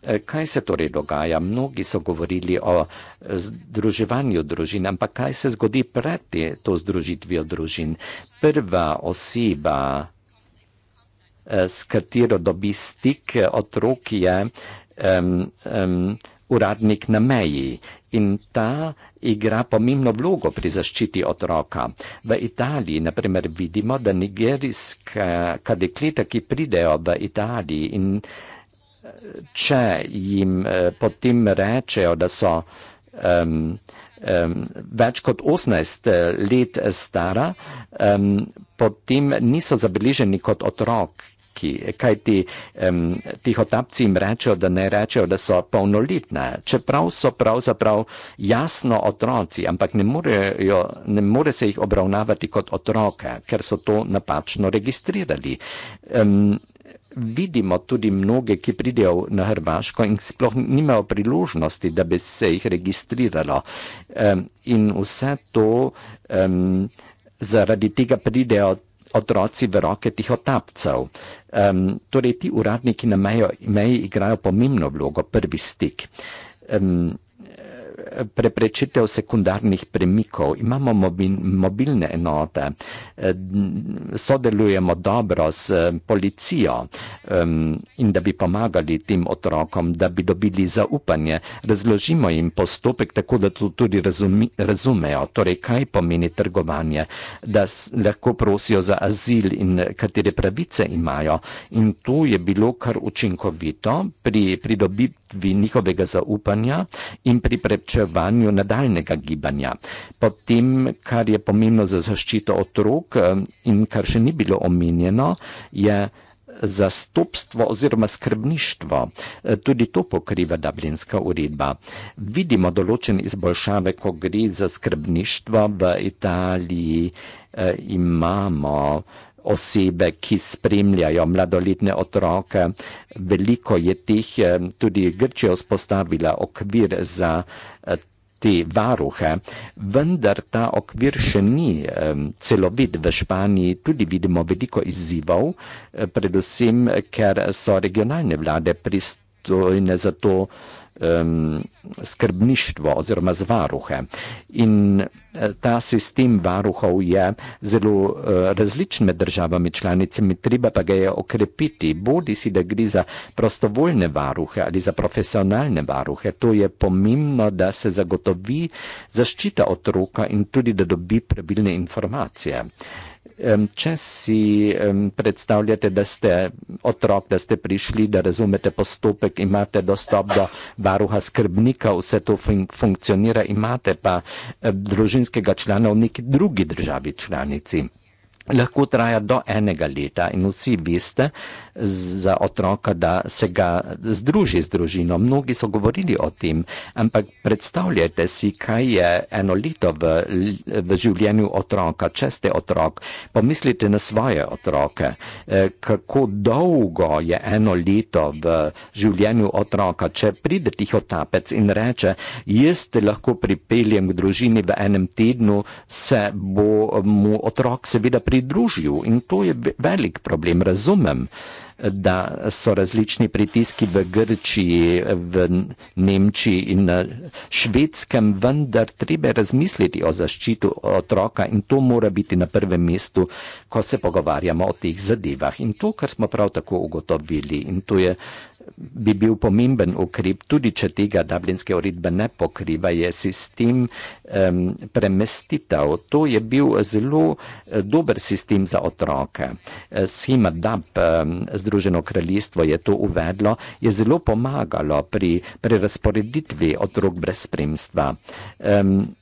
Eh, kaj se torej dogaja? Mnogi so govorili o eh, združevanju družin, ampak kaj se zgodi pred to združitvijo družin? Prva oseba, eh, s katero dobi stik otrok, je um, um, uradnik na meji in ta igra pomembno vlogo pri zaščiti otroka. V Italiji, naprimer, vidimo, da nigerijska dekleta, ki pridejo v Italiji in če jim eh, potem rečejo, da so um, um, več kot 18 eh, let stara, um, potem niso zabeleženi kot otrok. Kaj ti um, tihotapci jim rečejo, da ne rečejo, da so polnoletne, čeprav so pravzaprav jasno otroci, ampak ne, morejo, ne more se jih obravnavati kot otroke, ker so to napačno registrirali. Um, vidimo tudi mnoge, ki pridejo na Hrvaško in sploh nimajo priložnosti, da bi se jih registriralo. Um, in vse to um, zaradi tega pridejo otroci v roke tih otapcev. Um, torej, ti uradniki na meji igrajo pomembno vlogo, prvi stik. Um, preprečitev sekundarnih premikov. Imamo mobilne enote, eh, sodelujemo dobro s eh, policijo in da bi pomagali tem otrokom, da bi dobili zaupanje, razložimo jim postopek, tako da to tudi razumejo. Torej, kaj pomeni trgovanje, da lahko prosijo za azil in eh, katere pravice imajo. In tu je bilo kar učinkovito pri pridobitvi krepitvi njihovega zaupanja in pri preprečevanju nadaljnega gibanja. Potem, kar je pomembno za zaščito otrok eh, in kar še ni bilo omenjeno, je zastopstvo oziroma skrbništvo. Eh, tudi to pokriva Dublinska uredba. Vidimo določene izboljšave, ko gre za skrbništvo. V Italiji eh, imamo eh, osebe, ki spremljajo mladoletne otroke. Veliko je teh, eh, tudi Grčija vzpostavila okvir za eh, te varuhe, vendar ta okvir še ni eh, celovit v Španiji, tudi vidimo veliko izzivov, predvsem ker so regionalne vlade pristojne za to, da um, skrbništvo oziroma z varuhe. In eh, ta sistem varuhov je zelo uh, različen med državami članicami, treba pa ga je okrepiti, bodi si, da gre za prostovoljne varuhe ali za profesionalne varuhe. To je pomembno, da se zagotovi zaščita otroka in tudi, da dobi pravilne informacije. Če si predstavljate, da ste otrok, da ste prišli, da razumete postopek, imate dostop do varuha skrbnika, vse to fun funkcionira, imate pa eh, družinskega člana v neki drugi državi članici lahko traja do enega leta in vsi veste za otroka, da se ga združi z družino. Mnogi so govorili o tem, ampak predstavljajte si, kaj je eno leto v, v življenju otroka, če ste otrok, pomislite na svoje otroke, eh, kako dolgo je eno leto v življenju otroka, če pride tihotapec in reče, jaz te lahko pripeljem k družini v enem tednu, se bo mu otrok seveda pripeljal pridružil in to je velik problem. Razumem, da so različni pritiski v Grčiji, v Nemčiji in na Švedskem, vendar treba razmisliti o zaščitu otroka in to mora biti na prvem mestu, ko se pogovarjamo o teh zadevah. In to, kar smo prav tako ugotovili in to je uh, bi bil pomemben ukrep, tudi če tega dublinske uredbe ne pokriva, je sistem um, premestitev. To je bil zelo eh, dober sistem za otroke. Eh, Schema DAP, um, Združeno kraljestvo je to uvedlo, je zelo pomagalo pri prerasporeditvi otrok brez spremstva. Um,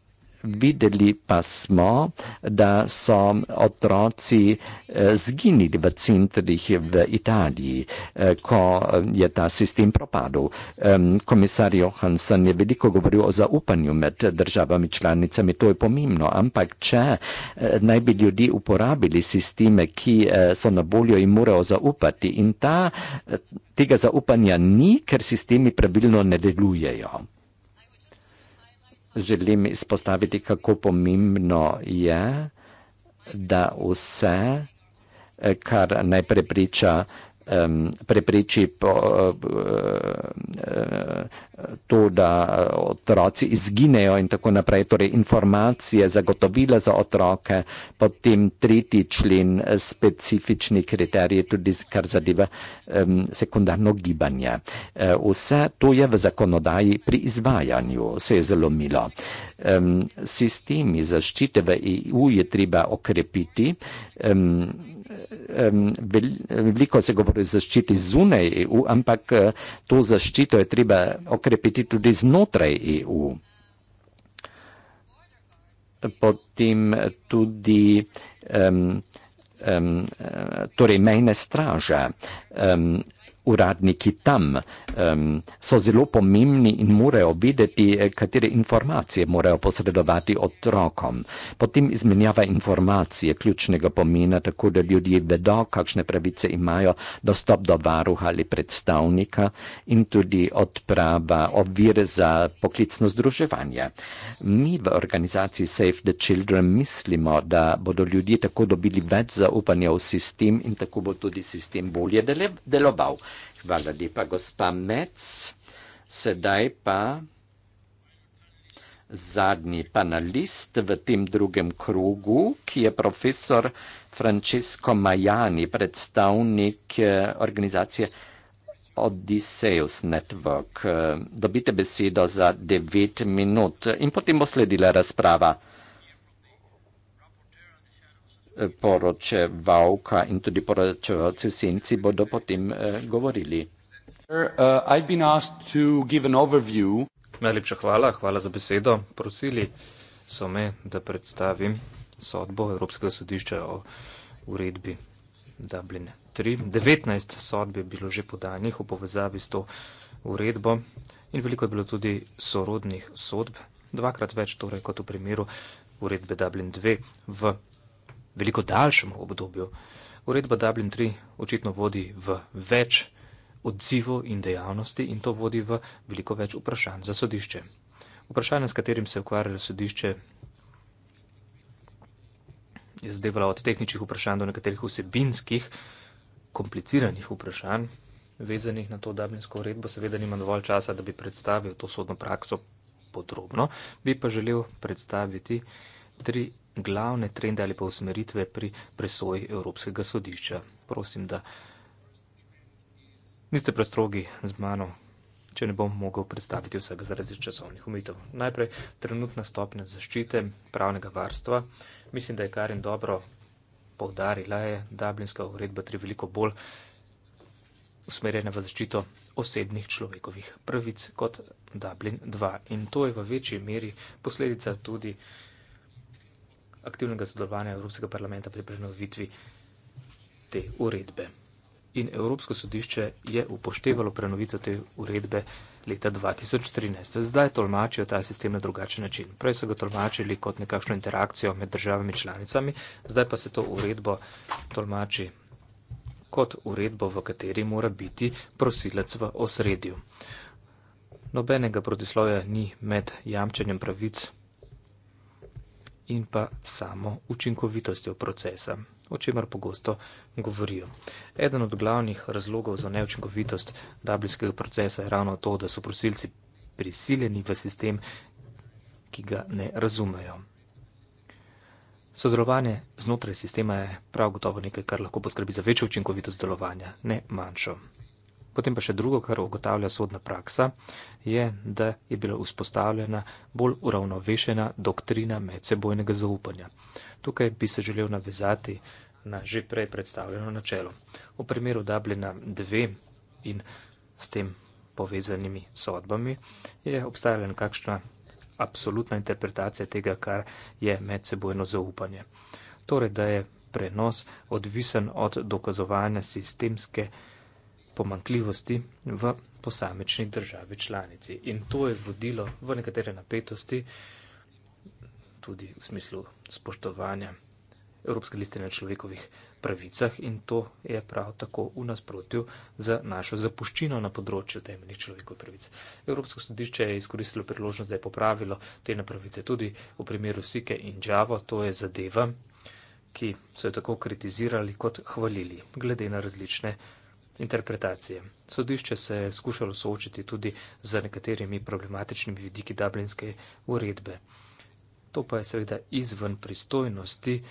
videli pa smo, da so otroci eh, zginili v centrih v Italiji, eh, ko eh, je ta sistem propadel. Komisar Johansson je veliko govoril o zaupanju med državami članicami, to je pomembno, ampak če naj bi ljudi uporabili sisteme, ki so na voljo in morajo zaupati in ta, tega zaupanja ni, ker sistemi pravilno ne delujejo želim izpostaviti, kako pomembno je, da vse, kar najprej priča um, prepreči po, uh, uh, to, da eh, otroci izginejo in tako naprej. Torej, informacije, zagotovila za otroke, potem tretji člen, specifični kriteriji, tudi kar zadeva um, sekundarno gibanje. Uh, vse to je v zakonodaji pri izvajanju, se je zelo milo. Um, sistemi zaščite v EU je treba okrepiti. Um, veliko se govori o zaščiti zunaj EU, ampak eh, to zaščito je treba okrepiti tudi znotraj EU. Potem eh, tudi um, um, torej mejna straža. Um, uradniki tam um, so zelo pomembni in morajo vedeti, eh, katere informacije morajo posredovati otrokom. Potem izmenjava informacije ključnega pomena, tako da ljudje vedo, kakšne pravice imajo, dostop do varuha ali predstavnika in tudi odprava ovir za poklicno združevanje. Mi v organizaciji Save the Children mislimo, da bodo ljudje tako dobili več zaupanja v sistem in tako bo tudi sistem bolje deloval. Hvala lepa, gospa Mec. Sedaj pa zadnji panelist v tem drugem krogu, ki je profesor Francesco Majani, predstavnik eh, organizacije Odysseus Network. Eh, dobite besedo za devet minut in potem bo sledila razprava poročevalka in tudi poročevalci senci bodo potem eh, govorili. Uh, Najlepša hvala, hvala za besedo. Prosili so me, da predstavim sodbo Evropskega sodišča o uredbi Dublin 3. 19 sodb je bilo že podanih v povezavi s to uredbo in veliko je bilo tudi sorodnih sodb, dvakrat več torej kot v primeru uredbe Dublin 2 v veliko daljšem obdobju. Uredba Dublin 3 očitno vodi v več odzivov in dejavnosti in to vodi v veliko več vprašanj za sodišče. Vprašanje, s katerim se je ukvarjalo sodišče, je zadevalo od tehničnih vprašanj do nekaterih vsebinskih, kompliciranih vprašanj, vezanih na to Dublinsko uredbo. Seveda nimam dovolj časa, da bi predstavil to sodno prakso podrobno, bi pa želel predstaviti tri glavne trende ali pa usmeritve pri presoji Evropskega sodišča. Prosim, da niste prestrogi z mano, če ne bom mogel predstaviti vsega zaradi časovnih umitev. Najprej trenutna stopnja zaščite pravnega varstva. Mislim, da je Karin dobro povdarila, je Dublinska uredba tri veliko bolj usmerjena v zaščito osebnih človekovih pravic kot Dublin 2. In to je v večji meri posledica tudi aktivnega sodelovanja Evropskega parlamenta pri prenovitvi te uredbe. In Evropsko sodišče je upoštevalo prenovitev te uredbe leta 2013. Zdaj tolmačijo ta sistem na drugačen način. Prej so ga tolmačili kot nekakšno interakcijo med državami članicami, zdaj pa se to uredbo tolmači kot uredbo, v kateri mora biti prosilec v osredju. Nobenega protislovja ni med jamčenjem pravic in pa samo učinkovitostjo procesa, o čemer pogosto govorijo. Eden od glavnih razlogov za neučinkovitost dubljskega procesa je ravno to, da so prosilci prisiljeni v sistem, ki ga ne razumejo. Sodelovanje znotraj sistema je prav gotovo nekaj, kar lahko poskrbi za večjo učinkovitost delovanja, ne manjšo. Potem pa še drugo, kar ugotavlja sodna praksa, je, da je bila vzpostavljena bolj uravnovešena doktrina medsebojnega zaupanja. Tukaj bi se želel navezati na že prej predstavljeno načelo. V primeru Dublina 2 in s tem povezanimi sodbami je obstajala nekakšna absolutna interpretacija tega, kar je medsebojno zaupanje. Torej, da je prenos odvisen od dokazovanja sistemske pomankljivosti v posamečni državi članici. In to je vodilo v nekatere napetosti, tudi v smislu spoštovanja Evropske liste na človekovih pravicah in to je prav tako v nasprotju z našo zapuščino na področju temeljnih človekovih pravic. Evropsko sodišče je izkoristilo priložnost, da je popravilo te napravice tudi v primeru Sike in Džavo, to je zadeva, ki so jo tako kritizirali kot hvalili, glede na različne interpretacije. Sodišče se je skušalo soočiti tudi z nekaterimi problematičnimi vidiki dublinske uredbe. To pa je seveda izven pristojnosti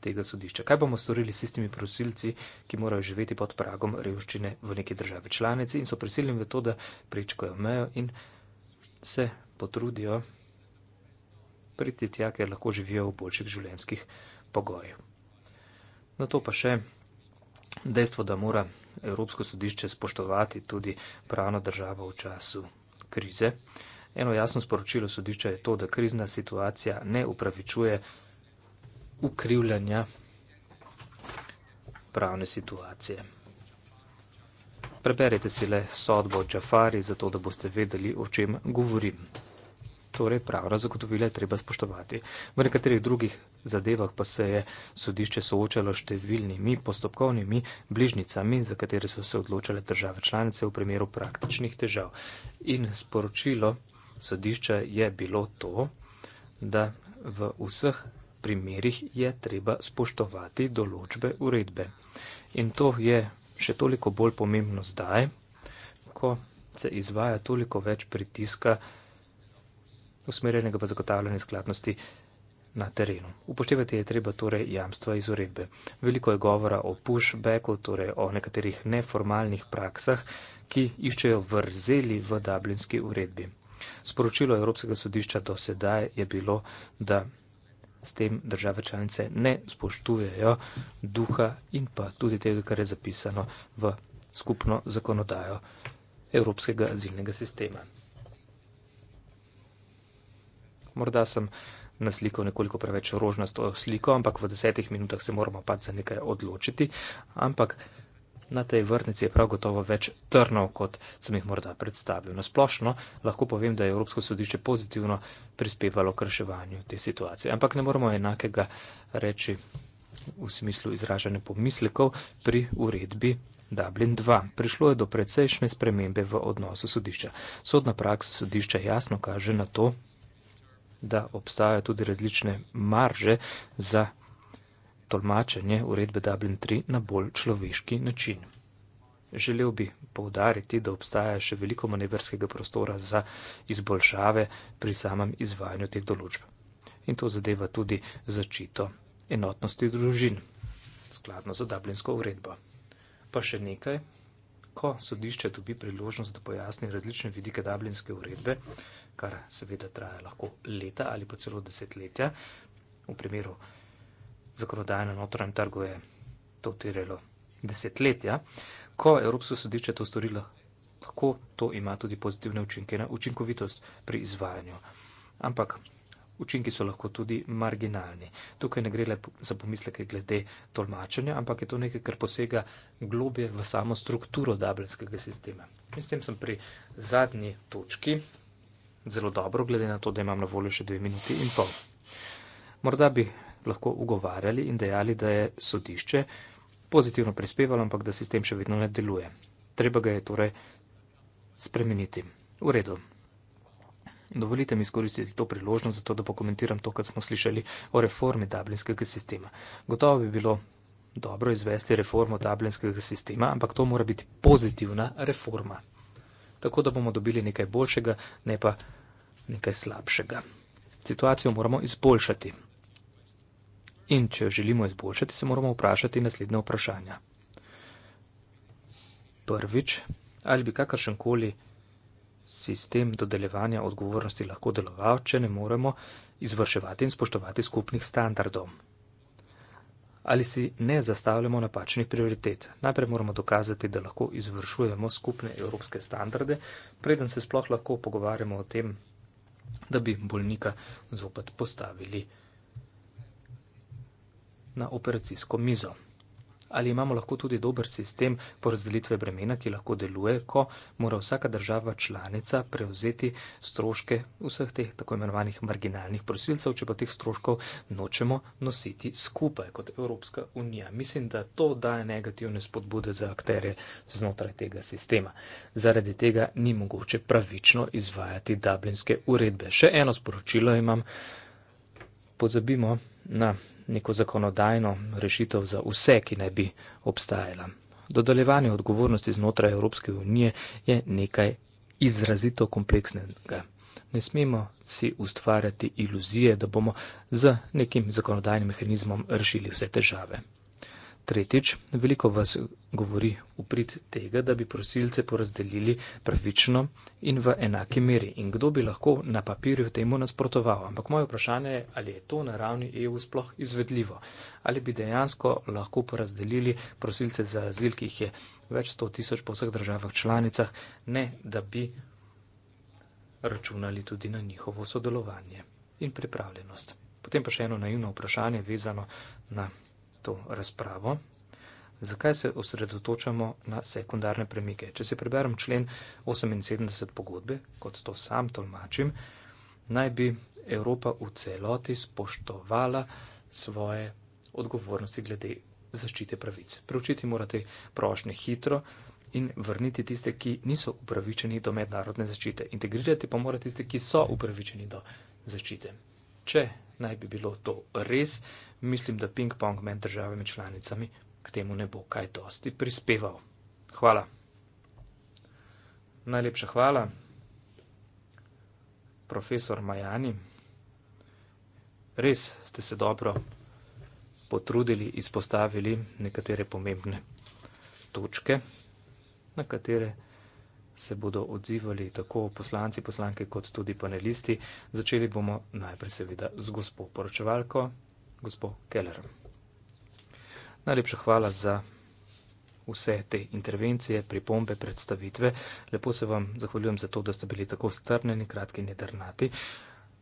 tega sodišča. Kaj bomo storili s tistimi prosilci, ki morajo živeti pod pragom revščine v neki državi članici in so prisiljeni v to, da prečkajo mejo in se potrudijo priti tja, ker lahko živijo v boljših življenjskih pogojih. Na to pa še dejstvo, da mora Evropsko sodišče spoštovati tudi pravno državo v času krize. Eno jasno sporočilo sodišča je to, da krizna situacija ne upravičuje ukrivljanja pravne situacije. Preberite si le sodbo Džafari, zato da boste vedeli, o čem govorim torej pravna zagotovila je treba spoštovati. V nekaterih drugih zadevah pa se je sodišče soočalo številnimi postopkovnimi bližnicami, za katere so se odločale države članice v primeru praktičnih težav. In sporočilo sodišča je bilo to, da v vseh primerih je treba spoštovati določbe uredbe. In to je še toliko bolj pomembno zdaj, ko se izvaja toliko več pritiska usmerjenega v zagotavljanje skladnosti na terenu. Upoštevati je treba torej jamstva iz uredbe. Veliko je govora o pushbacku, torej o nekaterih neformalnih praksah, ki iščejo vrzeli v dublinski uredbi. Sporočilo Evropskega sodišča do sedaj je bilo, da s tem države članice ne spoštujejo duha in pa tudi tega, kar je zapisano v skupno zakonodajo Evropskega azilnega sistema morda sem naslikal nekoliko preveč rožnasto sliko, ampak v desetih minutah se moramo pa za nekaj odločiti. Ampak na tej vrtnici je prav gotovo več trnov, kot sem jih morda predstavil. Nasplošno lahko povem, da je Evropsko sodišče pozitivno prispevalo k reševanju te situacije. Ampak ne moramo enakega reči v smislu izražanja pomislekov pri uredbi. Dublin 2. Prišlo je do precejšnje spremembe v odnosu sodišča. Sodna praksa sodišča jasno kaže na to, da obstajajo tudi različne marže za tolmačenje uredbe Dublin 3 na bolj človeški način. Želel bi povdariti, da obstaja še veliko manevrskega prostora za izboljšave pri samem izvajanju teh določb. In to zadeva tudi začito enotnosti družin, skladno z Dublinsko uredbo. Pa še nekaj, ko sodišče dobi priložnost, da pojasni različne vidike dublinske uredbe, kar seveda traja lahko leta ali pa celo desetletja. V primeru zakonodaje na notranjem trgu je to terelo desetletja. Ko Evropsko sodišče to stori, lahko to ima tudi pozitivne učinke na učinkovitost pri izvajanju. Ampak učinki so lahko tudi marginalni. Tukaj ne gre le za pomisleke glede tolmačenja, ampak je to nekaj, kar posega globje v samo strukturo dublinskega sistema. In s tem sem pri zadnji točki. Zelo dobro, glede na to, da imam na voljo še dve minuti in pol. Morda bi lahko ugovarjali in dejali, da je sodišče pozitivno prispevalo, ampak da sistem še vedno ne deluje. Treba ga je torej spremeniti. V redu, Dovolite mi izkoristiti to priložnost, zato da pokomentiram to, kar smo slišali o reformi tablinskega sistema. Gotovo bi bilo dobro izvesti reformo tablinskega sistema, ampak to mora biti pozitivna reforma. Tako da bomo dobili nekaj boljšega, ne pa nekaj slabšega. Situacijo moramo izboljšati. In če jo želimo izboljšati, se moramo vprašati naslednje vprašanje. Prvič, ali bi kakršenkoli sistem dodeljevanja odgovornosti lahko deloval, če ne moremo izvrševati in spoštovati skupnih standardov. Ali si ne zastavljamo napačnih prioritet? Najprej moramo dokazati, da lahko izvršujemo skupne evropske standarde, preden se sploh lahko pogovarjamo o tem, da bi bolnika zopet postavili na operacijsko mizo. Ali imamo lahko tudi dober sistem porazdelitve bremena, ki lahko deluje, ko mora vsaka država članica prevzeti stroške vseh teh tako imenovanih marginalnih prosilcev, če pa teh stroškov nočemo nositi skupaj kot Evropska unija. Mislim, da to daje negativne spodbude za akterje znotraj tega sistema. Zaradi tega ni mogoče pravično izvajati dublinske uredbe. Še eno sporočilo imam. Pozabimo na neko zakonodajno rešitev za vse, ki ne bi obstajala. Dodaljevanje odgovornosti znotraj Evropske unije je nekaj izrazito kompleksnega. Ne smemo si ustvarjati iluzije, da bomo z nekim zakonodajnim mehanizmom rešili vse težave. Tretjič, veliko vas govori uprit tega, da bi prosilce porazdelili pravično in v enaki meri. In kdo bi lahko na papirju temu nasprotoval? Ampak moje vprašanje je, ali je to na ravni EU sploh izvedljivo? Ali bi dejansko lahko porazdelili prosilce za azil, ki jih je več sto tisoč po vseh državah članicah, ne da bi računali tudi na njihovo sodelovanje in pripravljenost? Potem pa še eno naivno vprašanje vezano na to razpravo. Zakaj se osredotočamo na sekundarne premike? Če se preberem člen 78 pogodbe, kot to sam tolmačim, naj bi Evropa v celoti spoštovala svoje odgovornosti glede zaščite pravic. Preučiti morate prošnje hitro in vrniti tiste, ki niso upravičeni do mednarodne zaščite. Integrirati pa morate tiste, ki so upravičeni do zaščite. Če naj bi bilo to res, mislim, da ping-pong med državami članicami k temu ne bo kaj dosti prispeval. Hvala. Najlepša hvala, profesor Majani. Res ste se dobro potrudili izpostavili nekatere pomembne točke, na katere se bodo odzivali tako poslanci, poslanke kot tudi panelisti. Začeli bomo najprej seveda z gospo poročevalko, gospo Keller. Najlepša hvala za vse te intervencije, pripombe, predstavitve. Lepo se vam zahvaljujem za to, da ste bili tako strneni, kratki in jedrnati.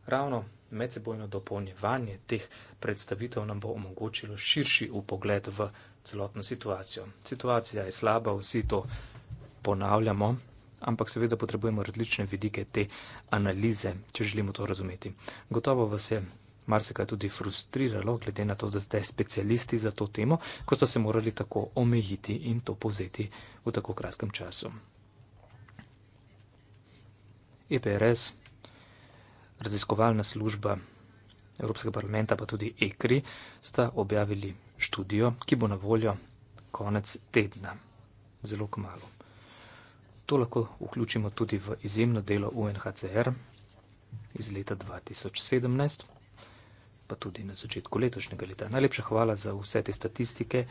Ravno medsebojno dopolnjevanje teh predstavitev nam bo omogočilo širši upogled v celotno situacijo. Situacija je slaba, vsi to ponavljamo ampak seveda potrebujemo različne vidike te analize, če želimo to razumeti. Gotovo vas je marsikaj tudi frustriralo, glede na to, da ste specialisti za to temo, ko ste se morali tako omejiti in to povzeti v tako kratkem času. EPRS, raziskovalna služba Evropskega parlamenta, pa tudi EKRI, sta objavili študijo, ki bo na voljo konec tedna. Zelo kmalo to lahko vključimo tudi v izjemno delo UNHCR iz leta 2017, pa tudi na začetku letošnjega leta. Najlepša hvala za vse te statistike,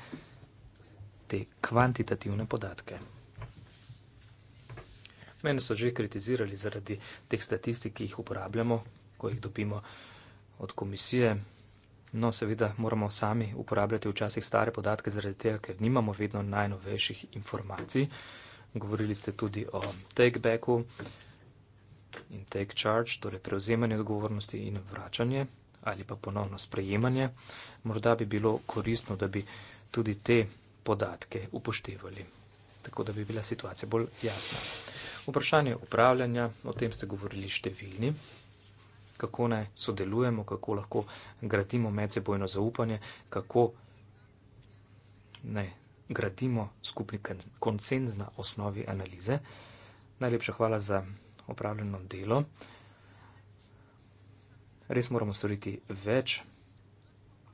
te kvantitativne podatke. Mene so že kritizirali zaradi teh statistik, ki jih uporabljamo, ko jih dobimo od komisije. No, seveda moramo sami uporabljati včasih stare podatke, zaradi tega, ker nimamo vedno najnovejših informacij. Govorili ste tudi o takebacku in take charge, torej prevzemanje odgovornosti in vračanje ali pa ponovno sprejemanje. Morda bi bilo koristno, da bi tudi te podatke upoštevali, tako da bi bila situacija bolj jasna. Vprašanje upravljanja, o tem ste govorili številni, kako naj sodelujemo, kako lahko gradimo medsebojno zaupanje, kako naj gradimo skupni konsenz na osnovi analize. Najlepša hvala za opravljeno delo. Res moramo storiti več.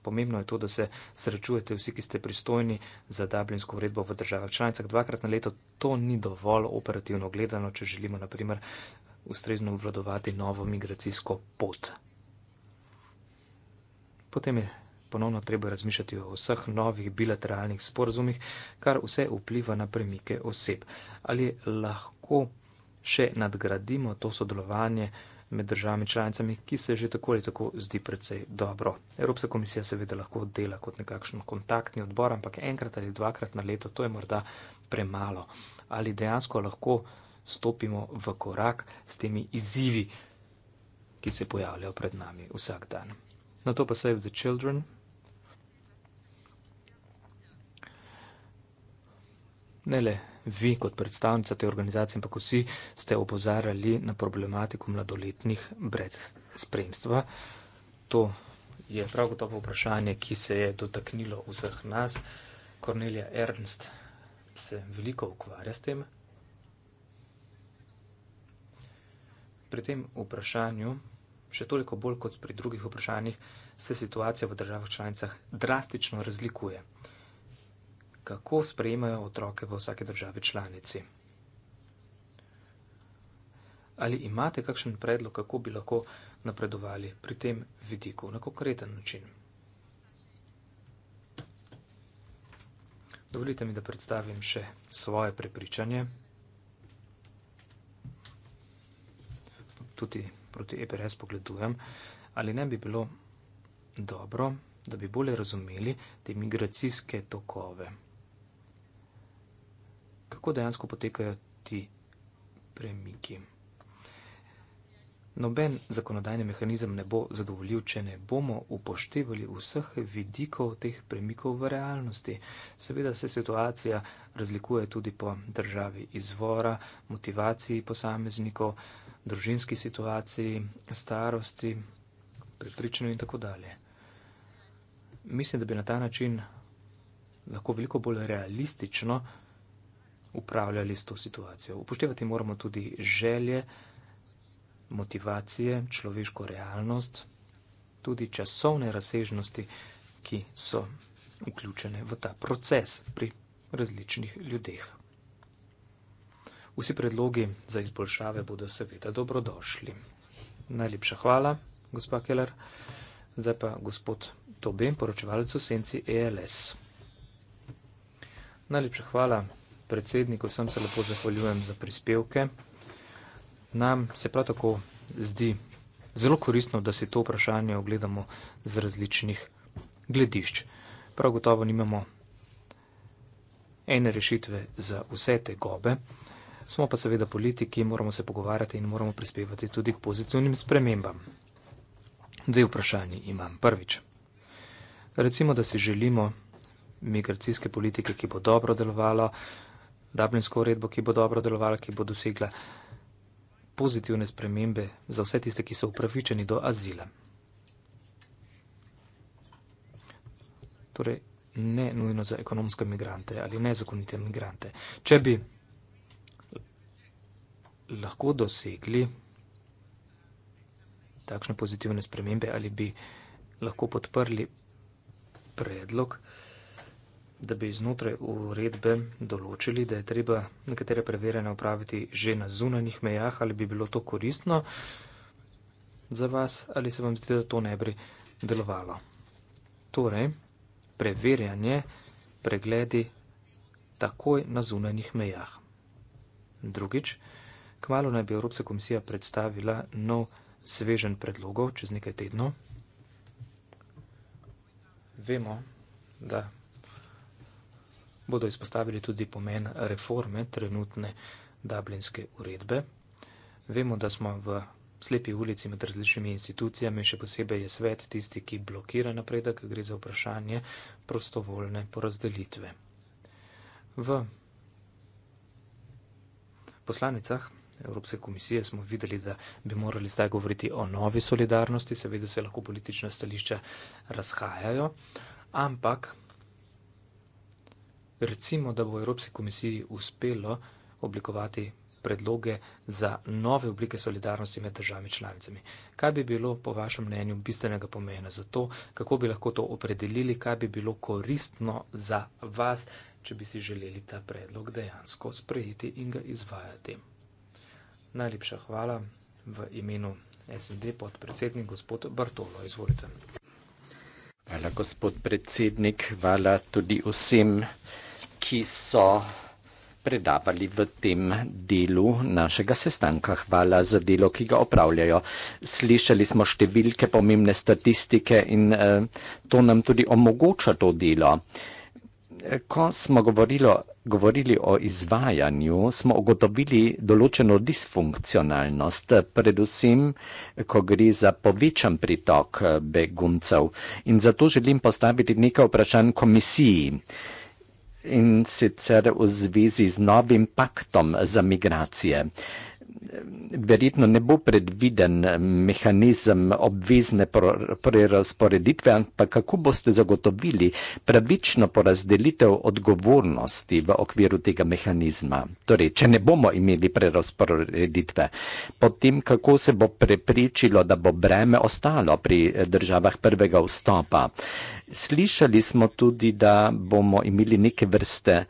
Pomembno je to, da se srečujete vsi, ki ste pristojni za dublinsko uredbo v državah članicah dvakrat na leto. To ni dovolj operativno gledano, če želimo naprimer ustrezno obvladovati novo migracijsko pot. Potem je ponovno treba razmišljati o vseh novih bilateralnih sporazumih, kar vse vpliva na premike oseb. Ali lahko še nadgradimo to sodelovanje med državami članicami, ki se že tako ali tako zdi precej dobro. Evropska komisija seveda lahko dela kot nekakšen kontaktni odbor, ampak enkrat ali dvakrat na leto to je morda premalo. Ali dejansko lahko stopimo v korak s temi izzivi, ki se pojavljajo pred nami vsak dan. Na to pa se je The Children. ne le vi kot predstavnica te organizacije, ampak vsi ste opozarjali na problematiko mladoletnih brez spremstva. To je prav gotovo vprašanje, ki se je dotaknilo vseh nas. Kornelija Ernst se veliko ukvarja s tem. Pri tem vprašanju, še toliko bolj kot pri drugih vprašanjih, se situacija v državah članicah drastično razlikuje kako sprejmejo otroke v vsake državi članici. Ali imate kakšen predlog, kako bi lahko napredovali pri tem vidiku na konkreten način? Dovolite mi, da predstavim še svoje prepričanje. Tudi proti EPRS pogledujem, ali ne bi bilo dobro, da bi bolje razumeli te migracijske tokove kako dejansko potekajo ti premiki. Noben zakonodajni mehanizem ne bo zadovoljiv, če ne bomo upoštevali vseh vidikov teh premikov v realnosti. Seveda se situacija razlikuje tudi po državi izvora, motivaciji posameznikov, družinski situaciji, starosti, prepričanju in tako dalje. Mislim, da bi na ta način lahko veliko bolj realistično upravljali s to situacijo. Upoštevati moramo tudi želje, motivacije, človeško realnost, tudi časovne razsežnosti, ki so vključene v ta proces pri različnih ljudeh. Vsi predlogi za izboljšave bodo seveda dobrodošli. Najlepša hvala, gospa Keller. Zdaj pa gospod Tobin, poročevalec v senci ELS. Najlepša hvala predsednik, vsem se lepo zahvaljujem za prispevke. Nam se prav tako zdi zelo koristno, da si to vprašanje ogledamo z različnih gledišč. Prav gotovo nimamo ene rešitve za vse te gobe, smo pa seveda politiki, moramo se pogovarjati in moramo prispevati tudi k pozitivnim spremembam. Dve vprašanji imam. Prvič. Recimo, da si želimo migracijske politike, ki bo dobro delovala, Dublinsko uredbo, ki bo dobro delovala, ki bo dosegla pozitivne spremembe za vse tiste, ki so upravičeni do azila. Torej, ne nujno za ekonomske migrante ali nezakonite migrante. Če bi lahko dosegli takšne pozitivne spremembe ali bi lahko podprli predlog, da bi znotraj uredbe določili, da je treba nekatere preverjanja upraviti že na zunanjih mejah, ali bi bilo to koristno za vas, ali se vam zdi, da to ne bi delovalo. Torej, preverjanje, pregledi takoj na zunanjih mejah. Drugič, kmalo naj bi Evropska komisija predstavila nov svežen predlogov čez nekaj tednov. Vemo, da bodo izpostavili tudi pomen reforme trenutne dublinske uredbe. Vemo, da smo v slepi ulici med različnimi institucijami, še posebej je svet tisti, ki blokira napredek, gre za vprašanje prostovoljne porazdelitve. V poslanicah Evropske komisije smo videli, da bi morali zdaj govoriti o novi solidarnosti, seveda se lahko politična stališča razhajajo, ampak recimo, da bo Evropski komisiji uspelo oblikovati predloge za nove oblike solidarnosti med državami članicami. Kaj bi bilo po vašem mnenju bistvenega pomena za to, kako bi lahko to opredelili, kaj bi bilo koristno za vas, če bi si želeli ta predlog dejansko sprejeti in ga izvajati? Najlepša hvala v imenu SND podpredsednik gospod Bartolo. Izvolite. Hvala gospod predsednik, hvala tudi vsem ki so predavali v tem delu našega sestanka. Hvala za delo, ki ga opravljajo. Slišali smo številke, pomembne statistike in eh, to nam tudi omogoča to delo. Ko smo govorilo, govorili o izvajanju, smo ugotovili določeno disfunkcionalnost, predvsem, ko gre za povečan pritok eh, beguncev. In zato želim postaviti nekaj vprašanj komisiji in sicer v zvezi z novim paktom za migracije. Verjetno ne bo predviden mehanizem obvezne prerazporeditve, ampak kako boste zagotovili pravično porazdelitev odgovornosti v okviru tega mehanizma? Torej, če ne bomo imeli prerazporeditve, potem kako se bo preprečilo, da bo breme ostalo pri državah prvega vstopa? Uh, slišali smo tudi, da bomo imeli neke vrste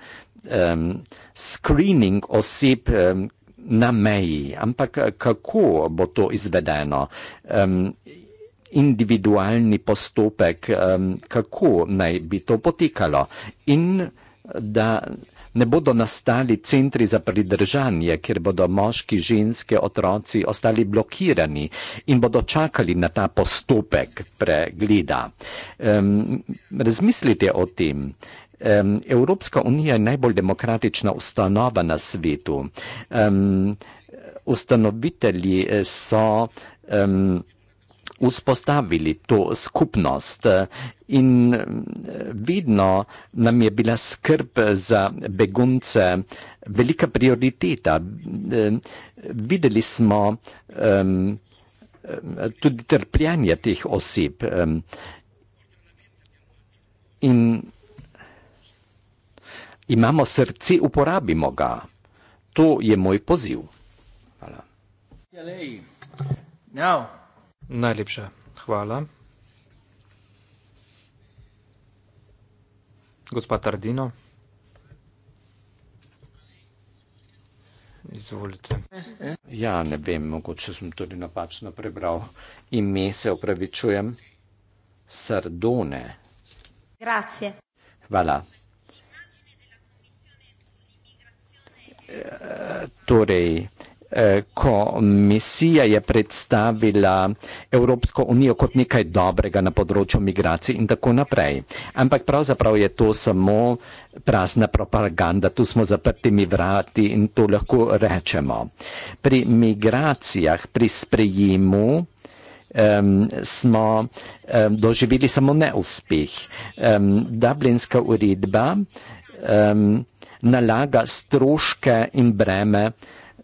um, screening oseb um, na meji, ampak eh, kako bo to izvedeno? Um, individualni postopek, um, kako naj bi to potekalo in da ne bodo nastali centri za pridržanje, kjer bodo moški, ženske, otroci ostali blokirani in bodo čakali na ta postopek pregleda. Um, razmislite o tem. Um, Evropska unija je najbolj demokratična ustanova na svetu. Um, ustanovitelji eh, so. Um, Vzpostavili to skupnost in eh, vedno nam je bila skrb za begunce velika prioriteta. Eh, videli smo um, tudi trpljanje teh oseb. In imamo srce, uporabimo ga. To je moj poziv. Hvala. Najlepša hvala. Gospa Tardino. Izvolite. Ja, ne vem, mogoče sem tudi napačno prebral ime, se opravičujem. Sardone. Grazie. Hvala. E, torej, Eh, komisija je predstavila Evropsko unijo kot nekaj dobrega na področju migracij in tako naprej. Ampak pravzaprav je to samo prazna propaganda, tu smo zaprtimi vrati in to lahko rečemo. Pri migracijah, pri sprejemu. Um, smo um, doživeli samo neuspeh. Um, Dublinska uredba um, nalaga stroške in breme uh,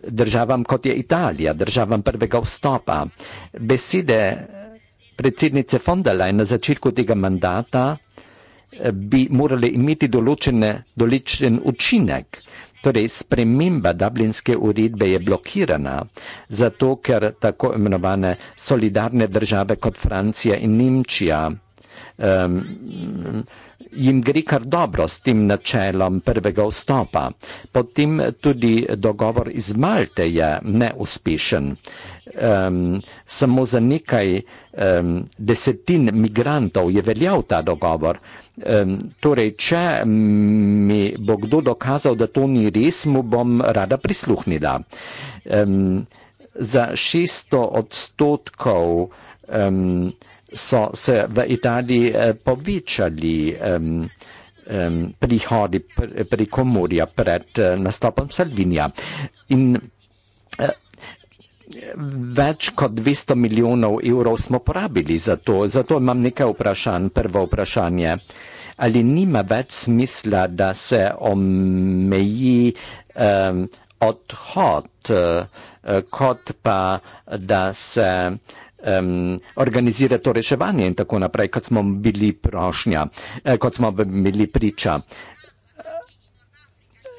državam, kot je Italija, državam prvega vstopa. Besede predsednice von der Leyen na začetku tega mandata eh, bi morali imeti določen učinek. Torej, sprememba dublinske uredbe je blokirana, zato ker tako imenovane solidarne države kot Francija in Nemčija um, jim gre kar dobro s tem načelom prvega vstopa. Potem tudi dogovor iz Malte je neuspešen. Um, samo za nekaj um, desetin migrantov je veljal ta dogovor. Um, torej, če mi bo kdo dokazal, da to ni res, mu bom rada prisluhnila. Um, za 600 odstotkov um, so se v Italiji eh, povečali um, um, prihodi preko pri morja pred eh, nastopom Salvinija. In, eh, Več kot 200 milijonov evrov smo porabili za to, zato imam nekaj vprašanj. Prvo vprašanje, ali nima več smisla, da se omeji um, odhod, uh, kot pa da se. Um, um, organizira to reševanje in tako naprej, kot smo bili prošnja, eh, kot smo bili priča.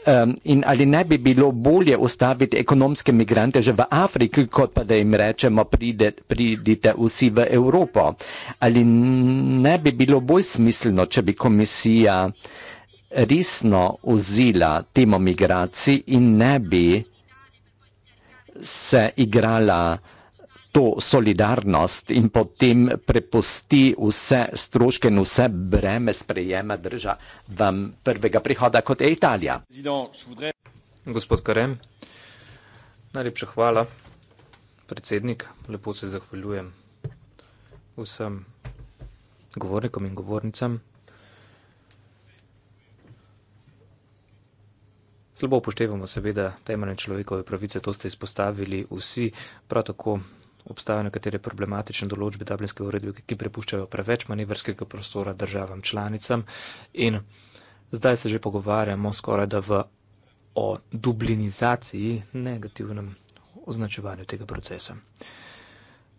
Um, in ali ne bi bilo bolje ustaviti ekonomske migrante že v Afriki, kot pa da jim rečemo, pride, pridite vsi v Evropo? Ali ne bi bilo bolj smiselno, če bi komisija resno vzela temo migracij in ne bi se igrala? to solidarnost in potem prepusti vse stroške in vse breme sprejema država prvega prihoda kot je Italija. Gospod Karem, najlepša hvala, predsednik, lepo se zahvaljujem vsem govornikom in govornicam. Slabo upoštevamo seveda temeljne človekove pravice, to ste izpostavili vsi, prav tako obstajajo nekatere problematične določbe Dublinske uredbe, ki prepuščajo preveč manevrskega prostora državam članicam in zdaj se že pogovarjamo skoraj da v o dublinizaciji negativnem označevanju tega procesa.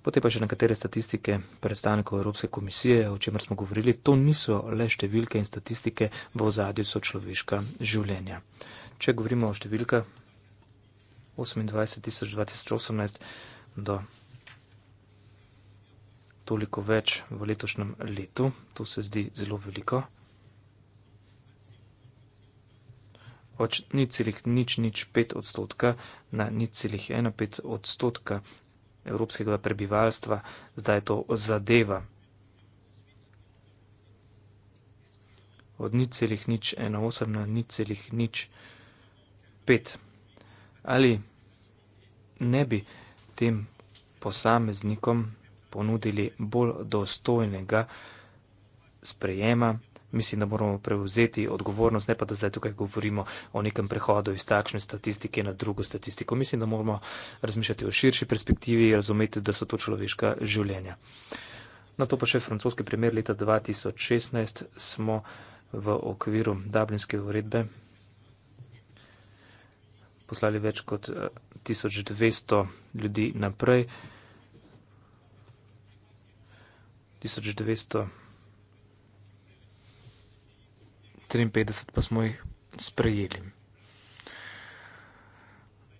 Potem pa še nekatere statistike predstavnikov Evropske komisije, o čemer smo govorili, to niso le številke in statistike, v ozadju so človeška življenja. Če govorimo o številkah 28.2018 do toliko več v letošnjem letu. To se zdi zelo veliko. Od nič celih nič nič pet odstotka na nič celih ena pet odstotka evropskega prebivalstva zdaj to zadeva. Od nič celih nič ena osem na nič celih nič pet. Ali ne bi tem posameznikom ponudili bolj dostojnega sprejema. Mislim, da moramo prevzeti odgovornost, ne pa da zdaj tukaj govorimo o nekem prehodu iz takšne statistike na drugo statistiko. Mislim, da moramo razmišljati o širši perspektivi in razumeti, da so to človeška življenja. Na to pa še francoski primer. Leta 2016 smo v okviru Dublinske uredbe poslali več kot 1200 eh, ljudi naprej. 1953 pa smo jih sprejeli.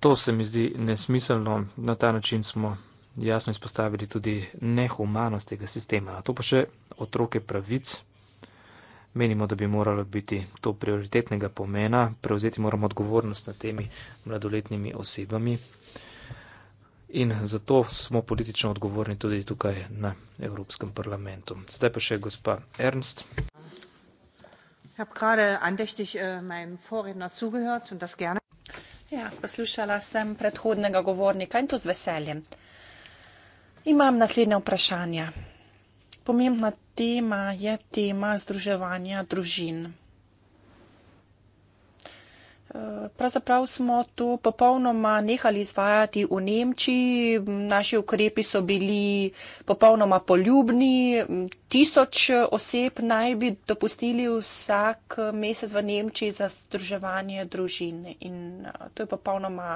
To se mi zdi nesmiselno, na ta način smo jasno izpostavili tudi nehumanost tega sistema. Na to pa še otroke pravic. Menimo, da bi moralo biti to prioritetnega pomena, prevzeti moramo odgovornost nad temi mladoletnimi osebami in zato smo politično odgovorni tudi tukaj na Evropskem parlamentu. Zdaj pa še gospa Ernst. Äh, ja, poslušala sem predhodnega govornika in to z veseljem. Imam naslednje vprašanje. Pomembna tema je tema združevanja družin. Pravzaprav smo to popolnoma nehali izvajati v Nemčiji, naši ukrepi so bili popolnoma poljubni, tisoč oseb naj bi dopustili vsak mesec v Nemčiji za združevanje družin in eh, to je popolnoma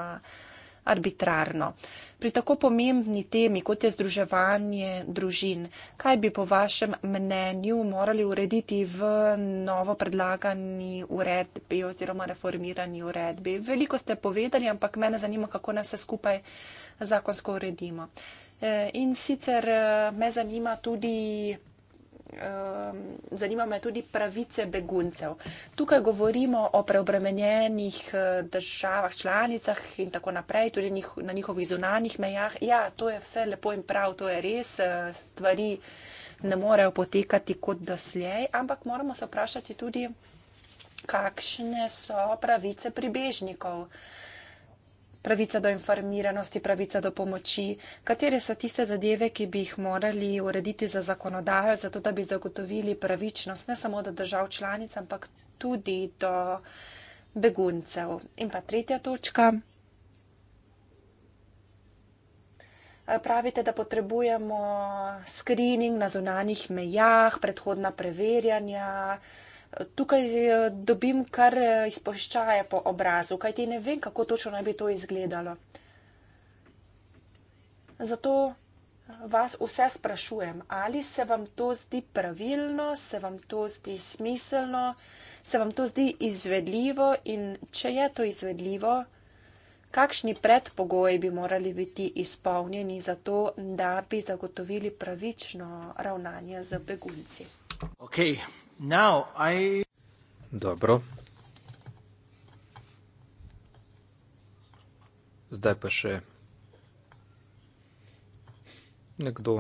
arbitrarno. Pri tako pomembni temi, kot je združevanje družin, kaj bi po vašem mnenju morali urediti v novo predlagani uredbi oziroma reformirani uredbi? Veliko ste povedali, ampak mene zanima, kako ne vse skupaj zakonsko uredimo. E, in sicer e, me zanima tudi Ehm, zanima me tudi pravice beguncev. Tukaj govorimo o preobremenjenih eh, državah, članicah in tako naprej, tudi na njihovih zunanjih mejah. Ja, to je vse lepo in prav, to je res, eh, stvari ne morejo potekati kot doslej, ampak moramo se vprašati tudi, kakšne so pravice pribežnikov pravica do informiranosti, pravica do pomoči, katere so tiste zadeve, ki bi jih morali urediti za zakonodajo, zato da bi zagotovili pravičnost ne samo do držav članic, ampak tudi do beguncev. In pa tretja točka. Pravite, da potrebujemo screening na zunanjih mejah, predhodna preverjanja tukaj eh, dobim kar eh, izpoščaje po obrazu, kajti ne vem, kako točno naj bi to izgledalo. Zato eh, vas vse sprašujem, ali se vam to zdi pravilno, se vam to zdi smiselno, se vam to zdi izvedljivo in če je to izvedljivo, kakšni predpogoji bi morali biti izpolnjeni za to, da bi zagotovili pravično ravnanje z begunci. Okay. Now I... Dobro. Zdaj pa še nekdo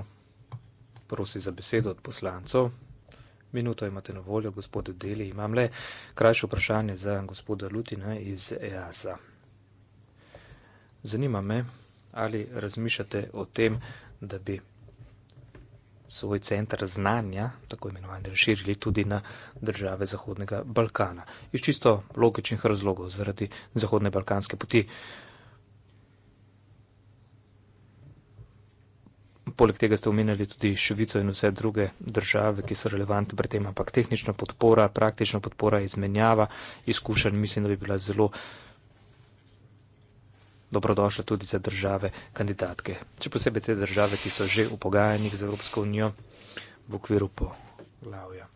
prosi za besedo od poslancov. Minuto imate na voljo, gospod Deli. Imam le krajše vprašanje za gospoda Lutina iz EASA. Zanima me, ali razmišljate o tem, da bi svoj center znanja, tako imenovani, razširili tudi na države Zahodnega Balkana. Iz čisto logičnih razlogov, zaradi Zahodne Balkanske poti. Poleg tega ste omenjali tudi Švico in vse druge države, ki so relevante pri tem, ampak tehnična podpora, praktična podpora, izmenjava izkušenj, mislim, da bi bila zelo dobrodošla tudi za države kandidatke. Če posebej te države, ki so že v pogajanjih z Evropsko unijo v okviru poglavja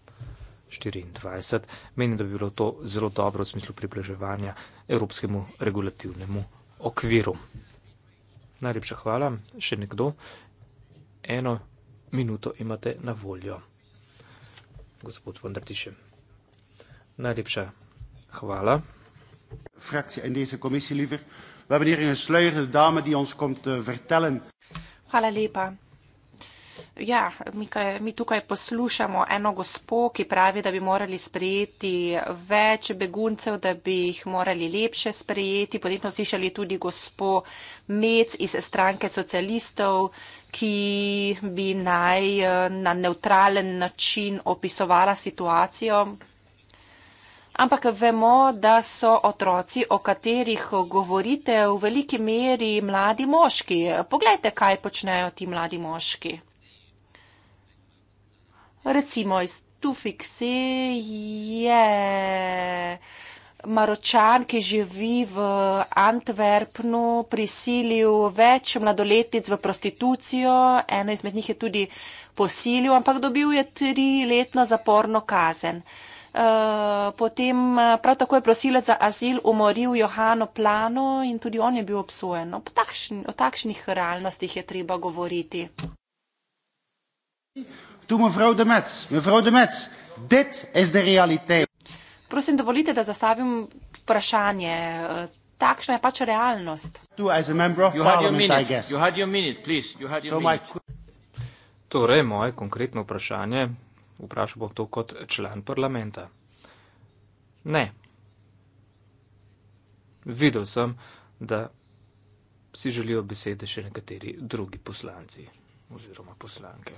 24, menim, da bi bilo to zelo dobro v smislu približevanja evropskemu regulativnemu okviru. Najlepša hvala. Še nekdo? Eno minuto imate na voljo. Gospod Vondratiše. Najlepša hvala. Frakcija NDS komisije Liver. We hebben hier een sluierende dame die ons komt uh, vertellen. Hvala lepa. Ja, mi, mi tukaj poslušamo eno gospo, ki pravi, da bi morali sprejeti več beguncev, da bi jih morali lepše sprejeti. Potem smo slišali tudi gospo Mec iz stranke socialistov, ki bi naj eh, na neutralen način opisovala situacijo ampak vemo, da so otroci, o katerih govorite, v veliki meri mladi moški. Poglejte, kaj počnejo ti mladi moški. Recimo iz Tufikse je Maročan, ki živi v Antwerpnu, prisilil več mladoletic v prostitucijo, eno izmed njih je tudi posilil, ampak dobil je triletno zaporno kazen. Eh, potem eh, prav tako je prosilec za azil umoril Johano Plano in tudi on je bil obsojen. O, takšni, o takšnih realnostih je treba govoriti. Tu mevrouw de Metz, mevrouw de Metz, dit is de realiteit. Prosim, dovolite, da zastavim vprašanje. Eh, takšna je pač realnost. Tu, as a member of parliament, I guess. You had your minute, please. You had your so minute. My... Torej, moje konkretno vprašanje Vprašal bom to kot član parlamenta. Ne. Videl sem, da si želijo besede še nekateri drugi poslanci oziroma poslanke.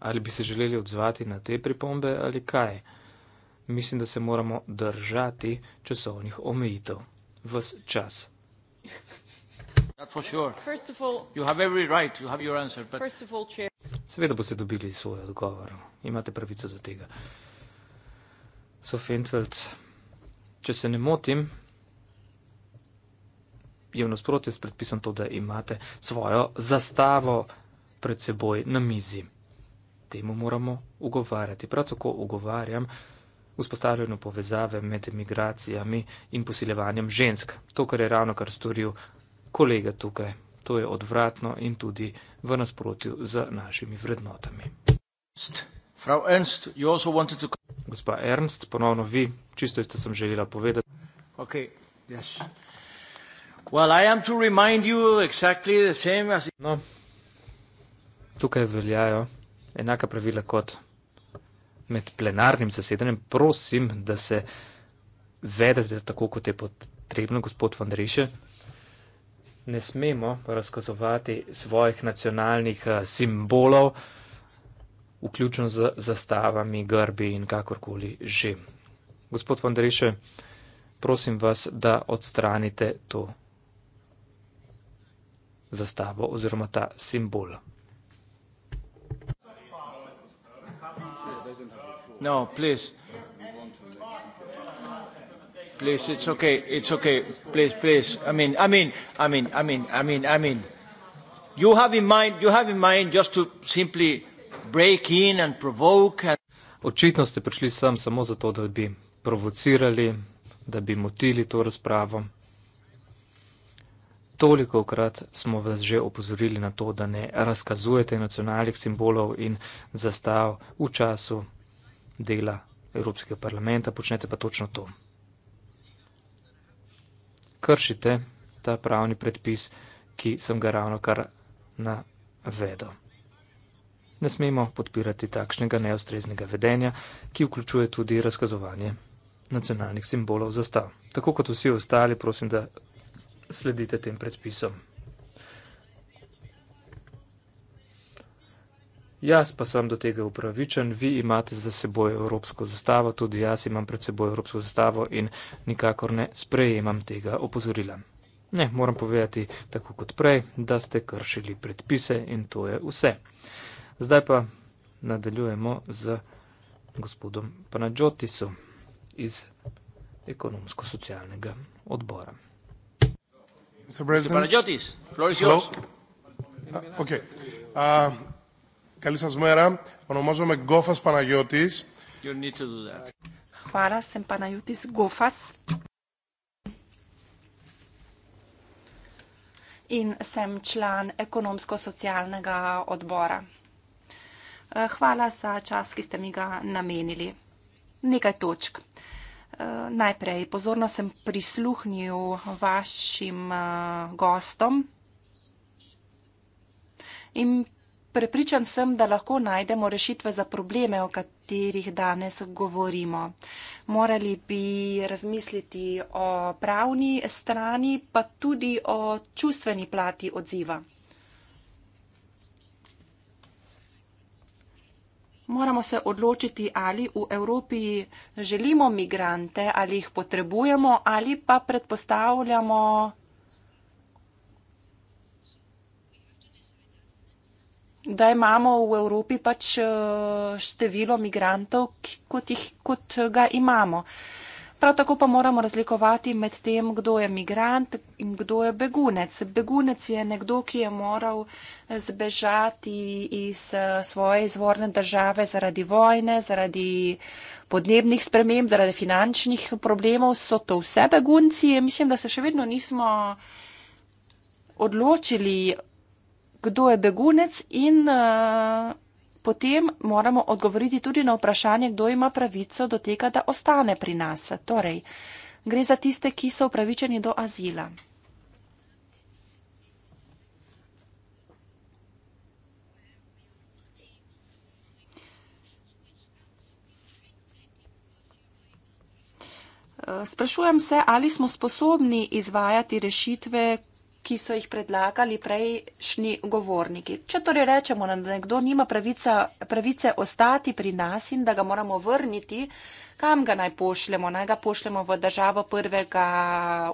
Ali bi se želeli odzvati na te pripombe ali kaj? Mislim, da se moramo držati časovnih omejitev. Ves čas. That's for sure. First of all, you have every right, you have your answer, but... First of all, chair. Seveda boste dobili svoj odgovor. Imate pravico za tega. Sofie Entfeld, če se ne motim, je v nasprotju s predpisom to, da imate svojo zastavo pred seboj na mizi. Temu moramo ugovarjati. Prav tako ugovarjam vzpostavljeno povezave med emigracijami in posiljevanjem žensk. To, kar je ravno kar storil kolega tukaj, to je odvratno in tudi v nasprotju z našimi vrednotami. Frau Ernst, you also wanted to... Gospa Ernst, ponovno vi, čisto isto sem želela povedati. Okay. Yes. Well, I am to remind you exactly the same as... No, tukaj veljajo enaka pravila kot med plenarnim zasedanjem. Prosim, da se vedete tako, kot je potrebno, gospod Van Rieschen ne smemo razkazovati svojih nacionalnih eh, simbolov, vključno z zastavami, grbi in kakorkoli že. Gospod Vandreše, prosim vas, da odstranite to zastavo oziroma ta simbol. No, please please it's okay it's okay please please i mean i mean i mean i mean i mean i mean you have in mind you have in mind just to simply break in and provoke and Očitno ste prišli sem samo zato, da bi provocirali, da bi motili to razpravo. Toliko krat smo vas že opozorili na to, da ne razkazujete nacionalnih simbolov in zastav v času dela Evropskega parlamenta, počnete pa točno to kršite ta pravni predpis, ki sem ga ravno kar navedel. Ne smemo podpirati takšnega neostreznega vedenja, ki vključuje tudi razkazovanje nacionalnih simbolov zastav. Tako kot vsi ostali, prosim, da sledite tem predpisom. Jaz pa sem do tega upravičen, vi imate za seboj evropsko zastavo, tudi jaz imam pred seboj evropsko zastavo in nikakor ne sprejemam tega opozorila. Ne, moram povedati, tako kot prej, da ste kršili predpise in to je vse. Zdaj pa nadaljujemo z gospodom Panagiotisom iz ekonomsko-socialnega odbora. Mr. President, Mr. Panagiotis, floor is yours. Uh, okay. uh, Καλή σας μέρα. Ονομάζομαι Γκόφας Παναγιώτης. You need to do that. Χάρα σε Παναγιώτης Γκόφας. In sem član ekonomsko-socialnega odbora. Eh, hvala za čas, ki ste mi ga namenili. Nekaj točk. Eh, najprej pozorno sem prisluhnil vašim eh, gostom in Prepričan sem, da lahko najdemo rešitve za probleme, o katerih danes govorimo. Morali bi razmisliti o pravni strani, pa tudi o čustveni plati odziva. Moramo se odločiti, ali v Evropi želimo migrante, ali jih potrebujemo, ali pa predpostavljamo da imamo v Evropi pač eh, število migrantov, kot, jih, kot eh, ga imamo. Prav tako pa moramo razlikovati med tem, kdo je migrant in kdo je begunec. Begunec je nekdo, ki je moral eh, zbežati iz svoje izvorne države zaradi vojne, zaradi podnebnih sprememb, zaradi finančnih problemov. So to vse begunci. Mislim, da se še vedno nismo odločili kdo je begunec in eh, potem moramo odgovoriti tudi na vprašanje, kdo ima pravico do tega, da ostane pri nas. Torej, gre za tiste, ki so upravičeni do azila. Eh, sprašujem se, ali smo sposobni izvajati rešitve, ki so jih predlagali prejšnji govorniki. Če torej rečemo, da nekdo nima pravica, pravice ostati pri nas in da ga moramo vrniti, kam ga naj pošljemo? Naj ga pošljemo v državo prvega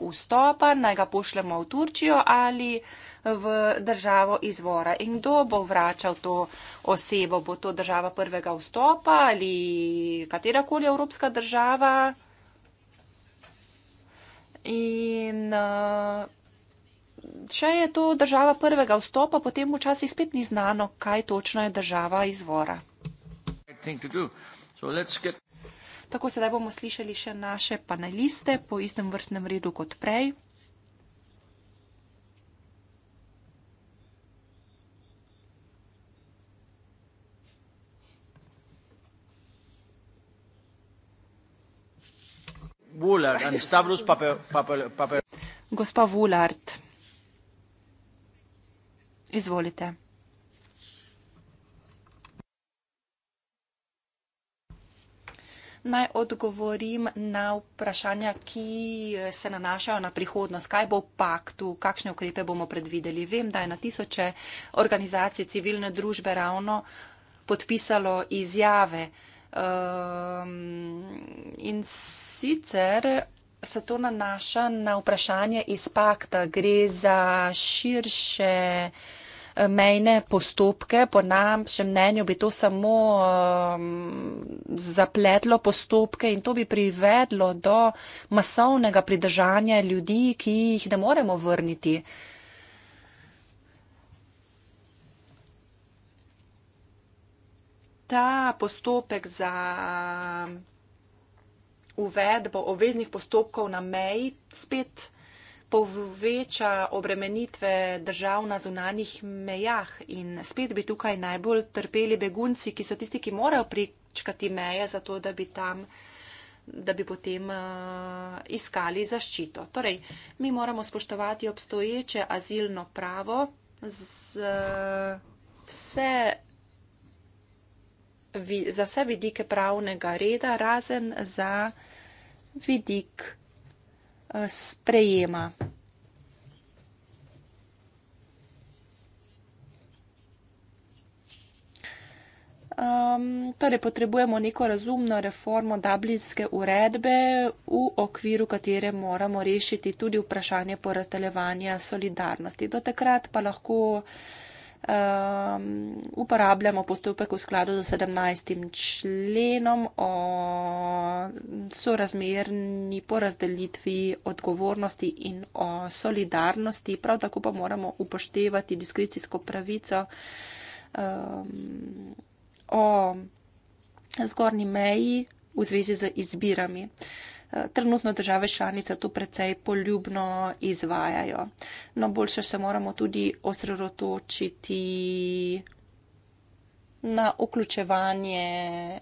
vstopa, naj ga pošljemo v Turčijo ali v državo izvora. In kdo bo vračal to osebo? Bo to država prvega vstopa ali katerakoli evropska država? In uh, če je to država prvega vstopa, potem včasih spet ni znano, kaj točno je država izvora. Tako sedaj bomo slišali še naše paneliste po istem vrstnem redu kot prej. Gospa Vulard. Izvolite. Naj odgovorim na vprašanja, ki se nanašajo na prihodnost. Kaj bo v paktu, kakšne ukrepe bomo predvideli? Vem, da je na tisoče organizacij civilne družbe ravno podpisalo izjave. Um, in sicer se to nanaša na vprašanje iz pakta. Gre za širše mejne postopke. Po našem mnenju bi to samo um, zapletlo postopke in to bi privedlo do masovnega pridržanja ljudi, ki jih ne moremo vrniti. Ta postopek za um, uvedbo obveznih postopkov na meji spet poveča obremenitve držav na zunanih mejah in spet bi tukaj najbolj trpeli begunci, ki so tisti, ki morajo pričkati meje, zato da bi tam da bi potem uh, iskali zaščito. Torej, mi moramo spoštovati obstoječe azilno pravo z, uh, vse vi, za vse vidike pravnega reda, razen za vidik Eh, sprejema. Um, torej potrebujemo neko razumno reformo dublinske uredbe, v okviru katere moramo rešiti tudi vprašanje porazdeljevanja solidarnosti. Do takrat pa lahko uh, um, uporabljamo postopek v skladu z 17. členom o sorazmerni porazdelitvi odgovornosti in o solidarnosti. Prav tako pa moramo upoštevati diskricijsko pravico um, o zgornji meji v zvezi z izbirami. Uh, Eh, trenutno države članice to precej poljubno izvajajo. No, boljše se moramo tudi osredotočiti na vključevanje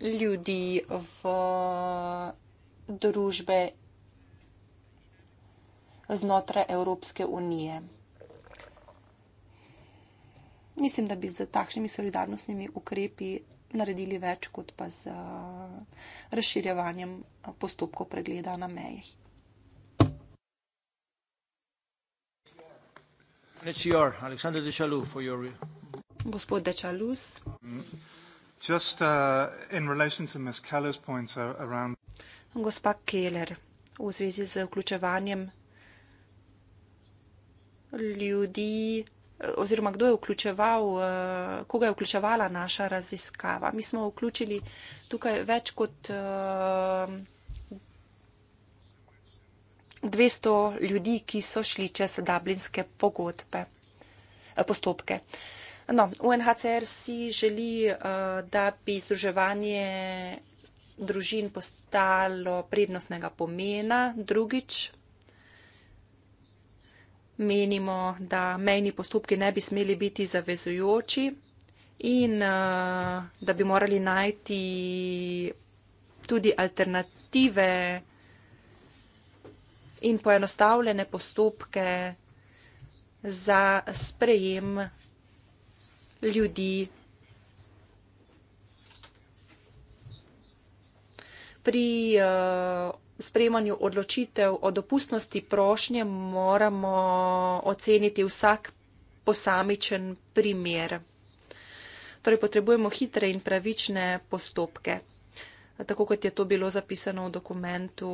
ljudi v družbe znotraj Evropske unije. Mislim, da bi z takšnimi solidarnostnimi ukrepi naredili več kot pa z eh, razširjevanjem eh, postopkov pregleda na mejah. Gospod Dečalus. Mm. Just, uh, in to Ms. Points uh, around... Gospa Keller, v zvezi z vključevanjem ljudi, oziroma kdo je vključeval, eh, koga je vključevala naša raziskava. Mi smo vključili tukaj več kot 200 eh, ljudi, ki so šli čez dublinske pogodbe, eh, postopke. No, UNHCR si želi, da bi združevanje družin postalo prednostnega pomena drugič menimo, da mejni postopki ne bi smeli biti zavezujoči in uh, da bi morali najti tudi alternative in poenostavljene postopke za sprejem ljudi. Pri uh, sprejemanju odločitev o dopustnosti prošnje moramo oceniti vsak posamičen primer. Torej potrebujemo hitre in pravične postopke, tako kot je to bilo zapisano v dokumentu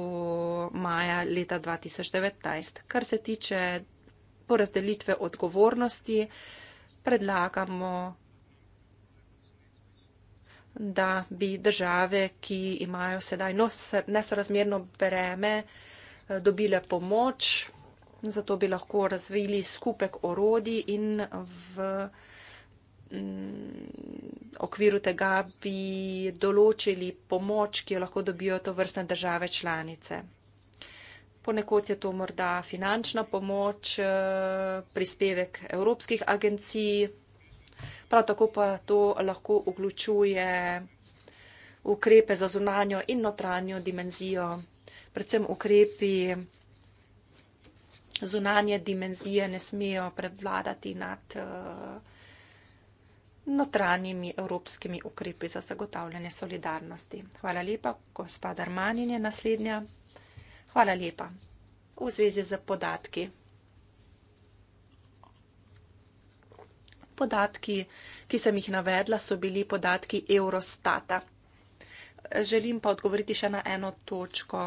maja leta 2019. Kar se tiče porazdelitve odgovornosti, predlagamo da bi države, ki imajo sedaj nesorazmerno breme, eh, dobile pomoč, zato bi lahko razvili skupek orodi in v mm, okviru tega bi določili pomoč, ki jo lahko dobijo to vrstne države članice. Ponekod je to morda finančna pomoč, eh, prispevek evropskih agencij, Prav tako pa to lahko vključuje ukrepe za zunanjo in notranjo dimenzijo, predvsem ukrepi zunanje dimenzije ne smejo predvladati nad eh, notranjimi evropskimi ukrepi za zagotavljanje solidarnosti. Hvala lepa, gospod Armanin je naslednja. Hvala lepa. V zvezi z podatki. podatki, ki sem jih navedla, so bili podatki Eurostata. Želim pa odgovoriti še na eno točko.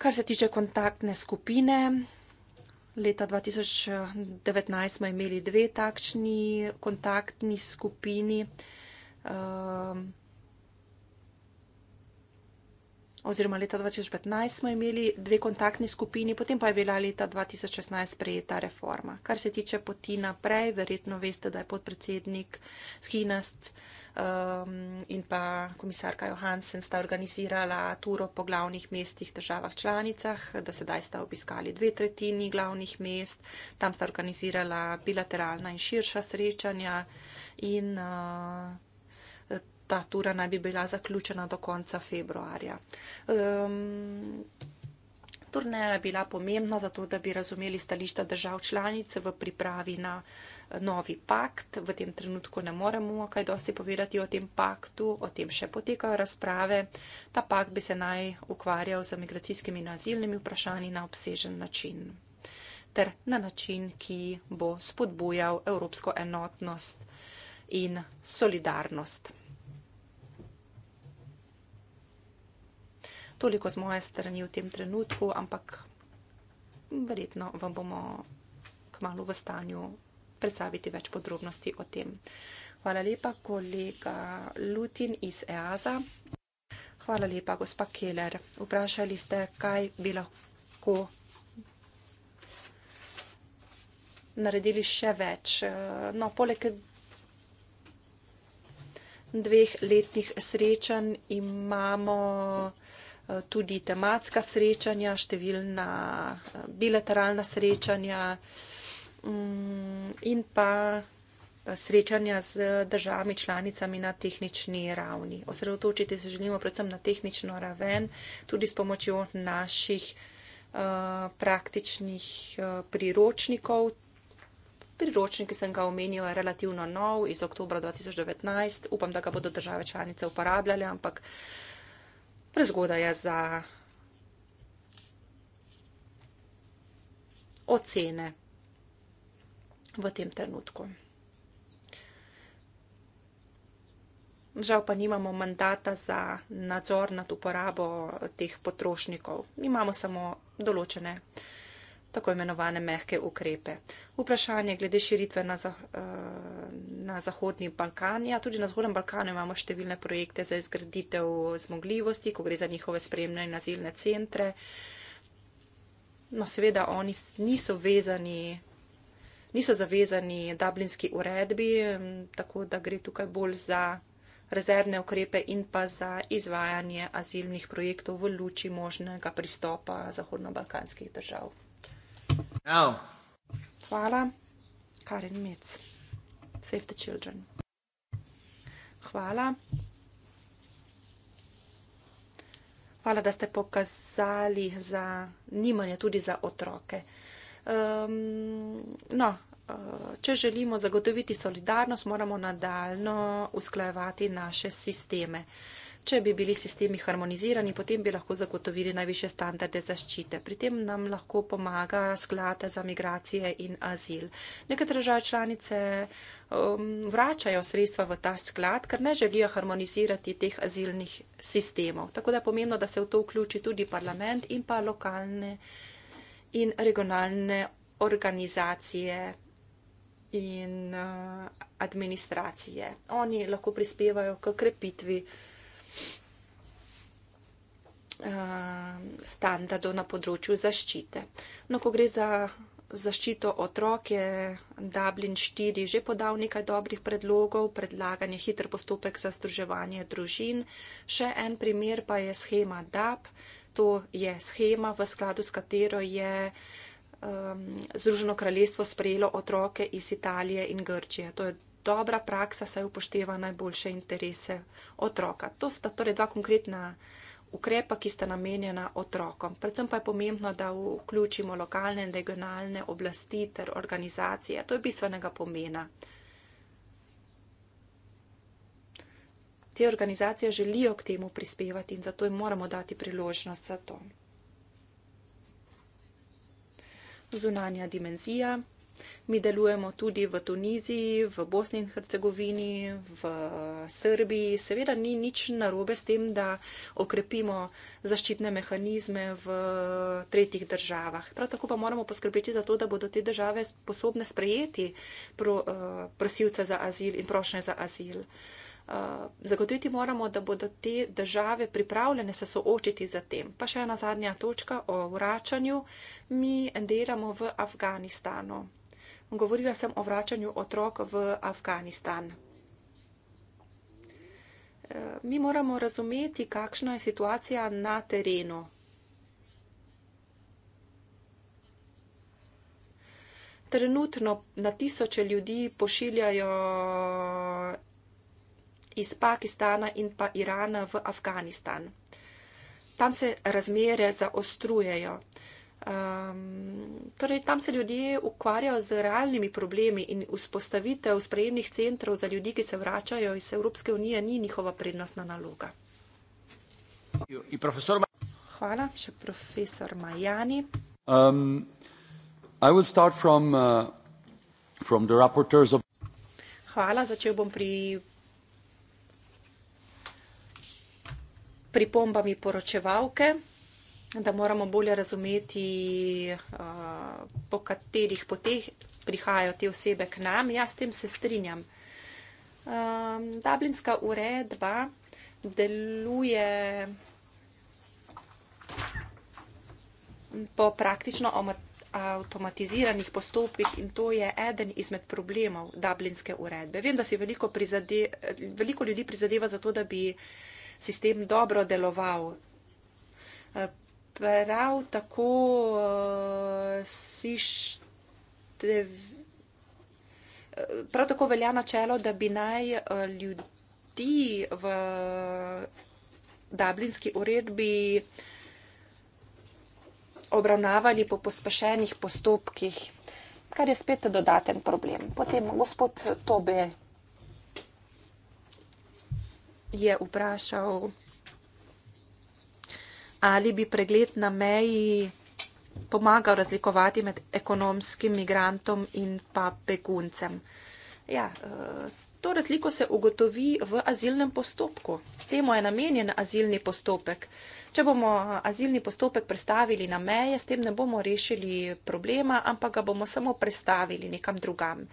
Kar se tiče kontaktne skupine, leta 2019 smo imeli dve takšni kontaktni skupini. Uh, oziroma leta 2015 smo imeli dve kontaktni skupini, potem pa je bila leta 2016 sprejeta reforma. Kar se tiče poti naprej, verjetno veste, da je podpredsednik Skinast um, in pa komisarka Johansen sta organizirala turo po glavnih mestih, državah, članicah, da sedaj sta obiskali dve tretjini glavnih mest, tam sta organizirala bilateralna in širša srečanja in. Uh, ta tura naj bi bila zaključena do konca februarja. Um, Turneja je bila pomembna zato, da bi razumeli stališta držav članic v pripravi na eh, novi pakt. V tem trenutku ne moremo kaj dosti povedati o tem paktu, o tem še potekajo razprave. Ta pakt bi se naj ukvarjal z migracijskimi in azilnimi vprašanji na obsežen način ter na način, ki bo spodbujal evropsko enotnost in solidarnost. Toliko z moje strani v tem trenutku, ampak verjetno vam bomo kmalo v stanju predstaviti več podrobnosti o tem. Hvala lepa, kolega Lutin iz EASA. Hvala lepa, gospa Keller. Vprašali ste, kaj bi lahko naredili še več. No, poleg dveh letnih srečanj imamo tudi tematska srečanja, številna eh, bilateralna srečanja mm, in pa srečanja z državami članicami na tehnični ravni. Osredotočiti se želimo predvsem na tehnično raven, tudi s pomočjo naših eh, praktičnih eh, priročnikov. Priročnik, ki sem ga omenil, je relativno nov, iz oktobra 2019. Upam, da ga bodo države članice uporabljali, ampak prezgoda je za ocene v tem trenutku. Žal pa nimamo mandata za nadzor nad uporabo teh potrošnikov. Imamo samo določene tako imenovane mehke ukrepe. Vprašanje glede širitve na, zah, eh, na Zahodni Balkan. Ja, tudi na Zahodnem Balkanu imamo številne projekte za izgraditev zmogljivosti, ko gre za njihove spremne in azilne centre. No, seveda, oni niso vezani, niso zavezani dublinski uredbi, tako da gre tukaj bolj za rezervne ukrepe in pa za izvajanje azilnih projektov v luči možnega pristopa zahodno-balkanskih držav. Evo. Hvala, Karen Mec. Save the children. Hvala. Hvala, da ste pokazali za nimanje, tudi za otroke. Um, no, e, če želimo zagotoviti solidarnost, moramo nadaljno usklajevati naše sisteme. Uh, Če bi bili sistemi harmonizirani, potem bi lahko zagotovili najviše standarde zaščite. Pri tem nam lahko pomaga sklada za migracije in azil. Neke države članice um, vračajo sredstva v ta sklad, ker ne želijo harmonizirati teh azilnih sistemov. Tako da je pomembno, da se v to vključi tudi parlament in pa lokalne in regionalne organizacije in uh, administracije. Oni lahko prispevajo k krepitvi. Ehm, standardov na področju zaščite. No, ko gre za zaščito otrok, je Dublin 4 že podal nekaj dobrih predlogov, predlaganje hiter postopek za združevanje družin. Še en primer pa je schema DAP. To je schema, v skladu s katero je um, Združeno kraljestvo sprejelo otroke iz Italije in Grčije. To je dobra praksa, saj upošteva najboljše interese otroka. To sta torej dva konkretna ukrepa, ki sta namenjena otrokom. Predvsem pa je pomembno, da vključimo lokalne in regionalne oblasti ter organizacije. To je bistvenega pomena. Te organizacije želijo k temu prispevati in zato jim moramo dati priložnost za to. Zunanja dimenzija. Mi delujemo tudi v Tuniziji, v Bosni in Hercegovini, v Srbiji. Seveda ni nič narobe s tem, da okrepimo zaščitne mehanizme v tretjih državah. Prav tako pa moramo poskrbeti za to, da bodo te države sposobne sprejeti pro, uh, prosilce za azil in prošnje za azil. Uh, zagotoviti moramo, da bodo te države pripravljene se soočiti z tem. Pa še ena zadnja točka o vračanju. Mi delamo v Afganistanu govorila sem o vračanju otrok v Afganistan. E, mi moramo razumeti, kakšna je situacija na terenu. Trenutno na tisoče ljudi pošiljajo iz Pakistana in pa Irana v Afganistan. Tam se razmere zaostrujejo. Um, torej, tam se ljudje ukvarjajo z realnimi problemi in vzpostavitev sprejemnih centrov za ljudi, ki se vračajo iz Evropske unije, ni njihova prednostna naloga. Hvala, še profesor Majani. Um, from, uh, from of... Hvala, začel bom pri pripombami poročevalke da moramo bolje razumeti, eh, po katerih poteh prihajajo te osebe k nam. Jaz s tem se strinjam. Ehm, Dublinska uredba deluje po praktično avtomatiziranih postopkih in to je eden izmed problemov Dublinske uredbe. Vem, da si veliko, prizade, veliko ljudi prizadeva za to, da bi sistem dobro deloval. Eh, prav tako uh, si štev, prav tako velja načelo, da bi naj uh, ljudi v Dublinski uredbi obravnavali po pospešenih postopkih, kar je spet dodaten problem. Potem gospod Tobe je vprašal, ali bi pregled na meji pomagal razlikovati med ekonomskim migrantom in pa beguncem. Ja, eh, to razliko se ugotovi v azilnem postopku. Temu je namenjen azilni postopek. Če bomo eh, azilni postopek prestavili na meje, s tem ne bomo rešili problema, ampak ga bomo samo prestavili nekam drugam.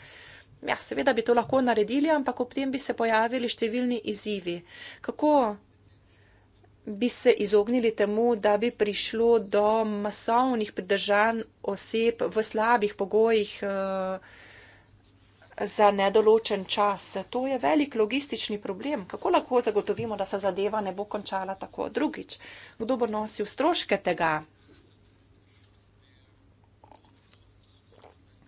Ja, seveda bi to lahko naredili, ampak ob tem bi se pojavili številni izzivi. Kako bi se izognili temu, da bi prišlo do masovnih pridržanj oseb v slabih pogojih eh, za nedoločen čas. To je velik logistični problem. Kako lahko zagotovimo, da se zadeva ne bo končala tako? Drugič, kdo bo nosil stroške tega?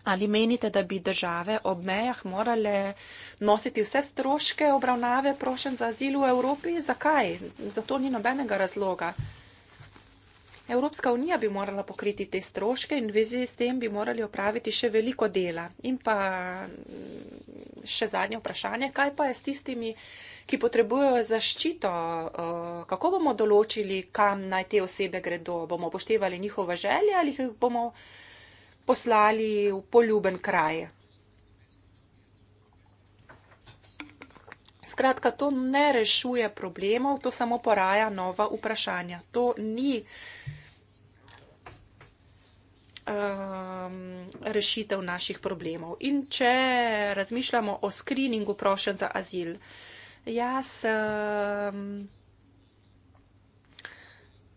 Ali menite, da bi države ob mejah morale uh, nositi vse stroške obravnave prošen za azil v Evropi. Zakaj? Zato ni nobenega razloga. Evropska unija bi morala pokriti te stroške in v vezi s tem bi morali opraviti še veliko dela. In pa mm, še zadnje vprašanje, kaj pa je s tistimi, ki potrebujejo zaščito, kako bomo določili, kam naj te osebe gredo, bomo upoštevali njihove želje ali jih bomo poslali v poljuben kraj. Skratka, to ne rešuje problemov, to samo poraja nova vprašanja. To ni um, rešitev naših problemov. In če razmišljamo o screeningu prošen za azil, jaz. Um,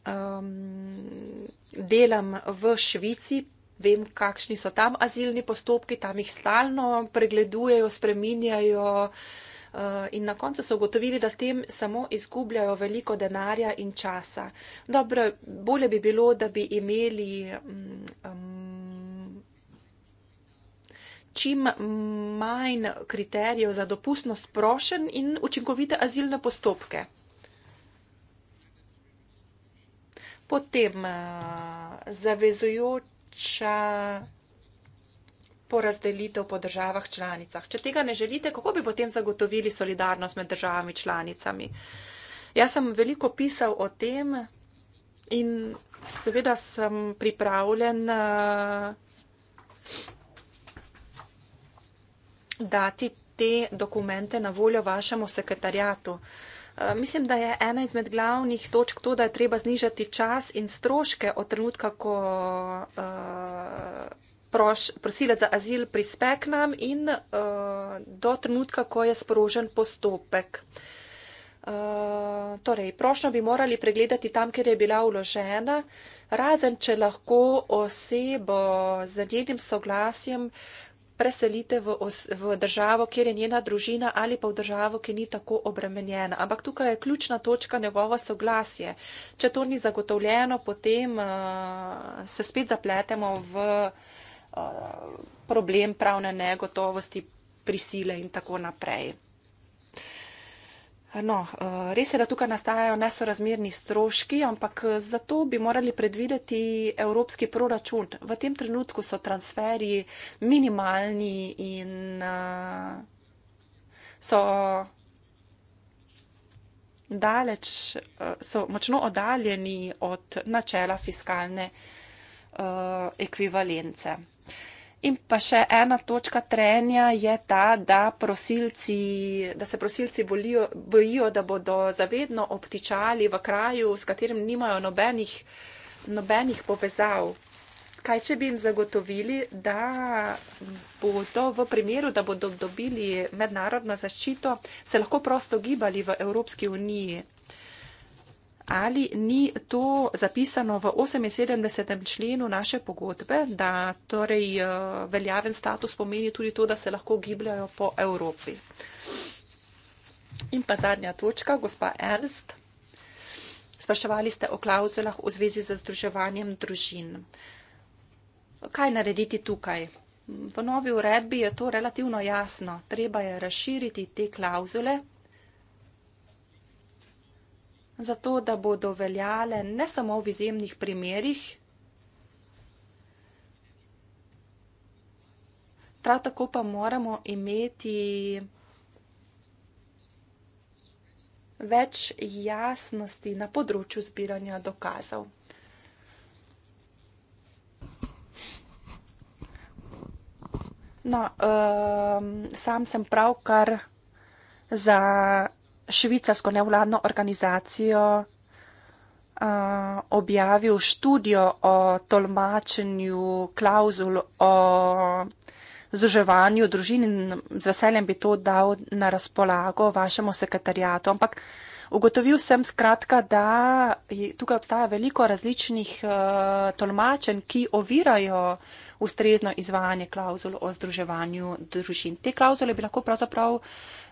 Um, delam v Švici, vem, kakšni so tam azilni postopki, tam jih stalno pregledujejo, spreminjajo. Uh, Eh, in na koncu so ugotovili, da s tem samo izgubljajo veliko denarja in časa. Dobro, bolje bi bilo, da bi imeli mm, mm, čim manj kriterijev za dopustnost prošen in učinkovite azilne postopke. Potem eh, zavezujoča porazdelitev po državah članicah. Če tega ne želite, kako bi potem zagotovili solidarnost med državami članicami? Jaz sem veliko pisal o tem in seveda sem pripravljen eh, dati te dokumente na voljo vašemu sekretarjatu. Eh, mislim, da je ena izmed glavnih točk to, da je treba znižati čas in stroške od trenutka, ko uh, proš, prosila za azil, prispe k nam in uh, do trenutka, ko je sprožen postopek. Uh, torej, prošnjo bi morali pregledati tam, kjer je bila uložena, razen če lahko osebo z njenim soglasjem preselite v, os, v državo, kjer je njena družina ali pa v državo, ki ni tako obremenjena. Ampak tukaj je ključna točka njegovo soglasje. Če to ni zagotovljeno, potem uh, se spet zapletemo v problem pravne negotovosti, prisile in tako naprej. No, eh, res je, da tukaj nastajajo nesorazmerni stroški, ampak eh, zato bi morali predvideti evropski proračun. V tem trenutku so transferji minimalni in eh, so, daleč, so močno oddaljeni od načela fiskalne ekvivalence. In pa še ena točka trenja je ta, da, prosilci, da se prosilci bolijo, bojijo, da bodo zavedno obtičali v kraju, s katerim nimajo nobenih, nobenih povezav. Kaj, če bi jim zagotovili, da bodo v primeru, da bodo dobili mednarodno zaščito, se lahko prosto gibali v Evropski uniji ali ni to zapisano v 78. členu naše pogodbe, da torej eh, veljaven status pomeni tudi to, da se lahko gibljajo po Evropi. In pa zadnja točka, gospa Ernst. Spraševali ste o klauzulah v zvezi z združevanjem družin. Kaj narediti tukaj? V novi uredbi je to relativno jasno. Treba je razširiti te klauzule, zato da bodo veljale ne samo v izjemnih primerih, prav tako pa moramo imeti več jasnosti na področju zbiranja dokazov. No, um, sam sem pravkar za švicarsko nevladno organizacijo uh, objavil študijo o tolmačenju klauzul o združevanju družin in z veseljem bi to dal na razpolago vašemu sekretarijatu. Ampak ugotovil sem skratka, da tukaj obstaja veliko različnih uh, tolmačen, ki ovirajo ustrezno izvajanje klauzul o združevanju družin. Te klauzule bi lahko pravzaprav. Prav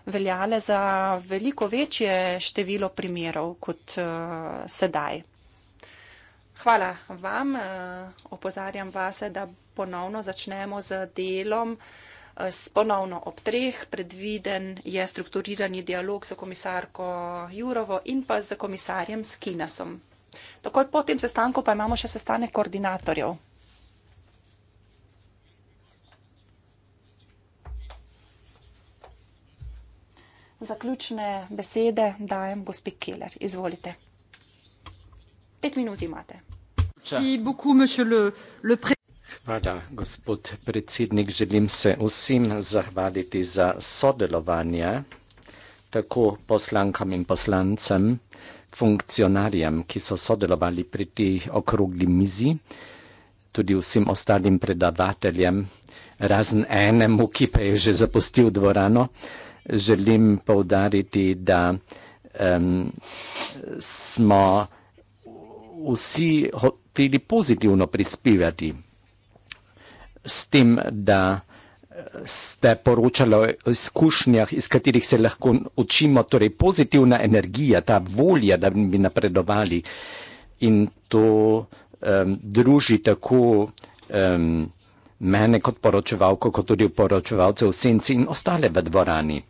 veljale za veliko večje število primerov kot uh, sedaj. Hvala vam. Uh, opozarjam vas, da ponovno začnemo z delom. Uh, ponovno ob treh predviden je strukturirani dialog z komisarko Jurovo in pa z komisarjem Skinasom. Takoj po tem sestanku pa imamo še sestanek koordinatorjev. Zaključne besede dajem gospe Keller. Izvolite. Pet minut imate. Hvala, gospod predsednik. Želim se vsem zahvaliti za sodelovanje, tako poslankam in poslancem, funkcionarjem, ki so sodelovali pri tej okrogli mizi, tudi vsem ostalim predavateljem, razen enemu, ki pa je že zapustil dvorano želim povdariti, da um, smo vsi hoteli pozitivno prispevati s tem, da ste poročali o izkušnjah, iz katerih se lahko učimo, torej pozitivna energija, ta volja, da bi napredovali in to um, druži tako um, mene kot poročevalko, kot tudi poročevalce v senci in ostale v dvorani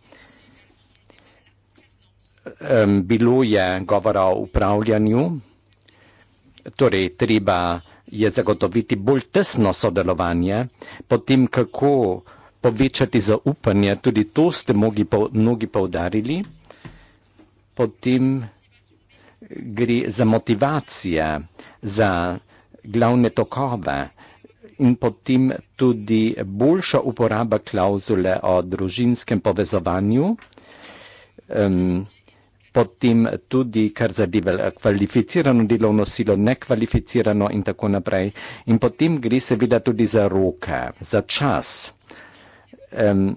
um, bilo je govora o upravljanju, torej treba je zagotoviti bolj tesno sodelovanje, potem kako povečati zaupanje, tudi to ste mogi, po, mnogi povdarili, potem gre za motivacije, za glavne tokove in potem tudi boljša uporaba klauzule o družinskem povezovanju. Um, potem tudi kar zadeve eh, kvalificirano delovno silo, nekvalificirano in tako naprej. In potem gre seveda tudi za roke, za čas. Um,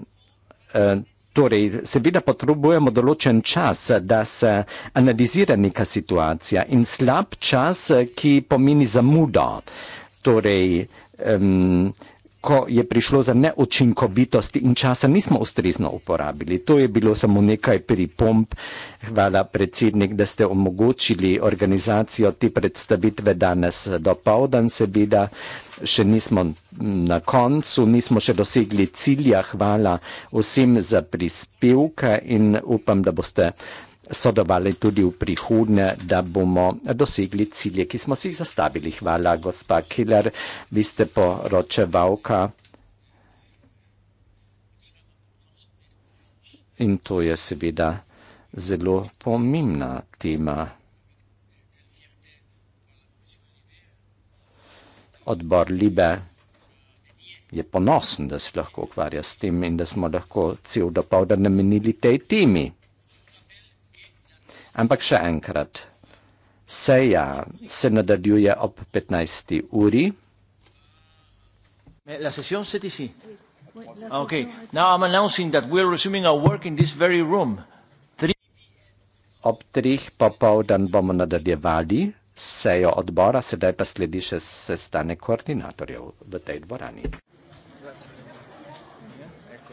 um, Torej, seveda potrebujemo določen čas, da se analizira neka situacija in slab čas, ki pomeni zamudo. Torej, um, ko je prišlo za neučinkovitosti in časa nismo ustrezno uporabili. To je bilo samo nekaj pripomp. Hvala, predsednik, da ste omogočili organizacijo te predstavitve danes do povdan, seveda. Še nismo na koncu, nismo še dosegli cilja. Hvala vsem za prispevke in upam, da boste sodelovali tudi v prihodnje, da bomo dosegli cilje, ki smo si jih zastavili. Hvala, gospa Killer, vi ste poročevalka. In to je seveda zelo pomembna tema. Odbor Libe je ponosen, da se lahko ukvarja s tem in da smo lahko cel dopoldan namenili tej temi. Ampak še enkrat, seja se nadaljuje ob 15. uri. La session se ti si. Ah, ok, now I'm announcing that we're resuming our work in this very room. Ob trih popovdan bomo nadaljevali sejo odbora, sedaj pa sledi še sestanek koordinatorjev v tej dvorani.